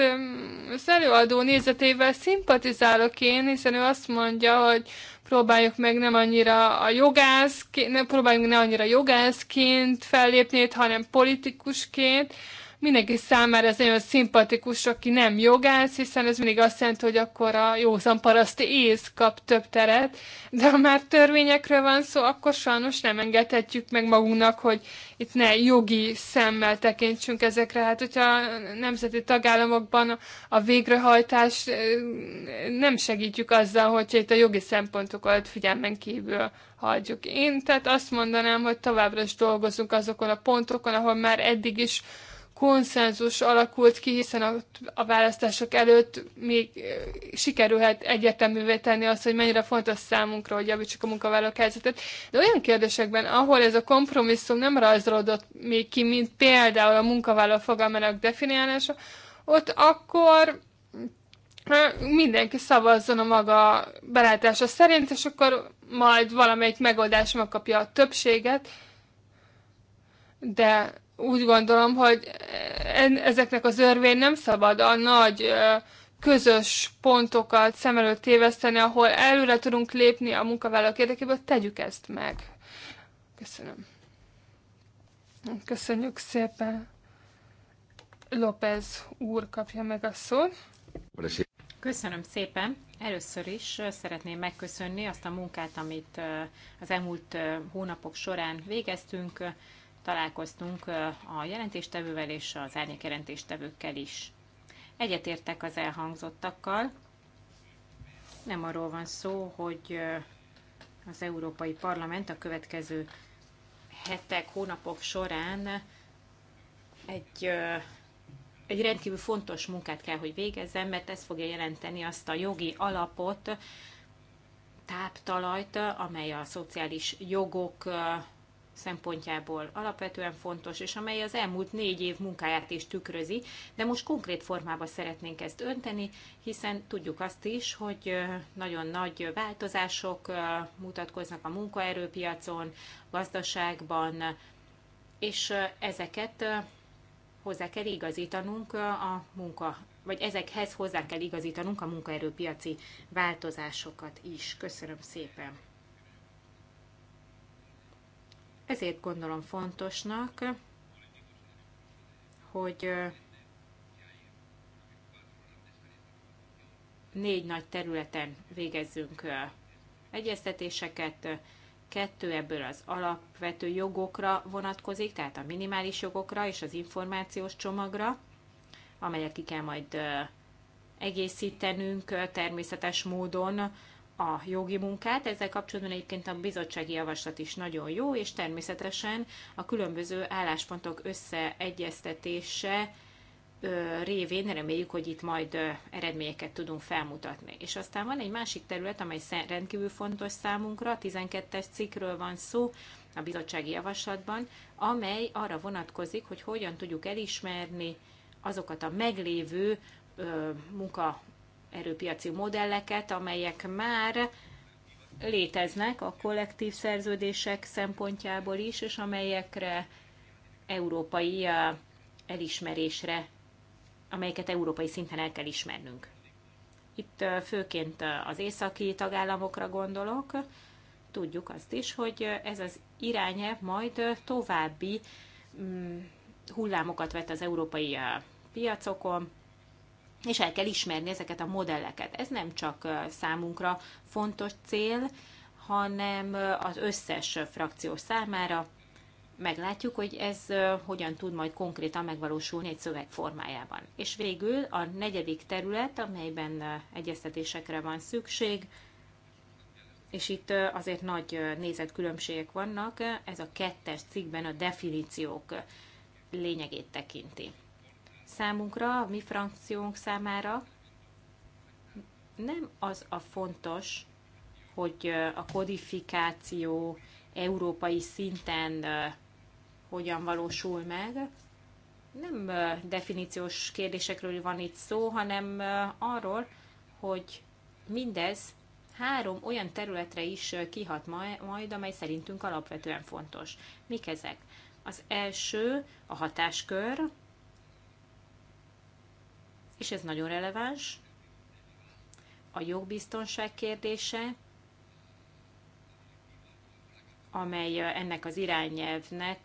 az előadó nézetével szimpatizálok én, hiszen ő azt mondja, hogy próbáljuk meg nem annyira a jogászként, ne, próbáljuk ne annyira jogászként fellépni, hanem politikusként mindenki számára ez nagyon szimpatikus, aki nem jogász, hiszen ez mindig azt jelenti, hogy akkor a józan paraszti ész kap több teret, de ha már törvényekről van szó, akkor sajnos nem engedhetjük meg magunknak, hogy itt ne jogi szemmel tekintsünk ezekre. Hát, hogyha a nemzeti tagállamokban a végrehajtás nem segítjük azzal, hogyha itt a jogi szempontokat figyelmen kívül hagyjuk. Én tehát azt mondanám, hogy továbbra is dolgozunk azokon a pontokon, ahol már eddig is konszenzus alakult ki, hiszen a, a választások előtt még sikerülhet egyeteművé tenni azt, hogy mennyire fontos számunkra, hogy javítsuk a munkavállalók helyzetet. De olyan kérdésekben, ahol ez a kompromisszum nem rajzolódott még ki, mint például a munkavállaló fogalmának definiálása, ott akkor mindenki szavazzon a maga belátása szerint, és akkor majd valamelyik megoldás megkapja a többséget, de úgy gondolom, hogy ezeknek az örvény nem szabad a nagy közös pontokat szem előtt téveszteni, ahol előre tudunk lépni a munkavállalók érdekében, tegyük ezt meg. Köszönöm. Köszönjük szépen. López úr kapja meg a szót. Köszönöm szépen. Először is szeretném megköszönni azt a munkát, amit az elmúlt hónapok során végeztünk találkoztunk a jelentéstevővel és az árnyék jelentéstevőkkel is. Egyetértek az elhangzottakkal. Nem arról van szó, hogy az Európai Parlament a következő hetek, hónapok során egy, egy rendkívül fontos munkát kell, hogy végezzen, mert ez fogja jelenteni azt a jogi alapot, táptalajt, amely a szociális jogok szempontjából alapvetően fontos, és amely az elmúlt négy év munkáját is tükrözi, de most konkrét formába szeretnénk ezt önteni, hiszen tudjuk azt is, hogy nagyon nagy változások mutatkoznak a munkaerőpiacon, gazdaságban, és ezeket hozzá kell igazítanunk a munka, vagy ezekhez hozzá kell igazítanunk a munkaerőpiaci változásokat is. Köszönöm szépen! Ezért gondolom fontosnak, hogy négy nagy területen végezzünk egyeztetéseket, kettő ebből az alapvető jogokra vonatkozik, tehát a minimális jogokra és az információs csomagra, amelyet ki kell majd egészítenünk természetes módon a jogi munkát. Ezzel kapcsolatban egyébként a bizottsági javaslat is nagyon jó, és természetesen a különböző álláspontok összeegyeztetése révén reméljük, hogy itt majd eredményeket tudunk felmutatni. És aztán van egy másik terület, amely rendkívül fontos számunkra, 12-es cikkről van szó a bizottsági javaslatban, amely arra vonatkozik, hogy hogyan tudjuk elismerni azokat a meglévő munka erőpiaci modelleket, amelyek már léteznek a kollektív szerződések szempontjából is, és amelyekre európai elismerésre, amelyeket európai szinten el kell ismernünk. Itt főként az északi tagállamokra gondolok. Tudjuk azt is, hogy ez az iránye majd további mm, hullámokat vet az európai piacokon, és el kell ismerni ezeket a modelleket. Ez nem csak számunkra fontos cél, hanem az összes frakció számára. Meglátjuk, hogy ez hogyan tud majd konkrétan megvalósulni egy szöveg formájában. És végül a negyedik terület, amelyben egyeztetésekre van szükség, és itt azért nagy nézetkülönbségek vannak, ez a kettes cikkben a definíciók lényegét tekinti számunkra, a mi frakciónk számára nem az a fontos, hogy a kodifikáció európai szinten hogyan valósul meg. Nem definíciós kérdésekről van itt szó, hanem arról, hogy mindez három olyan területre is kihat majd, amely szerintünk alapvetően fontos. Mik ezek? Az első a hatáskör, és ez nagyon releváns, a jogbiztonság kérdése, amely ennek az irányelvnek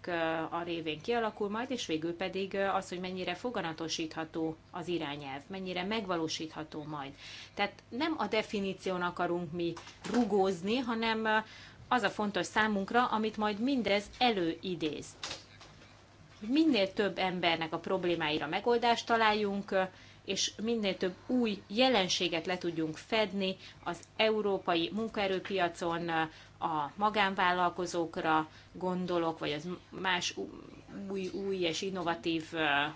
a révén kialakul majd, és végül pedig az, hogy mennyire foganatosítható az irányelv, mennyire megvalósítható majd. Tehát nem a definíción akarunk mi rugózni, hanem az a fontos számunkra, amit majd mindez előidéz. Minél több embernek a problémáira megoldást találjunk, és minél több új jelenséget le tudjunk fedni az európai munkaerőpiacon, a magánvállalkozókra gondolok, vagy az más új, új és innovatív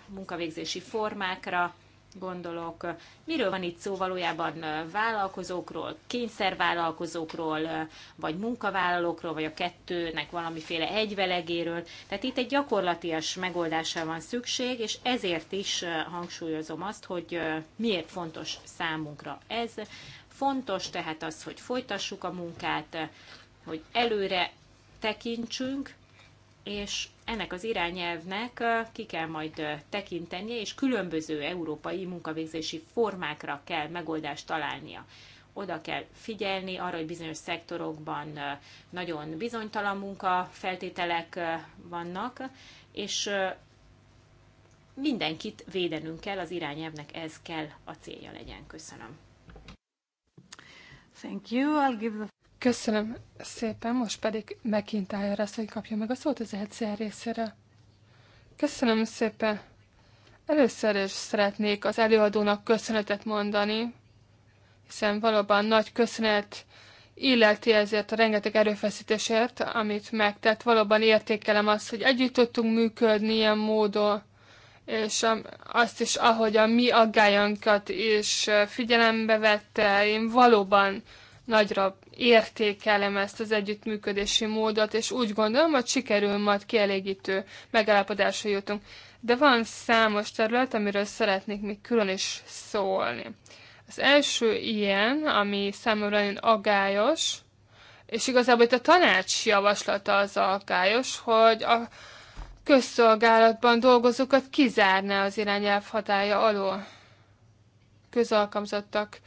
munkavégzési formákra, gondolok. Miről van itt szó valójában vállalkozókról, kényszervállalkozókról, vagy munkavállalókról, vagy a kettőnek valamiféle egyvelegéről. Tehát itt egy gyakorlatias megoldásra van szükség, és ezért is eh, hangsúlyozom azt, hogy eh, miért fontos számunkra ez. Fontos tehát az, hogy folytassuk a munkát, eh, hogy előre tekintsünk, és ennek az irányelvnek ki kell majd tekintenie, és különböző európai munkavégzési formákra kell megoldást találnia. Oda kell figyelni arra, hogy bizonyos szektorokban nagyon bizonytalan feltételek vannak, és mindenkit védenünk kell, az irányelvnek ez kell a célja legyen. Köszönöm. Thank you. I'll give the... Köszönöm szépen, most pedig McIntyre azt, hogy kapja meg a szót az ECR részére. Köszönöm szépen. Először is szeretnék az előadónak köszönetet mondani, hiszen valóban nagy köszönet illeti ezért a rengeteg erőfeszítésért, amit megtett. Valóban értékelem azt, hogy együtt tudtunk működni ilyen módon, és azt is, ahogy a mi aggájankat is figyelembe vette, én valóban nagyra értékelem ezt az együttműködési módot, és úgy gondolom, hogy sikerül majd kielégítő megállapodásra jutunk. De van számos terület, amiről szeretnék még külön is szólni. Az első ilyen, ami számomra nagyon agályos, és igazából itt a tanács javaslata az agályos, hogy a közszolgálatban dolgozókat kizárná az irányelv hatája alól. Közalkalmazottak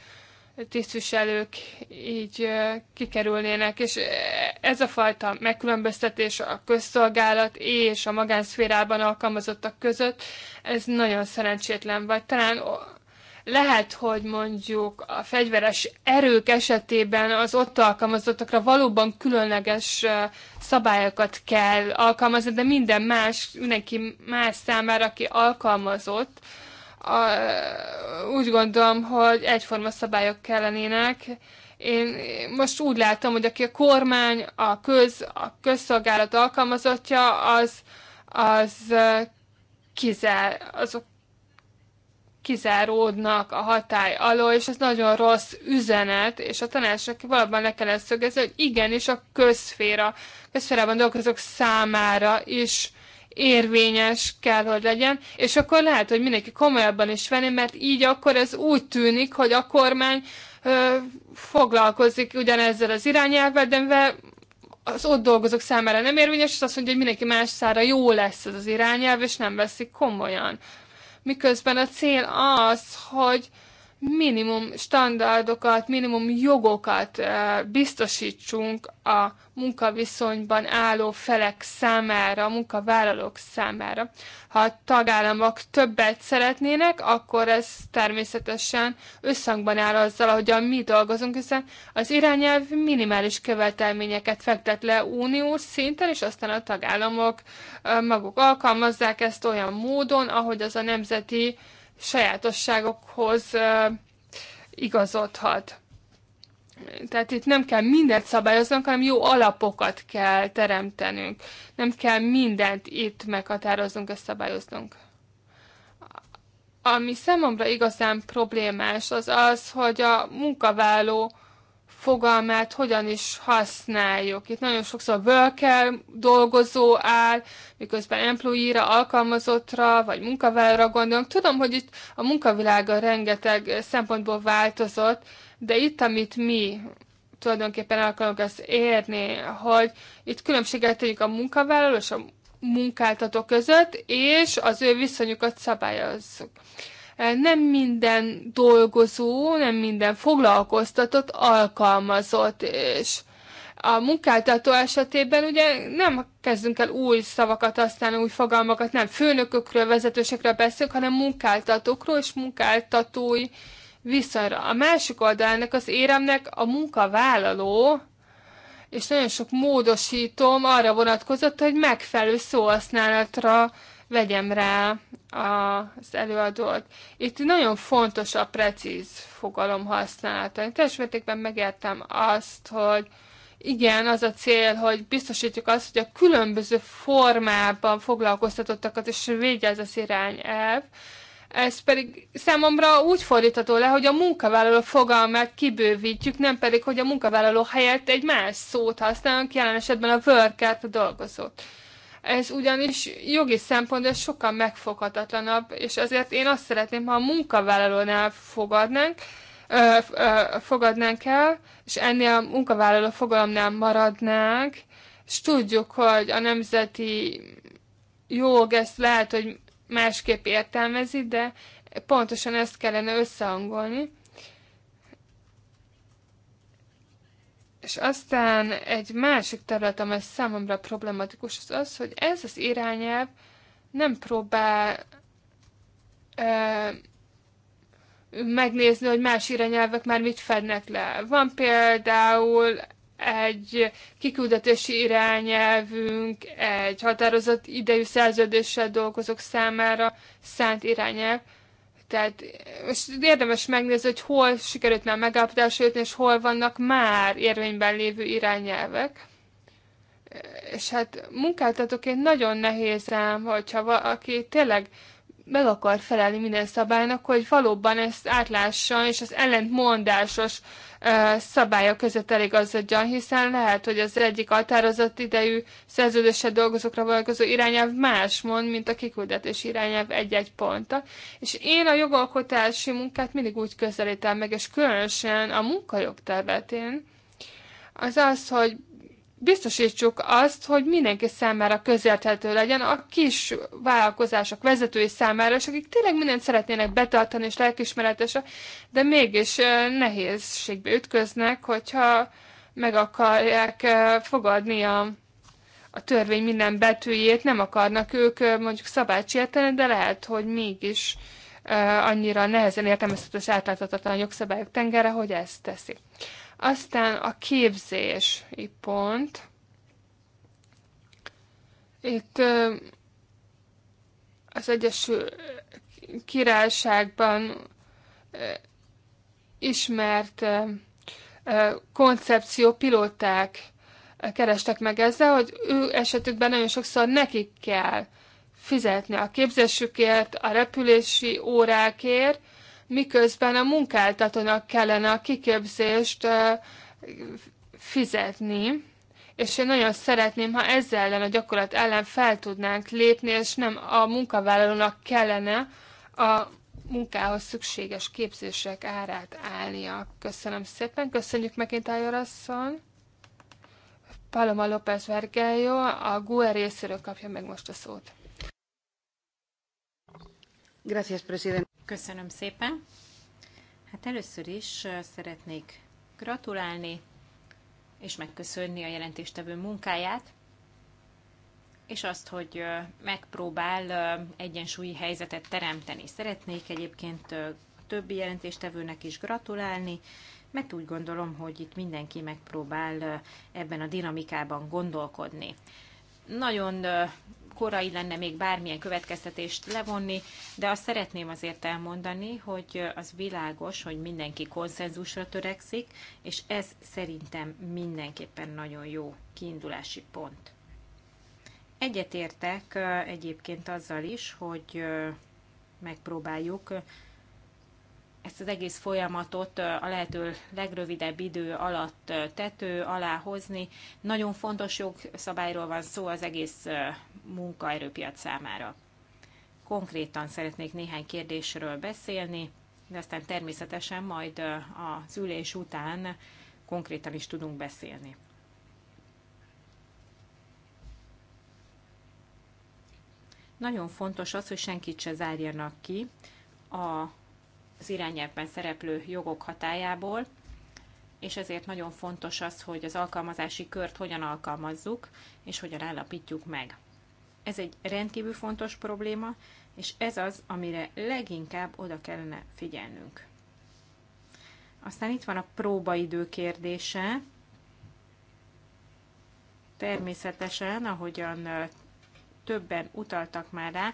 tisztviselők így kikerülnének, és ez a fajta megkülönböztetés a közszolgálat és a magánszférában alkalmazottak között, ez nagyon szerencsétlen, vagy talán lehet, hogy mondjuk a fegyveres erők esetében az ott alkalmazottakra valóban különleges szabályokat kell alkalmazni, de minden más, mindenki más számára, aki alkalmazott, a, úgy gondolom, hogy egyforma szabályok kellenének. Én most úgy látom, hogy aki a kormány, a köz, a közszolgálat alkalmazottja, az, az kizár, azok kizáródnak a hatály alól, és ez nagyon rossz üzenet, és a aki valóban le kellett szögezni, hogy igenis a közszféra, közszférában dolgozók számára is érvényes kell, hogy legyen, és akkor lehet, hogy mindenki komolyabban is venni, mert így akkor ez úgy tűnik, hogy a kormány ö, foglalkozik ugyanezzel az irányelvvel, de mivel az ott dolgozók számára nem érvényes, és azt mondja, hogy mindenki más szára jó lesz ez az irányelv, és nem veszik komolyan. Miközben a cél az, hogy minimum standardokat, minimum jogokat eh, biztosítsunk a munkaviszonyban álló felek számára, a munkavállalók számára. Ha a tagállamok többet szeretnének, akkor ez természetesen összhangban áll azzal, ahogyan mi dolgozunk, hiszen az irányelv minimális követelményeket fektet le uniós szinten, és aztán a tagállamok eh, maguk alkalmazzák ezt olyan módon, ahogy az a nemzeti sajátosságokhoz igazodhat. Tehát itt nem kell mindent szabályoznunk, hanem jó alapokat kell teremtenünk. Nem kell mindent itt meghatároznunk és szabályoznunk. Ami számomra igazán problémás, az az, hogy a munkavállaló fogalmát hogyan is használjuk. Itt nagyon sokszor worker dolgozó áll, miközben employee-ra, alkalmazottra, vagy munkavállalra gondolunk. Tudom, hogy itt a munkavilága rengeteg szempontból változott, de itt, amit mi tulajdonképpen akarunk ezt érni, hogy itt különbséget tegyük a munkavállaló és a munkáltató között, és az ő viszonyukat szabályozzuk nem minden dolgozó, nem minden foglalkoztatott alkalmazott, és a munkáltató esetében ugye nem kezdünk el új szavakat használni, új fogalmakat, nem főnökökről, vezetősekről beszélünk, hanem munkáltatókról és munkáltatói viszonyra. A másik oldalának az éremnek a munkavállaló, és nagyon sok módosítom arra vonatkozott, hogy megfelelő szóhasználatra vegyem rá az előadót. Itt nagyon fontos a precíz fogalom használata. Én teljes mértékben megértem azt, hogy igen, az a cél, hogy biztosítjuk azt, hogy a különböző formában foglalkoztatottakat is védje ez az irányelv, ez pedig számomra úgy fordítható le, hogy a munkavállaló fogalmát kibővítjük, nem pedig, hogy a munkavállaló helyett egy más szót használunk, jelen esetben a workert, a dolgozót. Ez ugyanis jogi szempontból sokkal megfoghatatlanabb, és azért én azt szeretném, ha a munkavállalónál fogadnánk, ö, ö, fogadnánk el, és ennél a munkavállaló fogalomnál maradnánk, és tudjuk, hogy a nemzeti jog ezt lehet, hogy másképp értelmezi, de pontosan ezt kellene összehangolni. És aztán egy másik terület, amely számomra problematikus, az az, hogy ez az irányelv nem próbál e, megnézni, hogy más irányelvek már mit fednek le. Van például egy kiküldetési irányelvünk, egy határozott idejű szerződéssel dolgozók számára szánt irányelv, tehát és érdemes megnézni, hogy hol sikerült már megállapodásra jutni, és hol vannak már érvényben lévő irányelvek. És hát munkáltatóként nagyon nehéz rám, hogyha valaki tényleg meg akar felelni minden szabálynak, hogy valóban ezt átlássa, és az ellentmondásos szabályok között elég az, eligazodjon, hiszen lehet, hogy az egyik határozott idejű szerződéssel dolgozókra vonatkozó irányelv más mond, mint a kiküldetés irányelv egy-egy ponta. És én a jogalkotási munkát mindig úgy közelítem meg, és különösen a munkajog területén, az az, hogy biztosítsuk azt, hogy mindenki számára közérthető legyen, a kis vállalkozások vezetői számára, és akik tényleg mindent szeretnének betartani és lelkismeretesek, de mégis nehézségbe ütköznek, hogyha meg akarják fogadni a, a törvény minden betűjét, nem akarnak ők mondjuk szabályt sérteni, de lehet, hogy mégis annyira nehezen értelmezhető és átláthatatlan a jogszabályok tengere, hogy ezt teszi. Aztán a képzési pont. Itt az Egyesült Királyságban ismert koncepció pilóták kerestek meg ezzel, hogy ő esetükben nagyon sokszor nekik kell fizetni a képzésükért, a repülési órákért, miközben a munkáltatónak kellene a kiképzést fizetni. És én nagyon szeretném, ha ezzel ellen a gyakorlat ellen fel tudnánk lépni, és nem a munkavállalónak kellene a munkához szükséges képzések árát állnia. Köszönöm szépen, köszönjük McIntyre asszony. Paloma López Vergelyó, a GUE részéről kapja meg most a szót. Gracias, presidente. Köszönöm szépen. Hát először is szeretnék gratulálni és megköszönni a jelentéstevő munkáját, és azt, hogy megpróbál egyensúlyi helyzetet teremteni. Szeretnék egyébként a többi jelentéstevőnek is gratulálni, mert úgy gondolom, hogy itt mindenki megpróbál ebben a dinamikában gondolkodni. Nagyon korai lenne még bármilyen következtetést levonni, de azt szeretném azért elmondani, hogy az világos, hogy mindenki konszenzusra törekszik, és ez szerintem mindenképpen nagyon jó kiindulási pont. Egyetértek egyébként azzal is, hogy megpróbáljuk ezt az egész folyamatot a lehető legrövidebb idő alatt tető alá hozni. Nagyon fontos jogszabályról van szó az egész munkaerőpiac számára. Konkrétan szeretnék néhány kérdésről beszélni, de aztán természetesen majd az ülés után konkrétan is tudunk beszélni. Nagyon fontos az, hogy senkit se zárjanak ki a az irányelvben szereplő jogok hatájából, és ezért nagyon fontos az, hogy az alkalmazási kört hogyan alkalmazzuk, és hogyan állapítjuk meg. Ez egy rendkívül fontos probléma, és ez az, amire leginkább oda kellene figyelnünk. Aztán itt van a próbaidő kérdése. Természetesen, ahogyan többen utaltak már rá,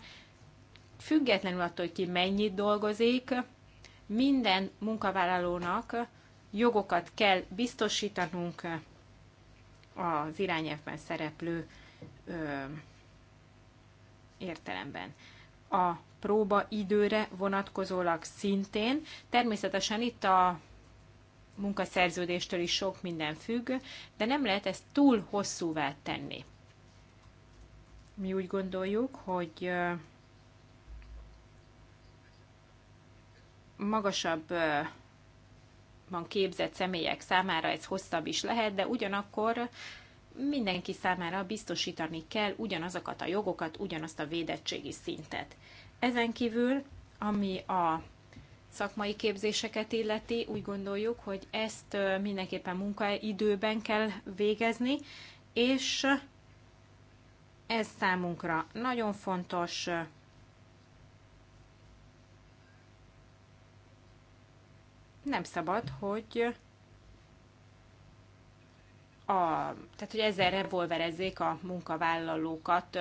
függetlenül attól, hogy ki mennyit dolgozik, minden munkavállalónak jogokat kell biztosítanunk az irányelvben szereplő ö, értelemben. A próba időre vonatkozólag szintén. Természetesen itt a munkaszerződéstől is sok minden függ, de nem lehet ezt túl hosszúvá tenni. Mi úgy gondoljuk, hogy magasabb van képzett személyek számára ez hosszabb is lehet, de ugyanakkor mindenki számára biztosítani kell ugyanazokat a jogokat, ugyanazt a védettségi szintet. Ezen kívül, ami a szakmai képzéseket illeti, úgy gondoljuk, hogy ezt mindenképpen munkaidőben kell végezni, és ez számunkra nagyon fontos, nem szabad, hogy a, tehát, hogy ezzel revolverezzék a munkavállalókat,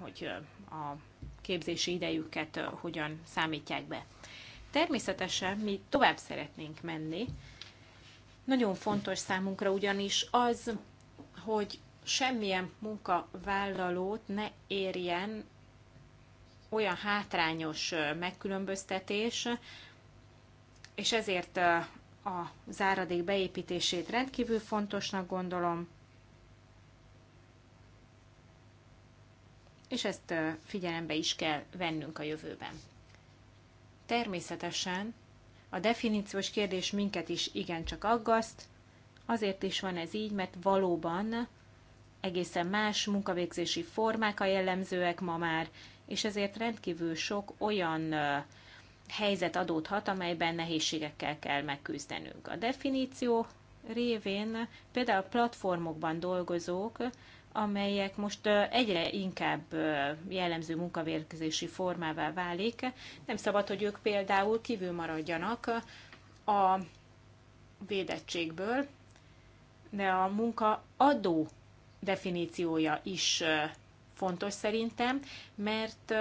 hogy a képzési idejüket hogyan számítják be. Természetesen mi tovább szeretnénk menni. Nagyon fontos számunkra ugyanis az, hogy semmilyen munkavállalót ne érjen olyan hátrányos megkülönböztetés, és ezért a záradék beépítését rendkívül fontosnak gondolom, és ezt figyelembe is kell vennünk a jövőben. Természetesen a definíciós kérdés minket is igencsak aggaszt, azért is van ez így, mert valóban egészen más munkavégzési formák a jellemzőek ma már, és ezért rendkívül sok olyan helyzet adódhat, amelyben nehézségekkel kell megküzdenünk. A definíció révén például platformokban dolgozók, amelyek most egyre inkább jellemző munkavérkezési formává válik. Nem szabad, hogy ők például kívül maradjanak a védettségből, de a munka adó definíciója is fontos szerintem, mert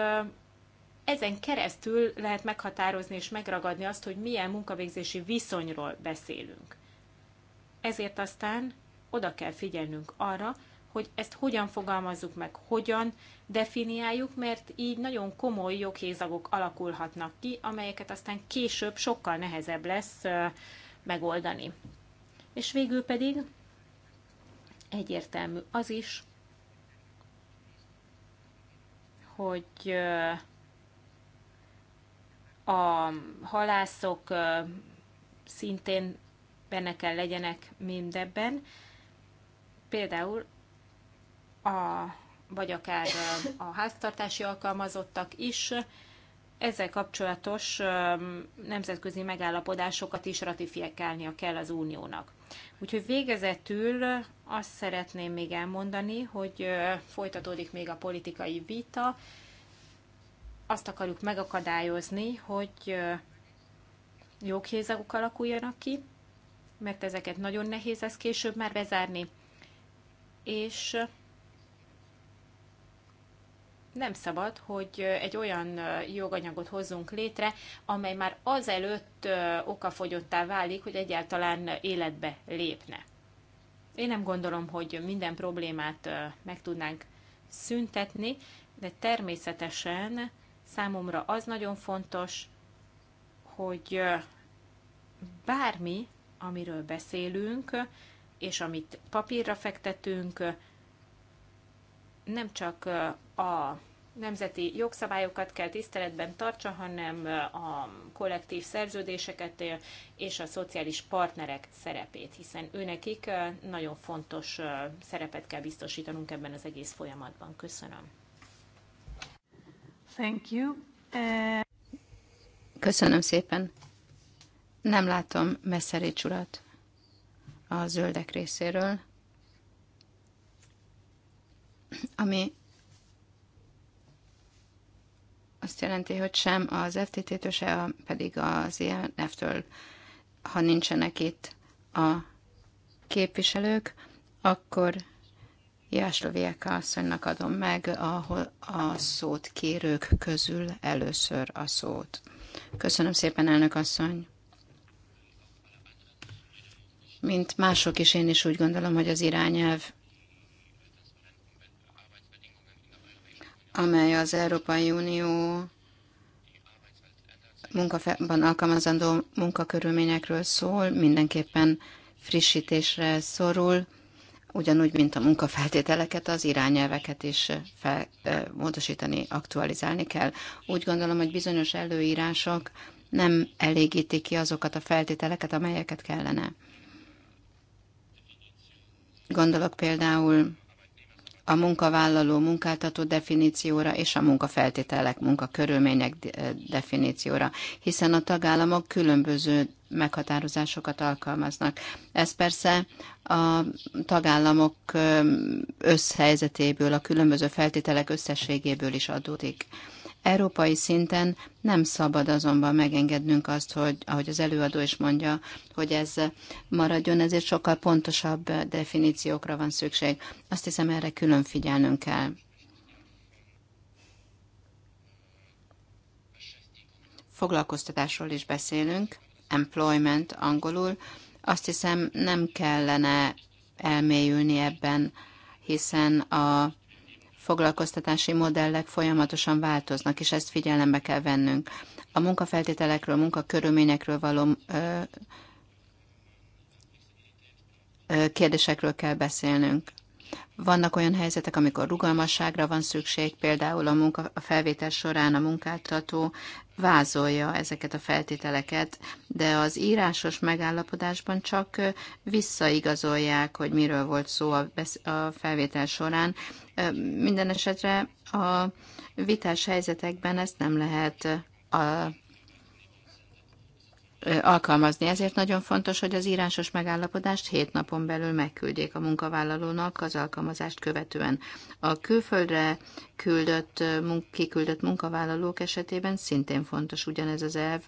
ezen keresztül lehet meghatározni és megragadni azt, hogy milyen munkavégzési viszonyról beszélünk. Ezért aztán oda kell figyelnünk arra, hogy ezt hogyan fogalmazzuk meg, hogyan definiáljuk, mert így nagyon komoly joghézagok alakulhatnak ki, amelyeket aztán később sokkal nehezebb lesz megoldani. És végül pedig egyértelmű az is, hogy a halászok szintén benne kell legyenek mindebben. Például a, vagy akár a háztartási alkalmazottak is ezzel kapcsolatos nemzetközi megállapodásokat is ratifikálnia kell az uniónak. Úgyhogy végezetül azt szeretném még elmondani, hogy folytatódik még a politikai vita, azt akarjuk megakadályozni, hogy joghézagok alakuljanak ki, mert ezeket nagyon nehéz ez később már bezárni, és nem szabad, hogy egy olyan joganyagot hozzunk létre, amely már azelőtt okafogyottá válik, hogy egyáltalán életbe lépne. Én nem gondolom, hogy minden problémát meg tudnánk szüntetni, de természetesen Számomra az nagyon fontos, hogy bármi, amiről beszélünk, és amit papírra fektetünk, nem csak a nemzeti jogszabályokat kell tiszteletben tartsa, hanem a kollektív szerződéseket és a szociális partnerek szerepét, hiszen őnekik nagyon fontos szerepet kell biztosítanunk ebben az egész folyamatban. Köszönöm. Thank you. Uh... Köszönöm szépen. Nem látom Meszerics urat a zöldek részéről, ami azt jelenti, hogy sem az FTT-től, se pedig az INF-től, ha nincsenek itt a képviselők, akkor Jáslovieka asszonynak adom meg ahol a szót kérők közül először a szót. Köszönöm szépen, elnök asszony! Mint mások is, én is úgy gondolom, hogy az irányelv, amely az Európai Unió munkaban alkalmazandó munkakörülményekről szól, mindenképpen frissítésre szorul ugyanúgy, mint a munkafeltételeket, az irányelveket is fel, módosítani, aktualizálni kell. Úgy gondolom, hogy bizonyos előírások nem elégítik ki azokat a feltételeket, amelyeket kellene. Gondolok például a munkavállaló munkáltató definícióra és a munkafeltételek, munkakörülmények definícióra, hiszen a tagállamok különböző meghatározásokat alkalmaznak. Ez persze a tagállamok összhelyzetéből, a különböző feltételek összességéből is adódik. Európai szinten nem szabad azonban megengednünk azt, hogy, ahogy az előadó is mondja, hogy ez maradjon, ezért sokkal pontosabb definíciókra van szükség. Azt hiszem, erre külön figyelnünk kell. Foglalkoztatásról is beszélünk employment angolul, azt hiszem nem kellene elmélyülni ebben, hiszen a foglalkoztatási modellek folyamatosan változnak, és ezt figyelembe kell vennünk. A munkafeltételekről, munkakörülményekről való ö, ö, kérdésekről kell beszélnünk. Vannak olyan helyzetek, amikor rugalmasságra van szükség, például a, munka, a felvétel során a munkáltató vázolja ezeket a feltételeket, de az írásos megállapodásban csak visszaigazolják, hogy miről volt szó a felvétel során. Minden esetre a vitás helyzetekben ezt nem lehet a alkalmazni. Ezért nagyon fontos, hogy az írásos megállapodást hét napon belül megküldjék a munkavállalónak az alkalmazást követően. A külföldre küldött, kiküldött munkavállalók esetében szintén fontos ugyanez az elv,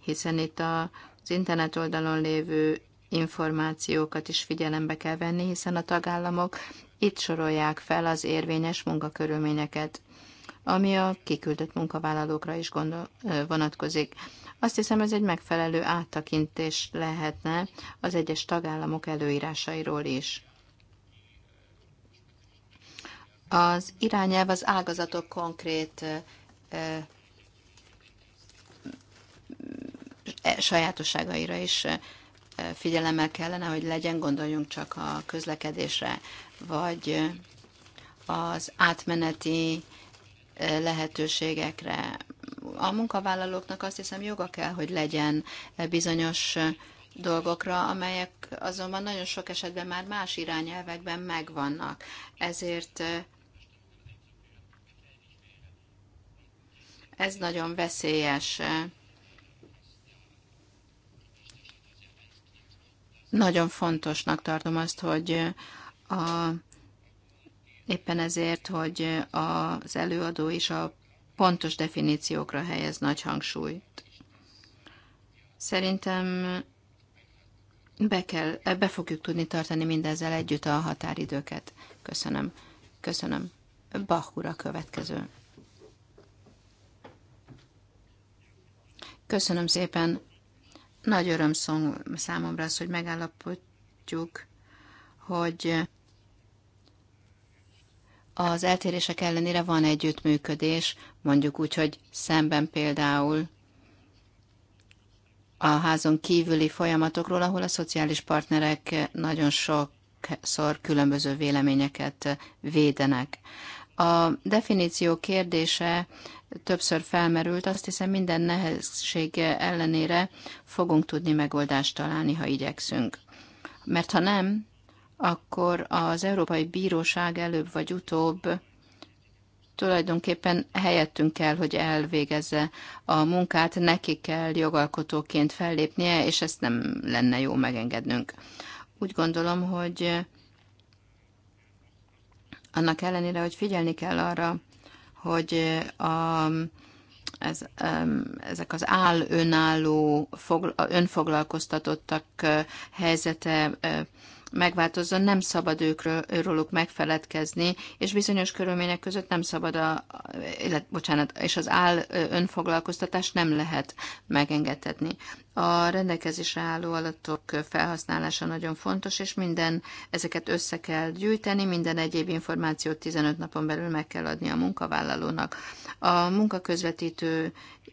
hiszen itt az internet oldalon lévő információkat is figyelembe kell venni, hiszen a tagállamok itt sorolják fel az érvényes munkakörülményeket, ami a kiküldött munkavállalókra is gondol, vonatkozik. Azt hiszem, ez egy megfelelő áttakintés lehetne az egyes tagállamok előírásairól is. Az irányelv az ágazatok konkrét e, sajátosságaira is figyelemmel kellene, hogy legyen, gondoljunk csak a közlekedésre, vagy az átmeneti lehetőségekre, a munkavállalóknak azt hiszem joga kell, hogy legyen bizonyos dolgokra, amelyek azonban nagyon sok esetben már más irányelvekben megvannak. Ezért eh, ez nagyon veszélyes. Nagyon fontosnak tartom azt, hogy eh, a, éppen ezért, hogy az előadó és a pontos definíciókra helyez nagy hangsúlyt. Szerintem be, kell, be fogjuk tudni tartani mindezzel együtt a határidőket. Köszönöm. Köszönöm. Bach úr a következő. Köszönöm szépen. Nagy öröm számomra az, hogy megállapodjuk, hogy az eltérések ellenére van együttműködés, mondjuk úgy, hogy szemben például a házon kívüli folyamatokról, ahol a szociális partnerek nagyon sokszor különböző véleményeket védenek. A definíció kérdése többször felmerült, azt hiszem minden nehézség ellenére fogunk tudni megoldást találni, ha igyekszünk. Mert ha nem, akkor az Európai Bíróság előbb vagy utóbb tulajdonképpen helyettünk kell, hogy elvégezze a munkát, neki kell jogalkotóként fellépnie, és ezt nem lenne jó megengednünk. Úgy gondolom, hogy annak ellenére, hogy figyelni kell arra, hogy a, ez, ezek az áll önálló, önfoglalkoztatottak eh, helyzete eh, megváltozzon, nem szabad őkről, őróluk megfeledkezni, és bizonyos körülmények között nem szabad a, illet, bocsánat, és az áll önfoglalkoztatást nem lehet megengedhetni. A rendelkezésre álló adatok felhasználása nagyon fontos, és minden ezeket össze kell gyűjteni, minden egyéb információt 15 napon belül meg kell adni a munkavállalónak. A munkaközvetítő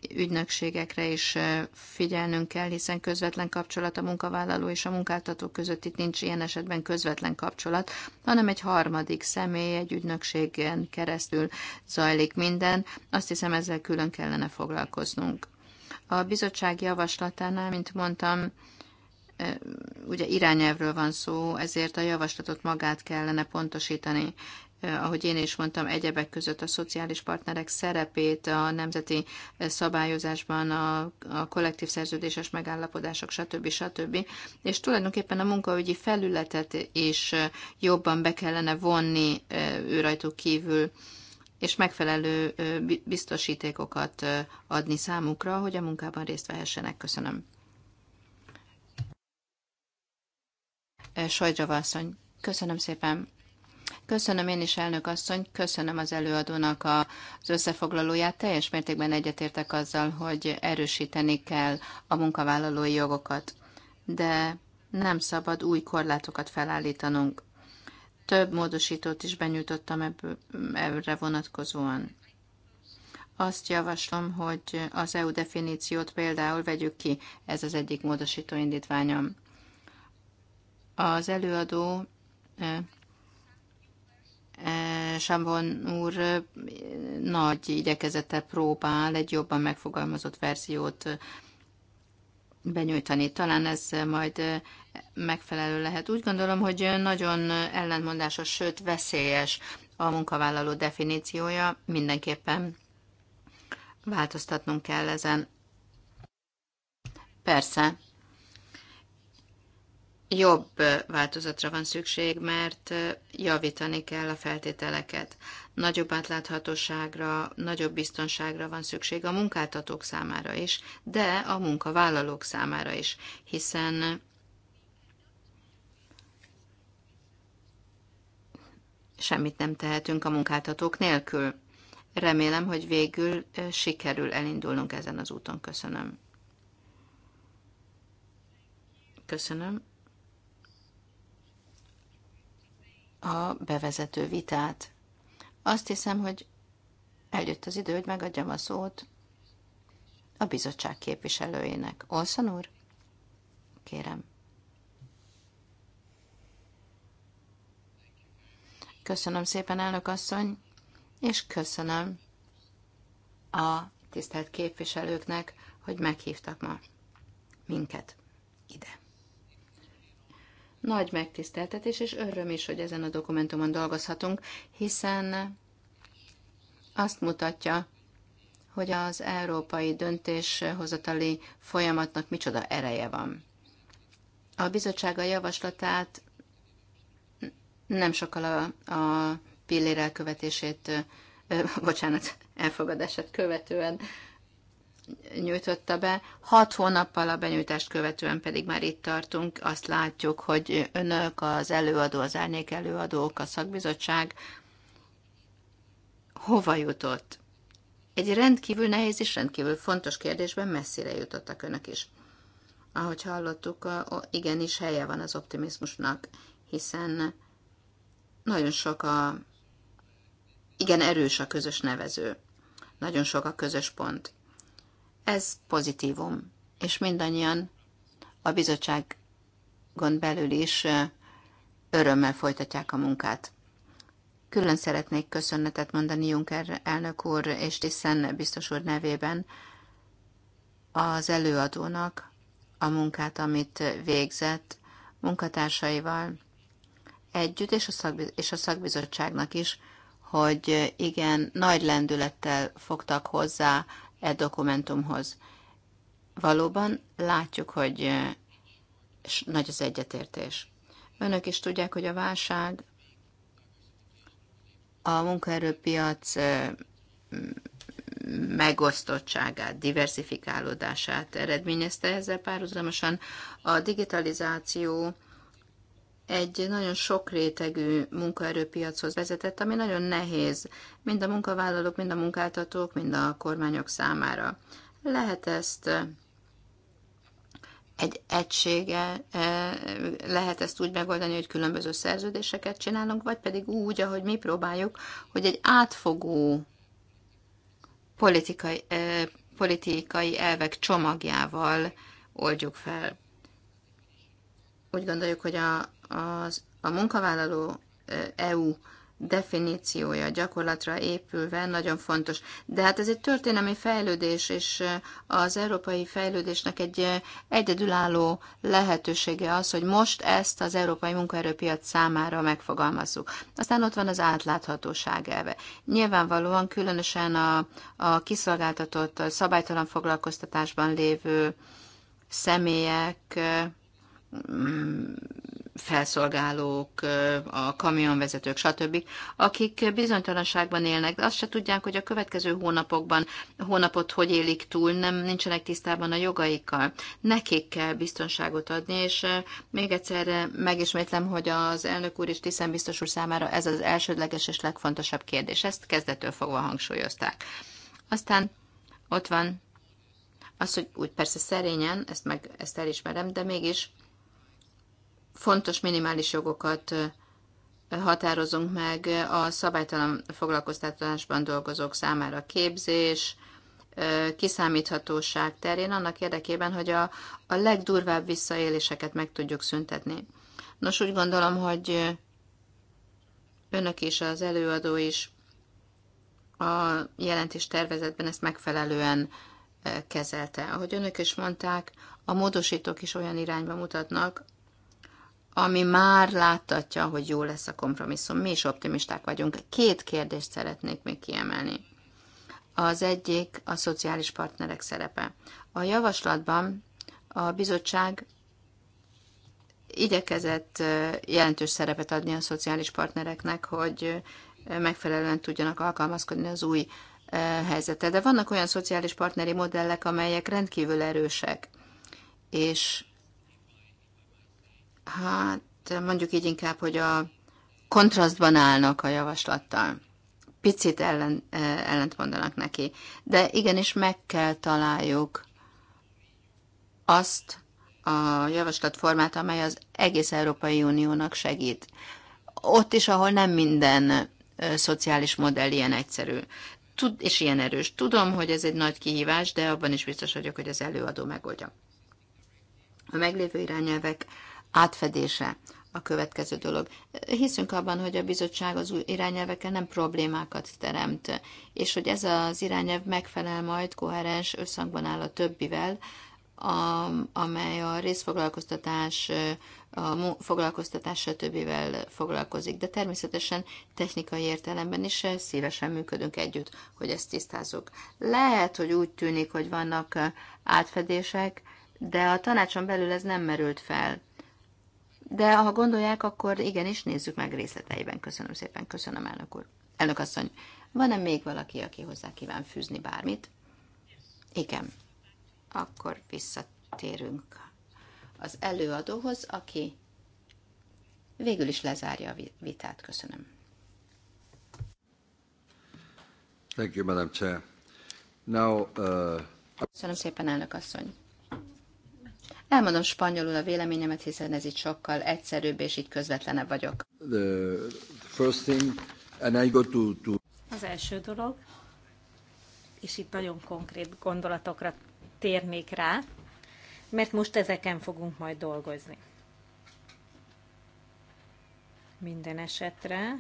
ügynökségekre is figyelnünk kell, hiszen közvetlen kapcsolat a munkavállaló és a munkáltató között itt nincs ilyen esetben közvetlen kapcsolat, hanem egy harmadik személy, egy ügynökségen keresztül zajlik minden. Azt hiszem, ezzel külön kellene foglalkoznunk. A bizottság javaslatánál, mint mondtam, ugye irányelvről van szó, ezért a javaslatot magát kellene pontosítani. Ahogy én is mondtam, egyebek között a szociális partnerek szerepét a nemzeti szabályozásban, a, a kollektív szerződéses megállapodások, stb. stb. És tulajdonképpen a munkaügyi felületet is jobban be kellene vonni rajtuk kívül és megfelelő biztosítékokat adni számukra, hogy a munkában részt vehessenek. Köszönöm. Sajdra asszony, köszönöm szépen. Köszönöm én is, elnök asszony, köszönöm az előadónak az összefoglalóját. Teljes mértékben egyetértek azzal, hogy erősíteni kell a munkavállalói jogokat, de nem szabad új korlátokat felállítanunk. Több módosítót is benyújtottam ebből, erre vonatkozóan. Azt javaslom, hogy az EU definíciót például vegyük ki. Ez az egyik módosító indítványom. Az előadó eh, eh, Sambon úr eh, nagy igyekezettel próbál egy jobban megfogalmazott verziót benyújtani. Talán ez majd megfelelő lehet. Úgy gondolom, hogy nagyon ellentmondásos, sőt veszélyes a munkavállaló definíciója, mindenképpen változtatnunk kell ezen. Persze, jobb változatra van szükség, mert javítani kell a feltételeket. Nagyobb átláthatóságra, nagyobb biztonságra van szükség a munkáltatók számára is, de a munkavállalók számára is, hiszen semmit nem tehetünk a munkáltatók nélkül. Remélem, hogy végül sikerül elindulnunk ezen az úton. Köszönöm. Köszönöm. A bevezető vitát. Azt hiszem, hogy eljött az idő, hogy megadjam a szót a bizottság képviselőjének. Olszan úr? Kérem. Köszönöm szépen, elnök asszony, és köszönöm a tisztelt képviselőknek, hogy meghívtak ma minket ide. Nagy megtiszteltetés és öröm is, hogy ezen a dokumentumon dolgozhatunk, hiszen azt mutatja, hogy az európai döntéshozatali folyamatnak micsoda ereje van. A bizottsága javaslatát nem sokkal a, a pillér elkövetését, ö, bocsánat, elfogadását követően nyújtotta be. Hat hónappal a benyújtást követően pedig már itt tartunk. Azt látjuk, hogy önök, az előadó, az árnyék előadók, a szakbizottság hova jutott? Egy rendkívül nehéz és rendkívül fontos kérdésben messzire jutottak önök is. Ahogy hallottuk, igenis helye van az optimizmusnak, hiszen nagyon sok a, igen, erős a közös nevező. Nagyon sok a közös pont. Ez pozitívum. És mindannyian a gond belül is örömmel folytatják a munkát. Külön szeretnék köszönetet mondani Juncker elnök úr és Tiszen biztos úr nevében az előadónak a munkát, amit végzett munkatársaival, együtt, és a, szakbiz- és a szakbizottságnak is, hogy igen, nagy lendülettel fogtak hozzá e dokumentumhoz. Valóban látjuk, hogy nagy az egyetértés. Önök is tudják, hogy a válság a munkaerőpiac megosztottságát, diversifikálódását eredményezte ezzel párhuzamosan a digitalizáció egy nagyon sokrétegű munkaerőpiachoz vezetett, ami nagyon nehéz mind a munkavállalók, mind a munkáltatók, mind a kormányok számára. Lehet ezt eh, egy egysége, eh, lehet ezt úgy megoldani, hogy különböző szerződéseket csinálunk, vagy pedig úgy, ahogy mi próbáljuk, hogy egy átfogó politikai, eh, politikai elvek csomagjával oldjuk fel. Úgy gondoljuk, hogy a, az, a munkavállaló EU definíciója gyakorlatra épülve nagyon fontos. De hát ez egy történelmi fejlődés, és az európai fejlődésnek egy egyedülálló lehetősége az, hogy most ezt az európai munkaerőpiac számára megfogalmazzuk. Aztán ott van az átláthatóság elve. Nyilvánvalóan különösen a, a kiszolgáltatott, a szabálytalan foglalkoztatásban lévő személyek felszolgálók, a kamionvezetők, stb., akik bizonytalanságban élnek, de azt se tudják, hogy a következő hónapokban, hónapot hogy élik túl, nem nincsenek tisztában a jogaikkal. Nekik kell biztonságot adni, és még egyszer megismétlem, hogy az elnök úr és Tiszen biztos úr számára ez az elsődleges és legfontosabb kérdés. Ezt kezdetől fogva hangsúlyozták. Aztán ott van az, hogy úgy persze szerényen, ezt, meg, ezt elismerem, de mégis fontos minimális jogokat határozunk meg a szabálytalan foglalkoztatásban dolgozók számára képzés, kiszámíthatóság terén, annak érdekében, hogy a, a legdurvább visszaéléseket meg tudjuk szüntetni. Nos, úgy gondolom, hogy önök is, az előadó is a jelentés tervezetben ezt megfelelően kezelte. Ahogy önök is mondták, a módosítók is olyan irányba mutatnak, ami már láttatja, hogy jó lesz a kompromisszum. Mi is optimisták vagyunk. Két kérdést szeretnék még kiemelni. Az egyik a szociális partnerek szerepe. A javaslatban a bizottság igyekezett jelentős szerepet adni a szociális partnereknek, hogy megfelelően tudjanak alkalmazkodni az új helyzetre. De vannak olyan szociális partneri modellek, amelyek rendkívül erősek, és hát mondjuk így inkább, hogy a kontrasztban állnak a javaslattal. Picit ellen, ellent mondanak neki. De igenis meg kell találjuk azt a javaslatformát, amely az egész Európai Uniónak segít. Ott is, ahol nem minden szociális modell ilyen egyszerű tud, és ilyen erős. Tudom, hogy ez egy nagy kihívás, de abban is biztos vagyok, hogy az előadó megoldja. A meglévő irányelvek átfedése a következő dolog. Hiszünk abban, hogy a bizottság az új irányelvekkel nem problémákat teremt, és hogy ez az irányelv megfelel majd, koherens összhangban áll a többivel, a, amely a részfoglalkoztatás, a foglalkoztatás többivel foglalkozik. De természetesen technikai értelemben is szívesen működünk együtt, hogy ezt tisztázzuk. Lehet, hogy úgy tűnik, hogy vannak átfedések, de a tanácson belül ez nem merült fel de ha gondolják, akkor igenis nézzük meg részleteiben. Köszönöm szépen, köszönöm, elnök úr. Elnök asszony, van-e még valaki, aki hozzá kíván fűzni bármit? Igen. Akkor visszatérünk az előadóhoz, aki végül is lezárja a vitát. Köszönöm. Thank you, Madam Chair. Now, uh... Köszönöm szépen, elnök asszony. Elmondom spanyolul a véleményemet, hiszen ez itt sokkal egyszerűbb, és így közvetlenebb vagyok. The first thing, and I go to, to... Az első dolog, és itt nagyon konkrét gondolatokra térnék rá, mert most ezeken fogunk majd dolgozni. Minden esetre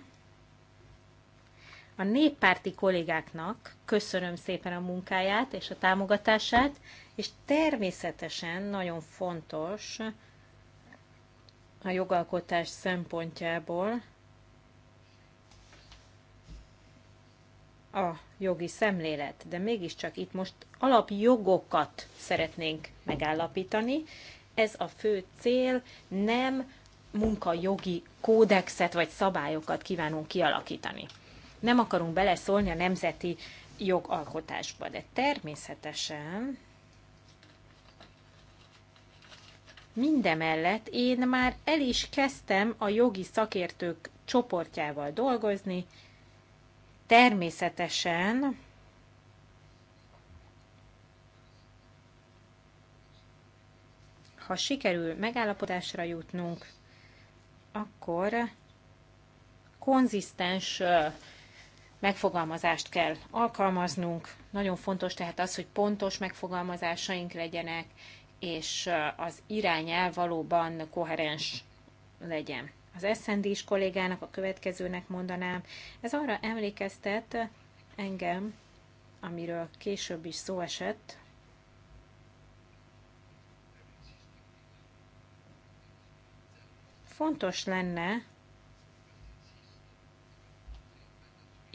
a néppárti kollégáknak köszönöm szépen a munkáját és a támogatását, és természetesen nagyon fontos a jogalkotás szempontjából a jogi szemlélet, de mégiscsak itt most alapjogokat szeretnénk megállapítani. Ez a fő cél, nem munkajogi kódexet vagy szabályokat kívánunk kialakítani nem akarunk beleszólni a nemzeti jogalkotásba, de természetesen mindemellett én már el is kezdtem a jogi szakértők csoportjával dolgozni, természetesen ha sikerül megállapodásra jutnunk, akkor konzisztens megfogalmazást kell alkalmaznunk. Nagyon fontos tehát az, hogy pontos megfogalmazásaink legyenek, és az irányel valóban koherens legyen. Az snd is kollégának a következőnek mondanám, ez arra emlékeztet engem, amiről később is szó esett, fontos lenne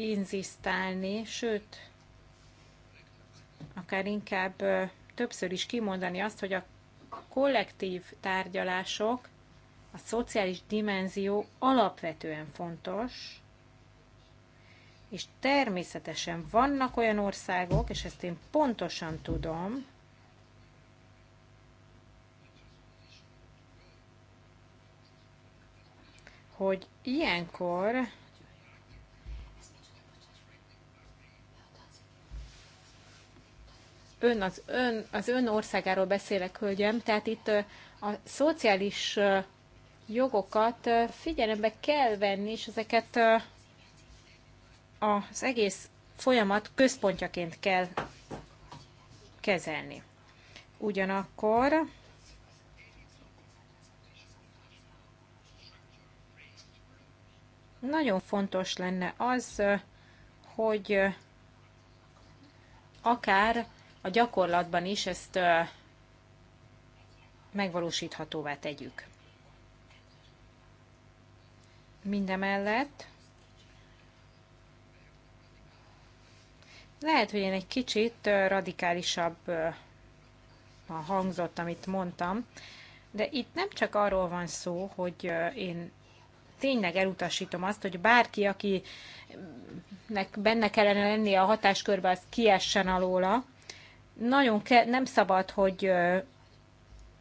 inzisztálni, sőt, akár inkább többször is kimondani azt, hogy a kollektív tárgyalások, a szociális dimenzió alapvetően fontos, és természetesen vannak olyan országok, és ezt én pontosan tudom, hogy ilyenkor ön az, ön az ön országáról beszélek, hölgyem, tehát itt a szociális jogokat figyelembe kell venni, és ezeket az egész folyamat központjaként kell kezelni. Ugyanakkor nagyon fontos lenne az, hogy akár a gyakorlatban is ezt megvalósíthatóvá tegyük. Mindemellett lehet, hogy én egy kicsit radikálisabb a hangzott, amit mondtam, de itt nem csak arról van szó, hogy én tényleg elutasítom azt, hogy bárki, akinek benne kellene lennie a hatáskörbe, az kiessen alóla, nagyon ke- nem szabad, hogy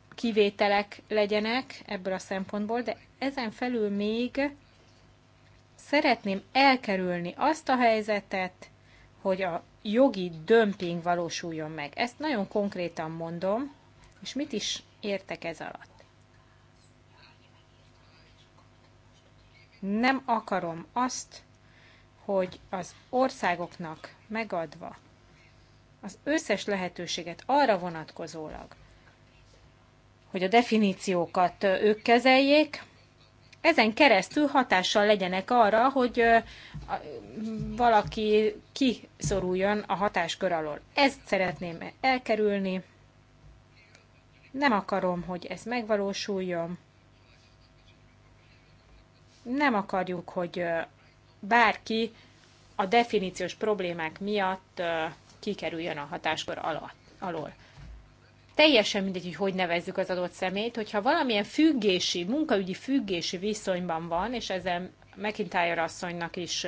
kivételek legyenek ebből a szempontból, de ezen felül még szeretném elkerülni azt a helyzetet, hogy a jogi dömping valósuljon meg. Ezt nagyon konkrétan mondom, és mit is értek ez alatt? Nem akarom azt, hogy az országoknak megadva az összes lehetőséget arra vonatkozólag, hogy a definíciókat ők kezeljék, ezen keresztül hatással legyenek arra, hogy valaki kiszoruljon a hatáskör alól. Ezt szeretném elkerülni. Nem akarom, hogy ez megvalósuljon. Nem akarjuk, hogy bárki a definíciós problémák miatt kikerüljön a hatáskor alatt, alól. Teljesen mindegy, hogy hogy nevezzük az adott szemét, hogyha valamilyen függési, munkaügyi függési viszonyban van, és ezen McIntyre asszonynak is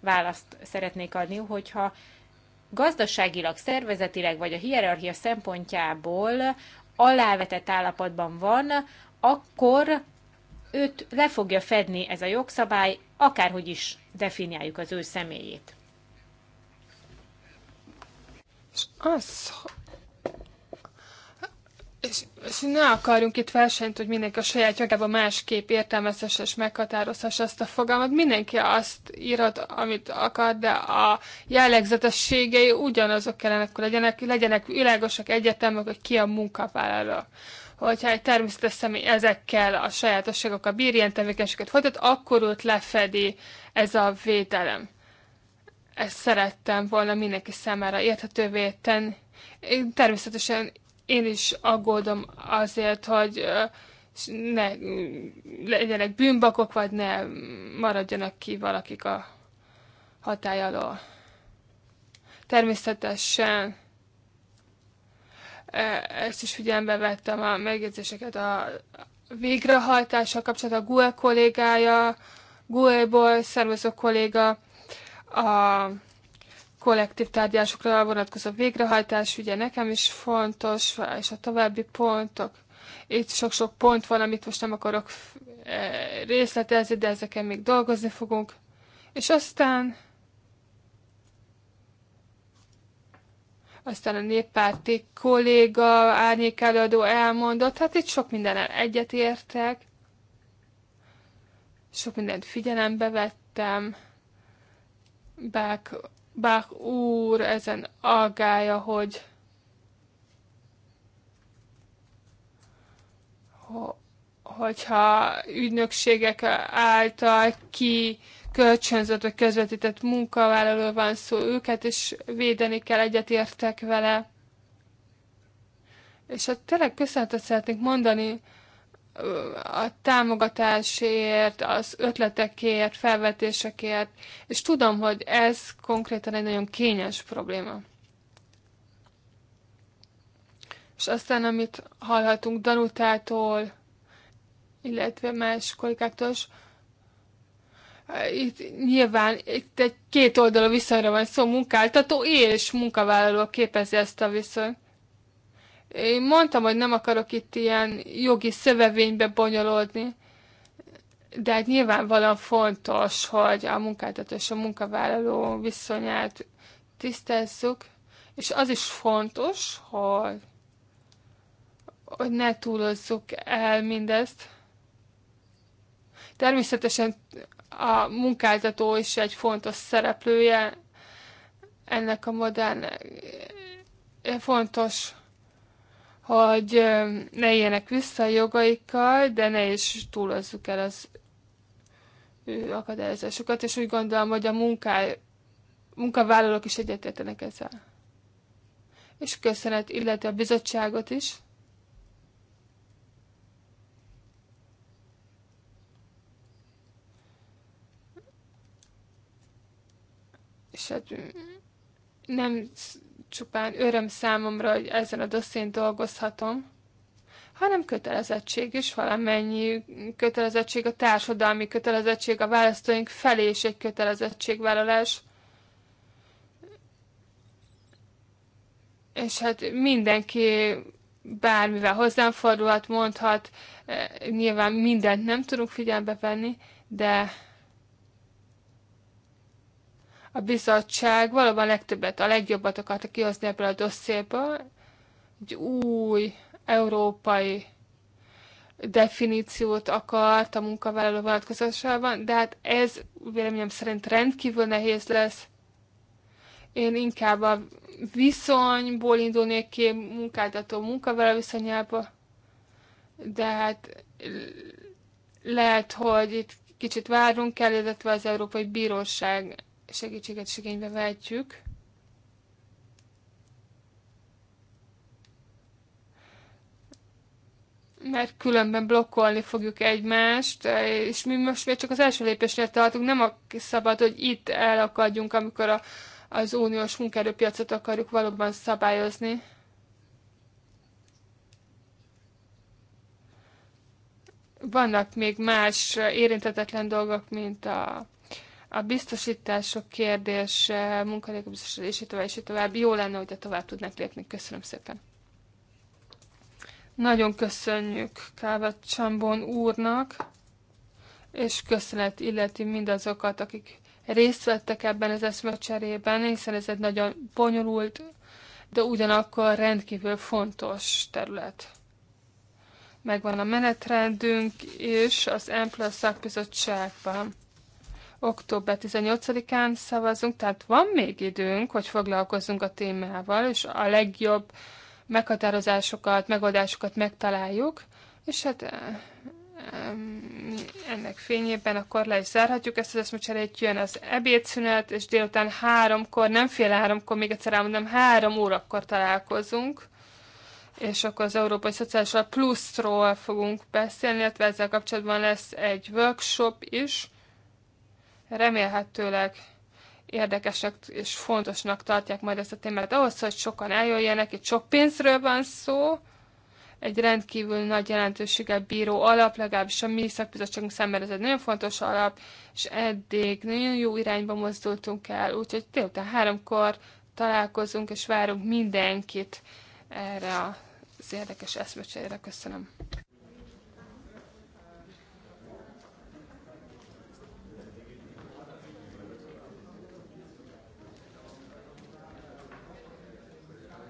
választ szeretnék adni, hogyha gazdaságilag, szervezetileg vagy a hierarchia szempontjából alávetett állapotban van, akkor őt le fogja fedni ez a jogszabály, akárhogy is definiáljuk az ő személyét. És az, és, és ne akarjunk itt versenyt, hogy mindenki a saját jogában másképp értelmezhesse és meghatározhassa ezt a fogalmat. Mindenki azt írhat, amit akar, de a jellegzetességei ugyanazok kellene, hogy legyenek, legyenek világosak, egyetemek, hogy ki a munkavállaló. Hogyha egy természetes személy ezekkel a sajátosságokkal bír ilyen tevékenységet folytat, akkor őt lefedi ez a védelem ezt szerettem volna mindenki számára érthetővé tenni. Én természetesen én is aggódom azért, hogy ne legyenek bűnbakok, vagy ne maradjanak ki valakik a hatály alól. Természetesen ezt is figyelembe vettem a megjegyzéseket a végrehajtással kapcsolatban a GUE kollégája, GUE-ból szervező kolléga a kollektív tárgyásokra vonatkozó végrehajtás, ugye nekem is fontos, és a további pontok. Itt sok-sok pont van, amit most nem akarok eh, részletezni, de ezeken még dolgozni fogunk. És aztán aztán a néppárti kolléga, árnyék előadó elmondott, hát itt sok mindennel egyetértek, sok mindent figyelembe vettem. Bák, Bák úr ezen aggája, hogy hogyha ügynökségek által ki kölcsönzött vagy közvetített munkavállaló van szó, őket is védeni kell, egyetértek vele. És hát tényleg köszönetet szeretnék mondani a támogatásért, az ötletekért, felvetésekért, és tudom, hogy ez konkrétan egy nagyon kényes probléma. És aztán, amit hallhatunk Danutától, illetve más kollégáktól itt nyilván itt egy két oldalú viszonyra van szó, munkáltató és munkavállaló képezi ezt a viszonyt. Én mondtam, hogy nem akarok itt ilyen jogi szövevénybe bonyolódni, de hát nyilvánvalóan fontos, hogy a munkáltató és a munkavállaló viszonyát tisztázzuk, és az is fontos, hogy, hogy ne túlozzuk el mindezt. Természetesen a munkáltató is egy fontos szereplője ennek a modern fontos hogy ne éljenek vissza a jogaikkal, de ne is túlozzuk el az ő akadályozásokat, és úgy gondolom, hogy a munká, munkavállalók is egyetértenek ezzel. És köszönet illetve a bizottságot is. És hát nem csupán öröm számomra, hogy ezen a dosszén dolgozhatom, hanem kötelezettség is, valamennyi kötelezettség, a társadalmi kötelezettség, a választóink felé is egy kötelezettségvállalás. És hát mindenki bármivel hozzám fordulhat, mondhat, eh, nyilván mindent nem tudunk figyelbe venni, de a bizottság valóban legtöbbet, a legjobbat akarta kihozni ebből a dosszéből, egy új európai definíciót akart a munkavállaló vonatkozásában, de hát ez véleményem szerint rendkívül nehéz lesz. Én inkább a viszonyból indulnék ki munkáltató munkavállaló viszonyába, de hát lehet, hogy itt kicsit várunk kell, illetve az Európai Bíróság segítséget is igénybe vehetjük. mert különben blokkolni fogjuk egymást, és mi most még csak az első lépésnél tartunk, nem a szabad, hogy itt elakadjunk, amikor a, az uniós munkaerőpiacot akarjuk valóban szabályozni. Vannak még más érintetetlen dolgok, mint a a biztosítások kérdés, munkanélkülbiztosítás, és így tovább, és így tovább. Jó lenne, hogyha tovább tudnánk lépni. Köszönöm szépen. Nagyon köszönjük Kávat Csambon úrnak, és köszönet illeti mindazokat, akik részt vettek ebben az eszmecserében, hiszen ez egy nagyon bonyolult, de ugyanakkor rendkívül fontos terület. Megvan a menetrendünk, és az M plusz szakbizottságban október 18-án szavazunk, tehát van még időnk, hogy foglalkozzunk a témával, és a legjobb meghatározásokat, megoldásokat megtaláljuk, és hát eh, ennek fényében akkor le is zárhatjuk ezt az eszmecserét, jön az ebédszünet, és délután háromkor, nem fél háromkor, még egyszer elmondom, három órakor találkozunk, és akkor az Európai Szociális Pluszról fogunk beszélni, illetve ezzel kapcsolatban lesz egy workshop is, remélhetőleg érdekesnek és fontosnak tartják majd ezt a témát. Ahhoz, hogy sokan eljöjjenek, itt sok pénzről van szó, egy rendkívül nagy jelentőséggel bíró alap, legalábbis a mi szakbizottságunk szemben ez egy nagyon fontos alap, és eddig nagyon jó irányba mozdultunk el, úgyhogy délután háromkor találkozunk, és várunk mindenkit erre az érdekes eszmecserére. Köszönöm.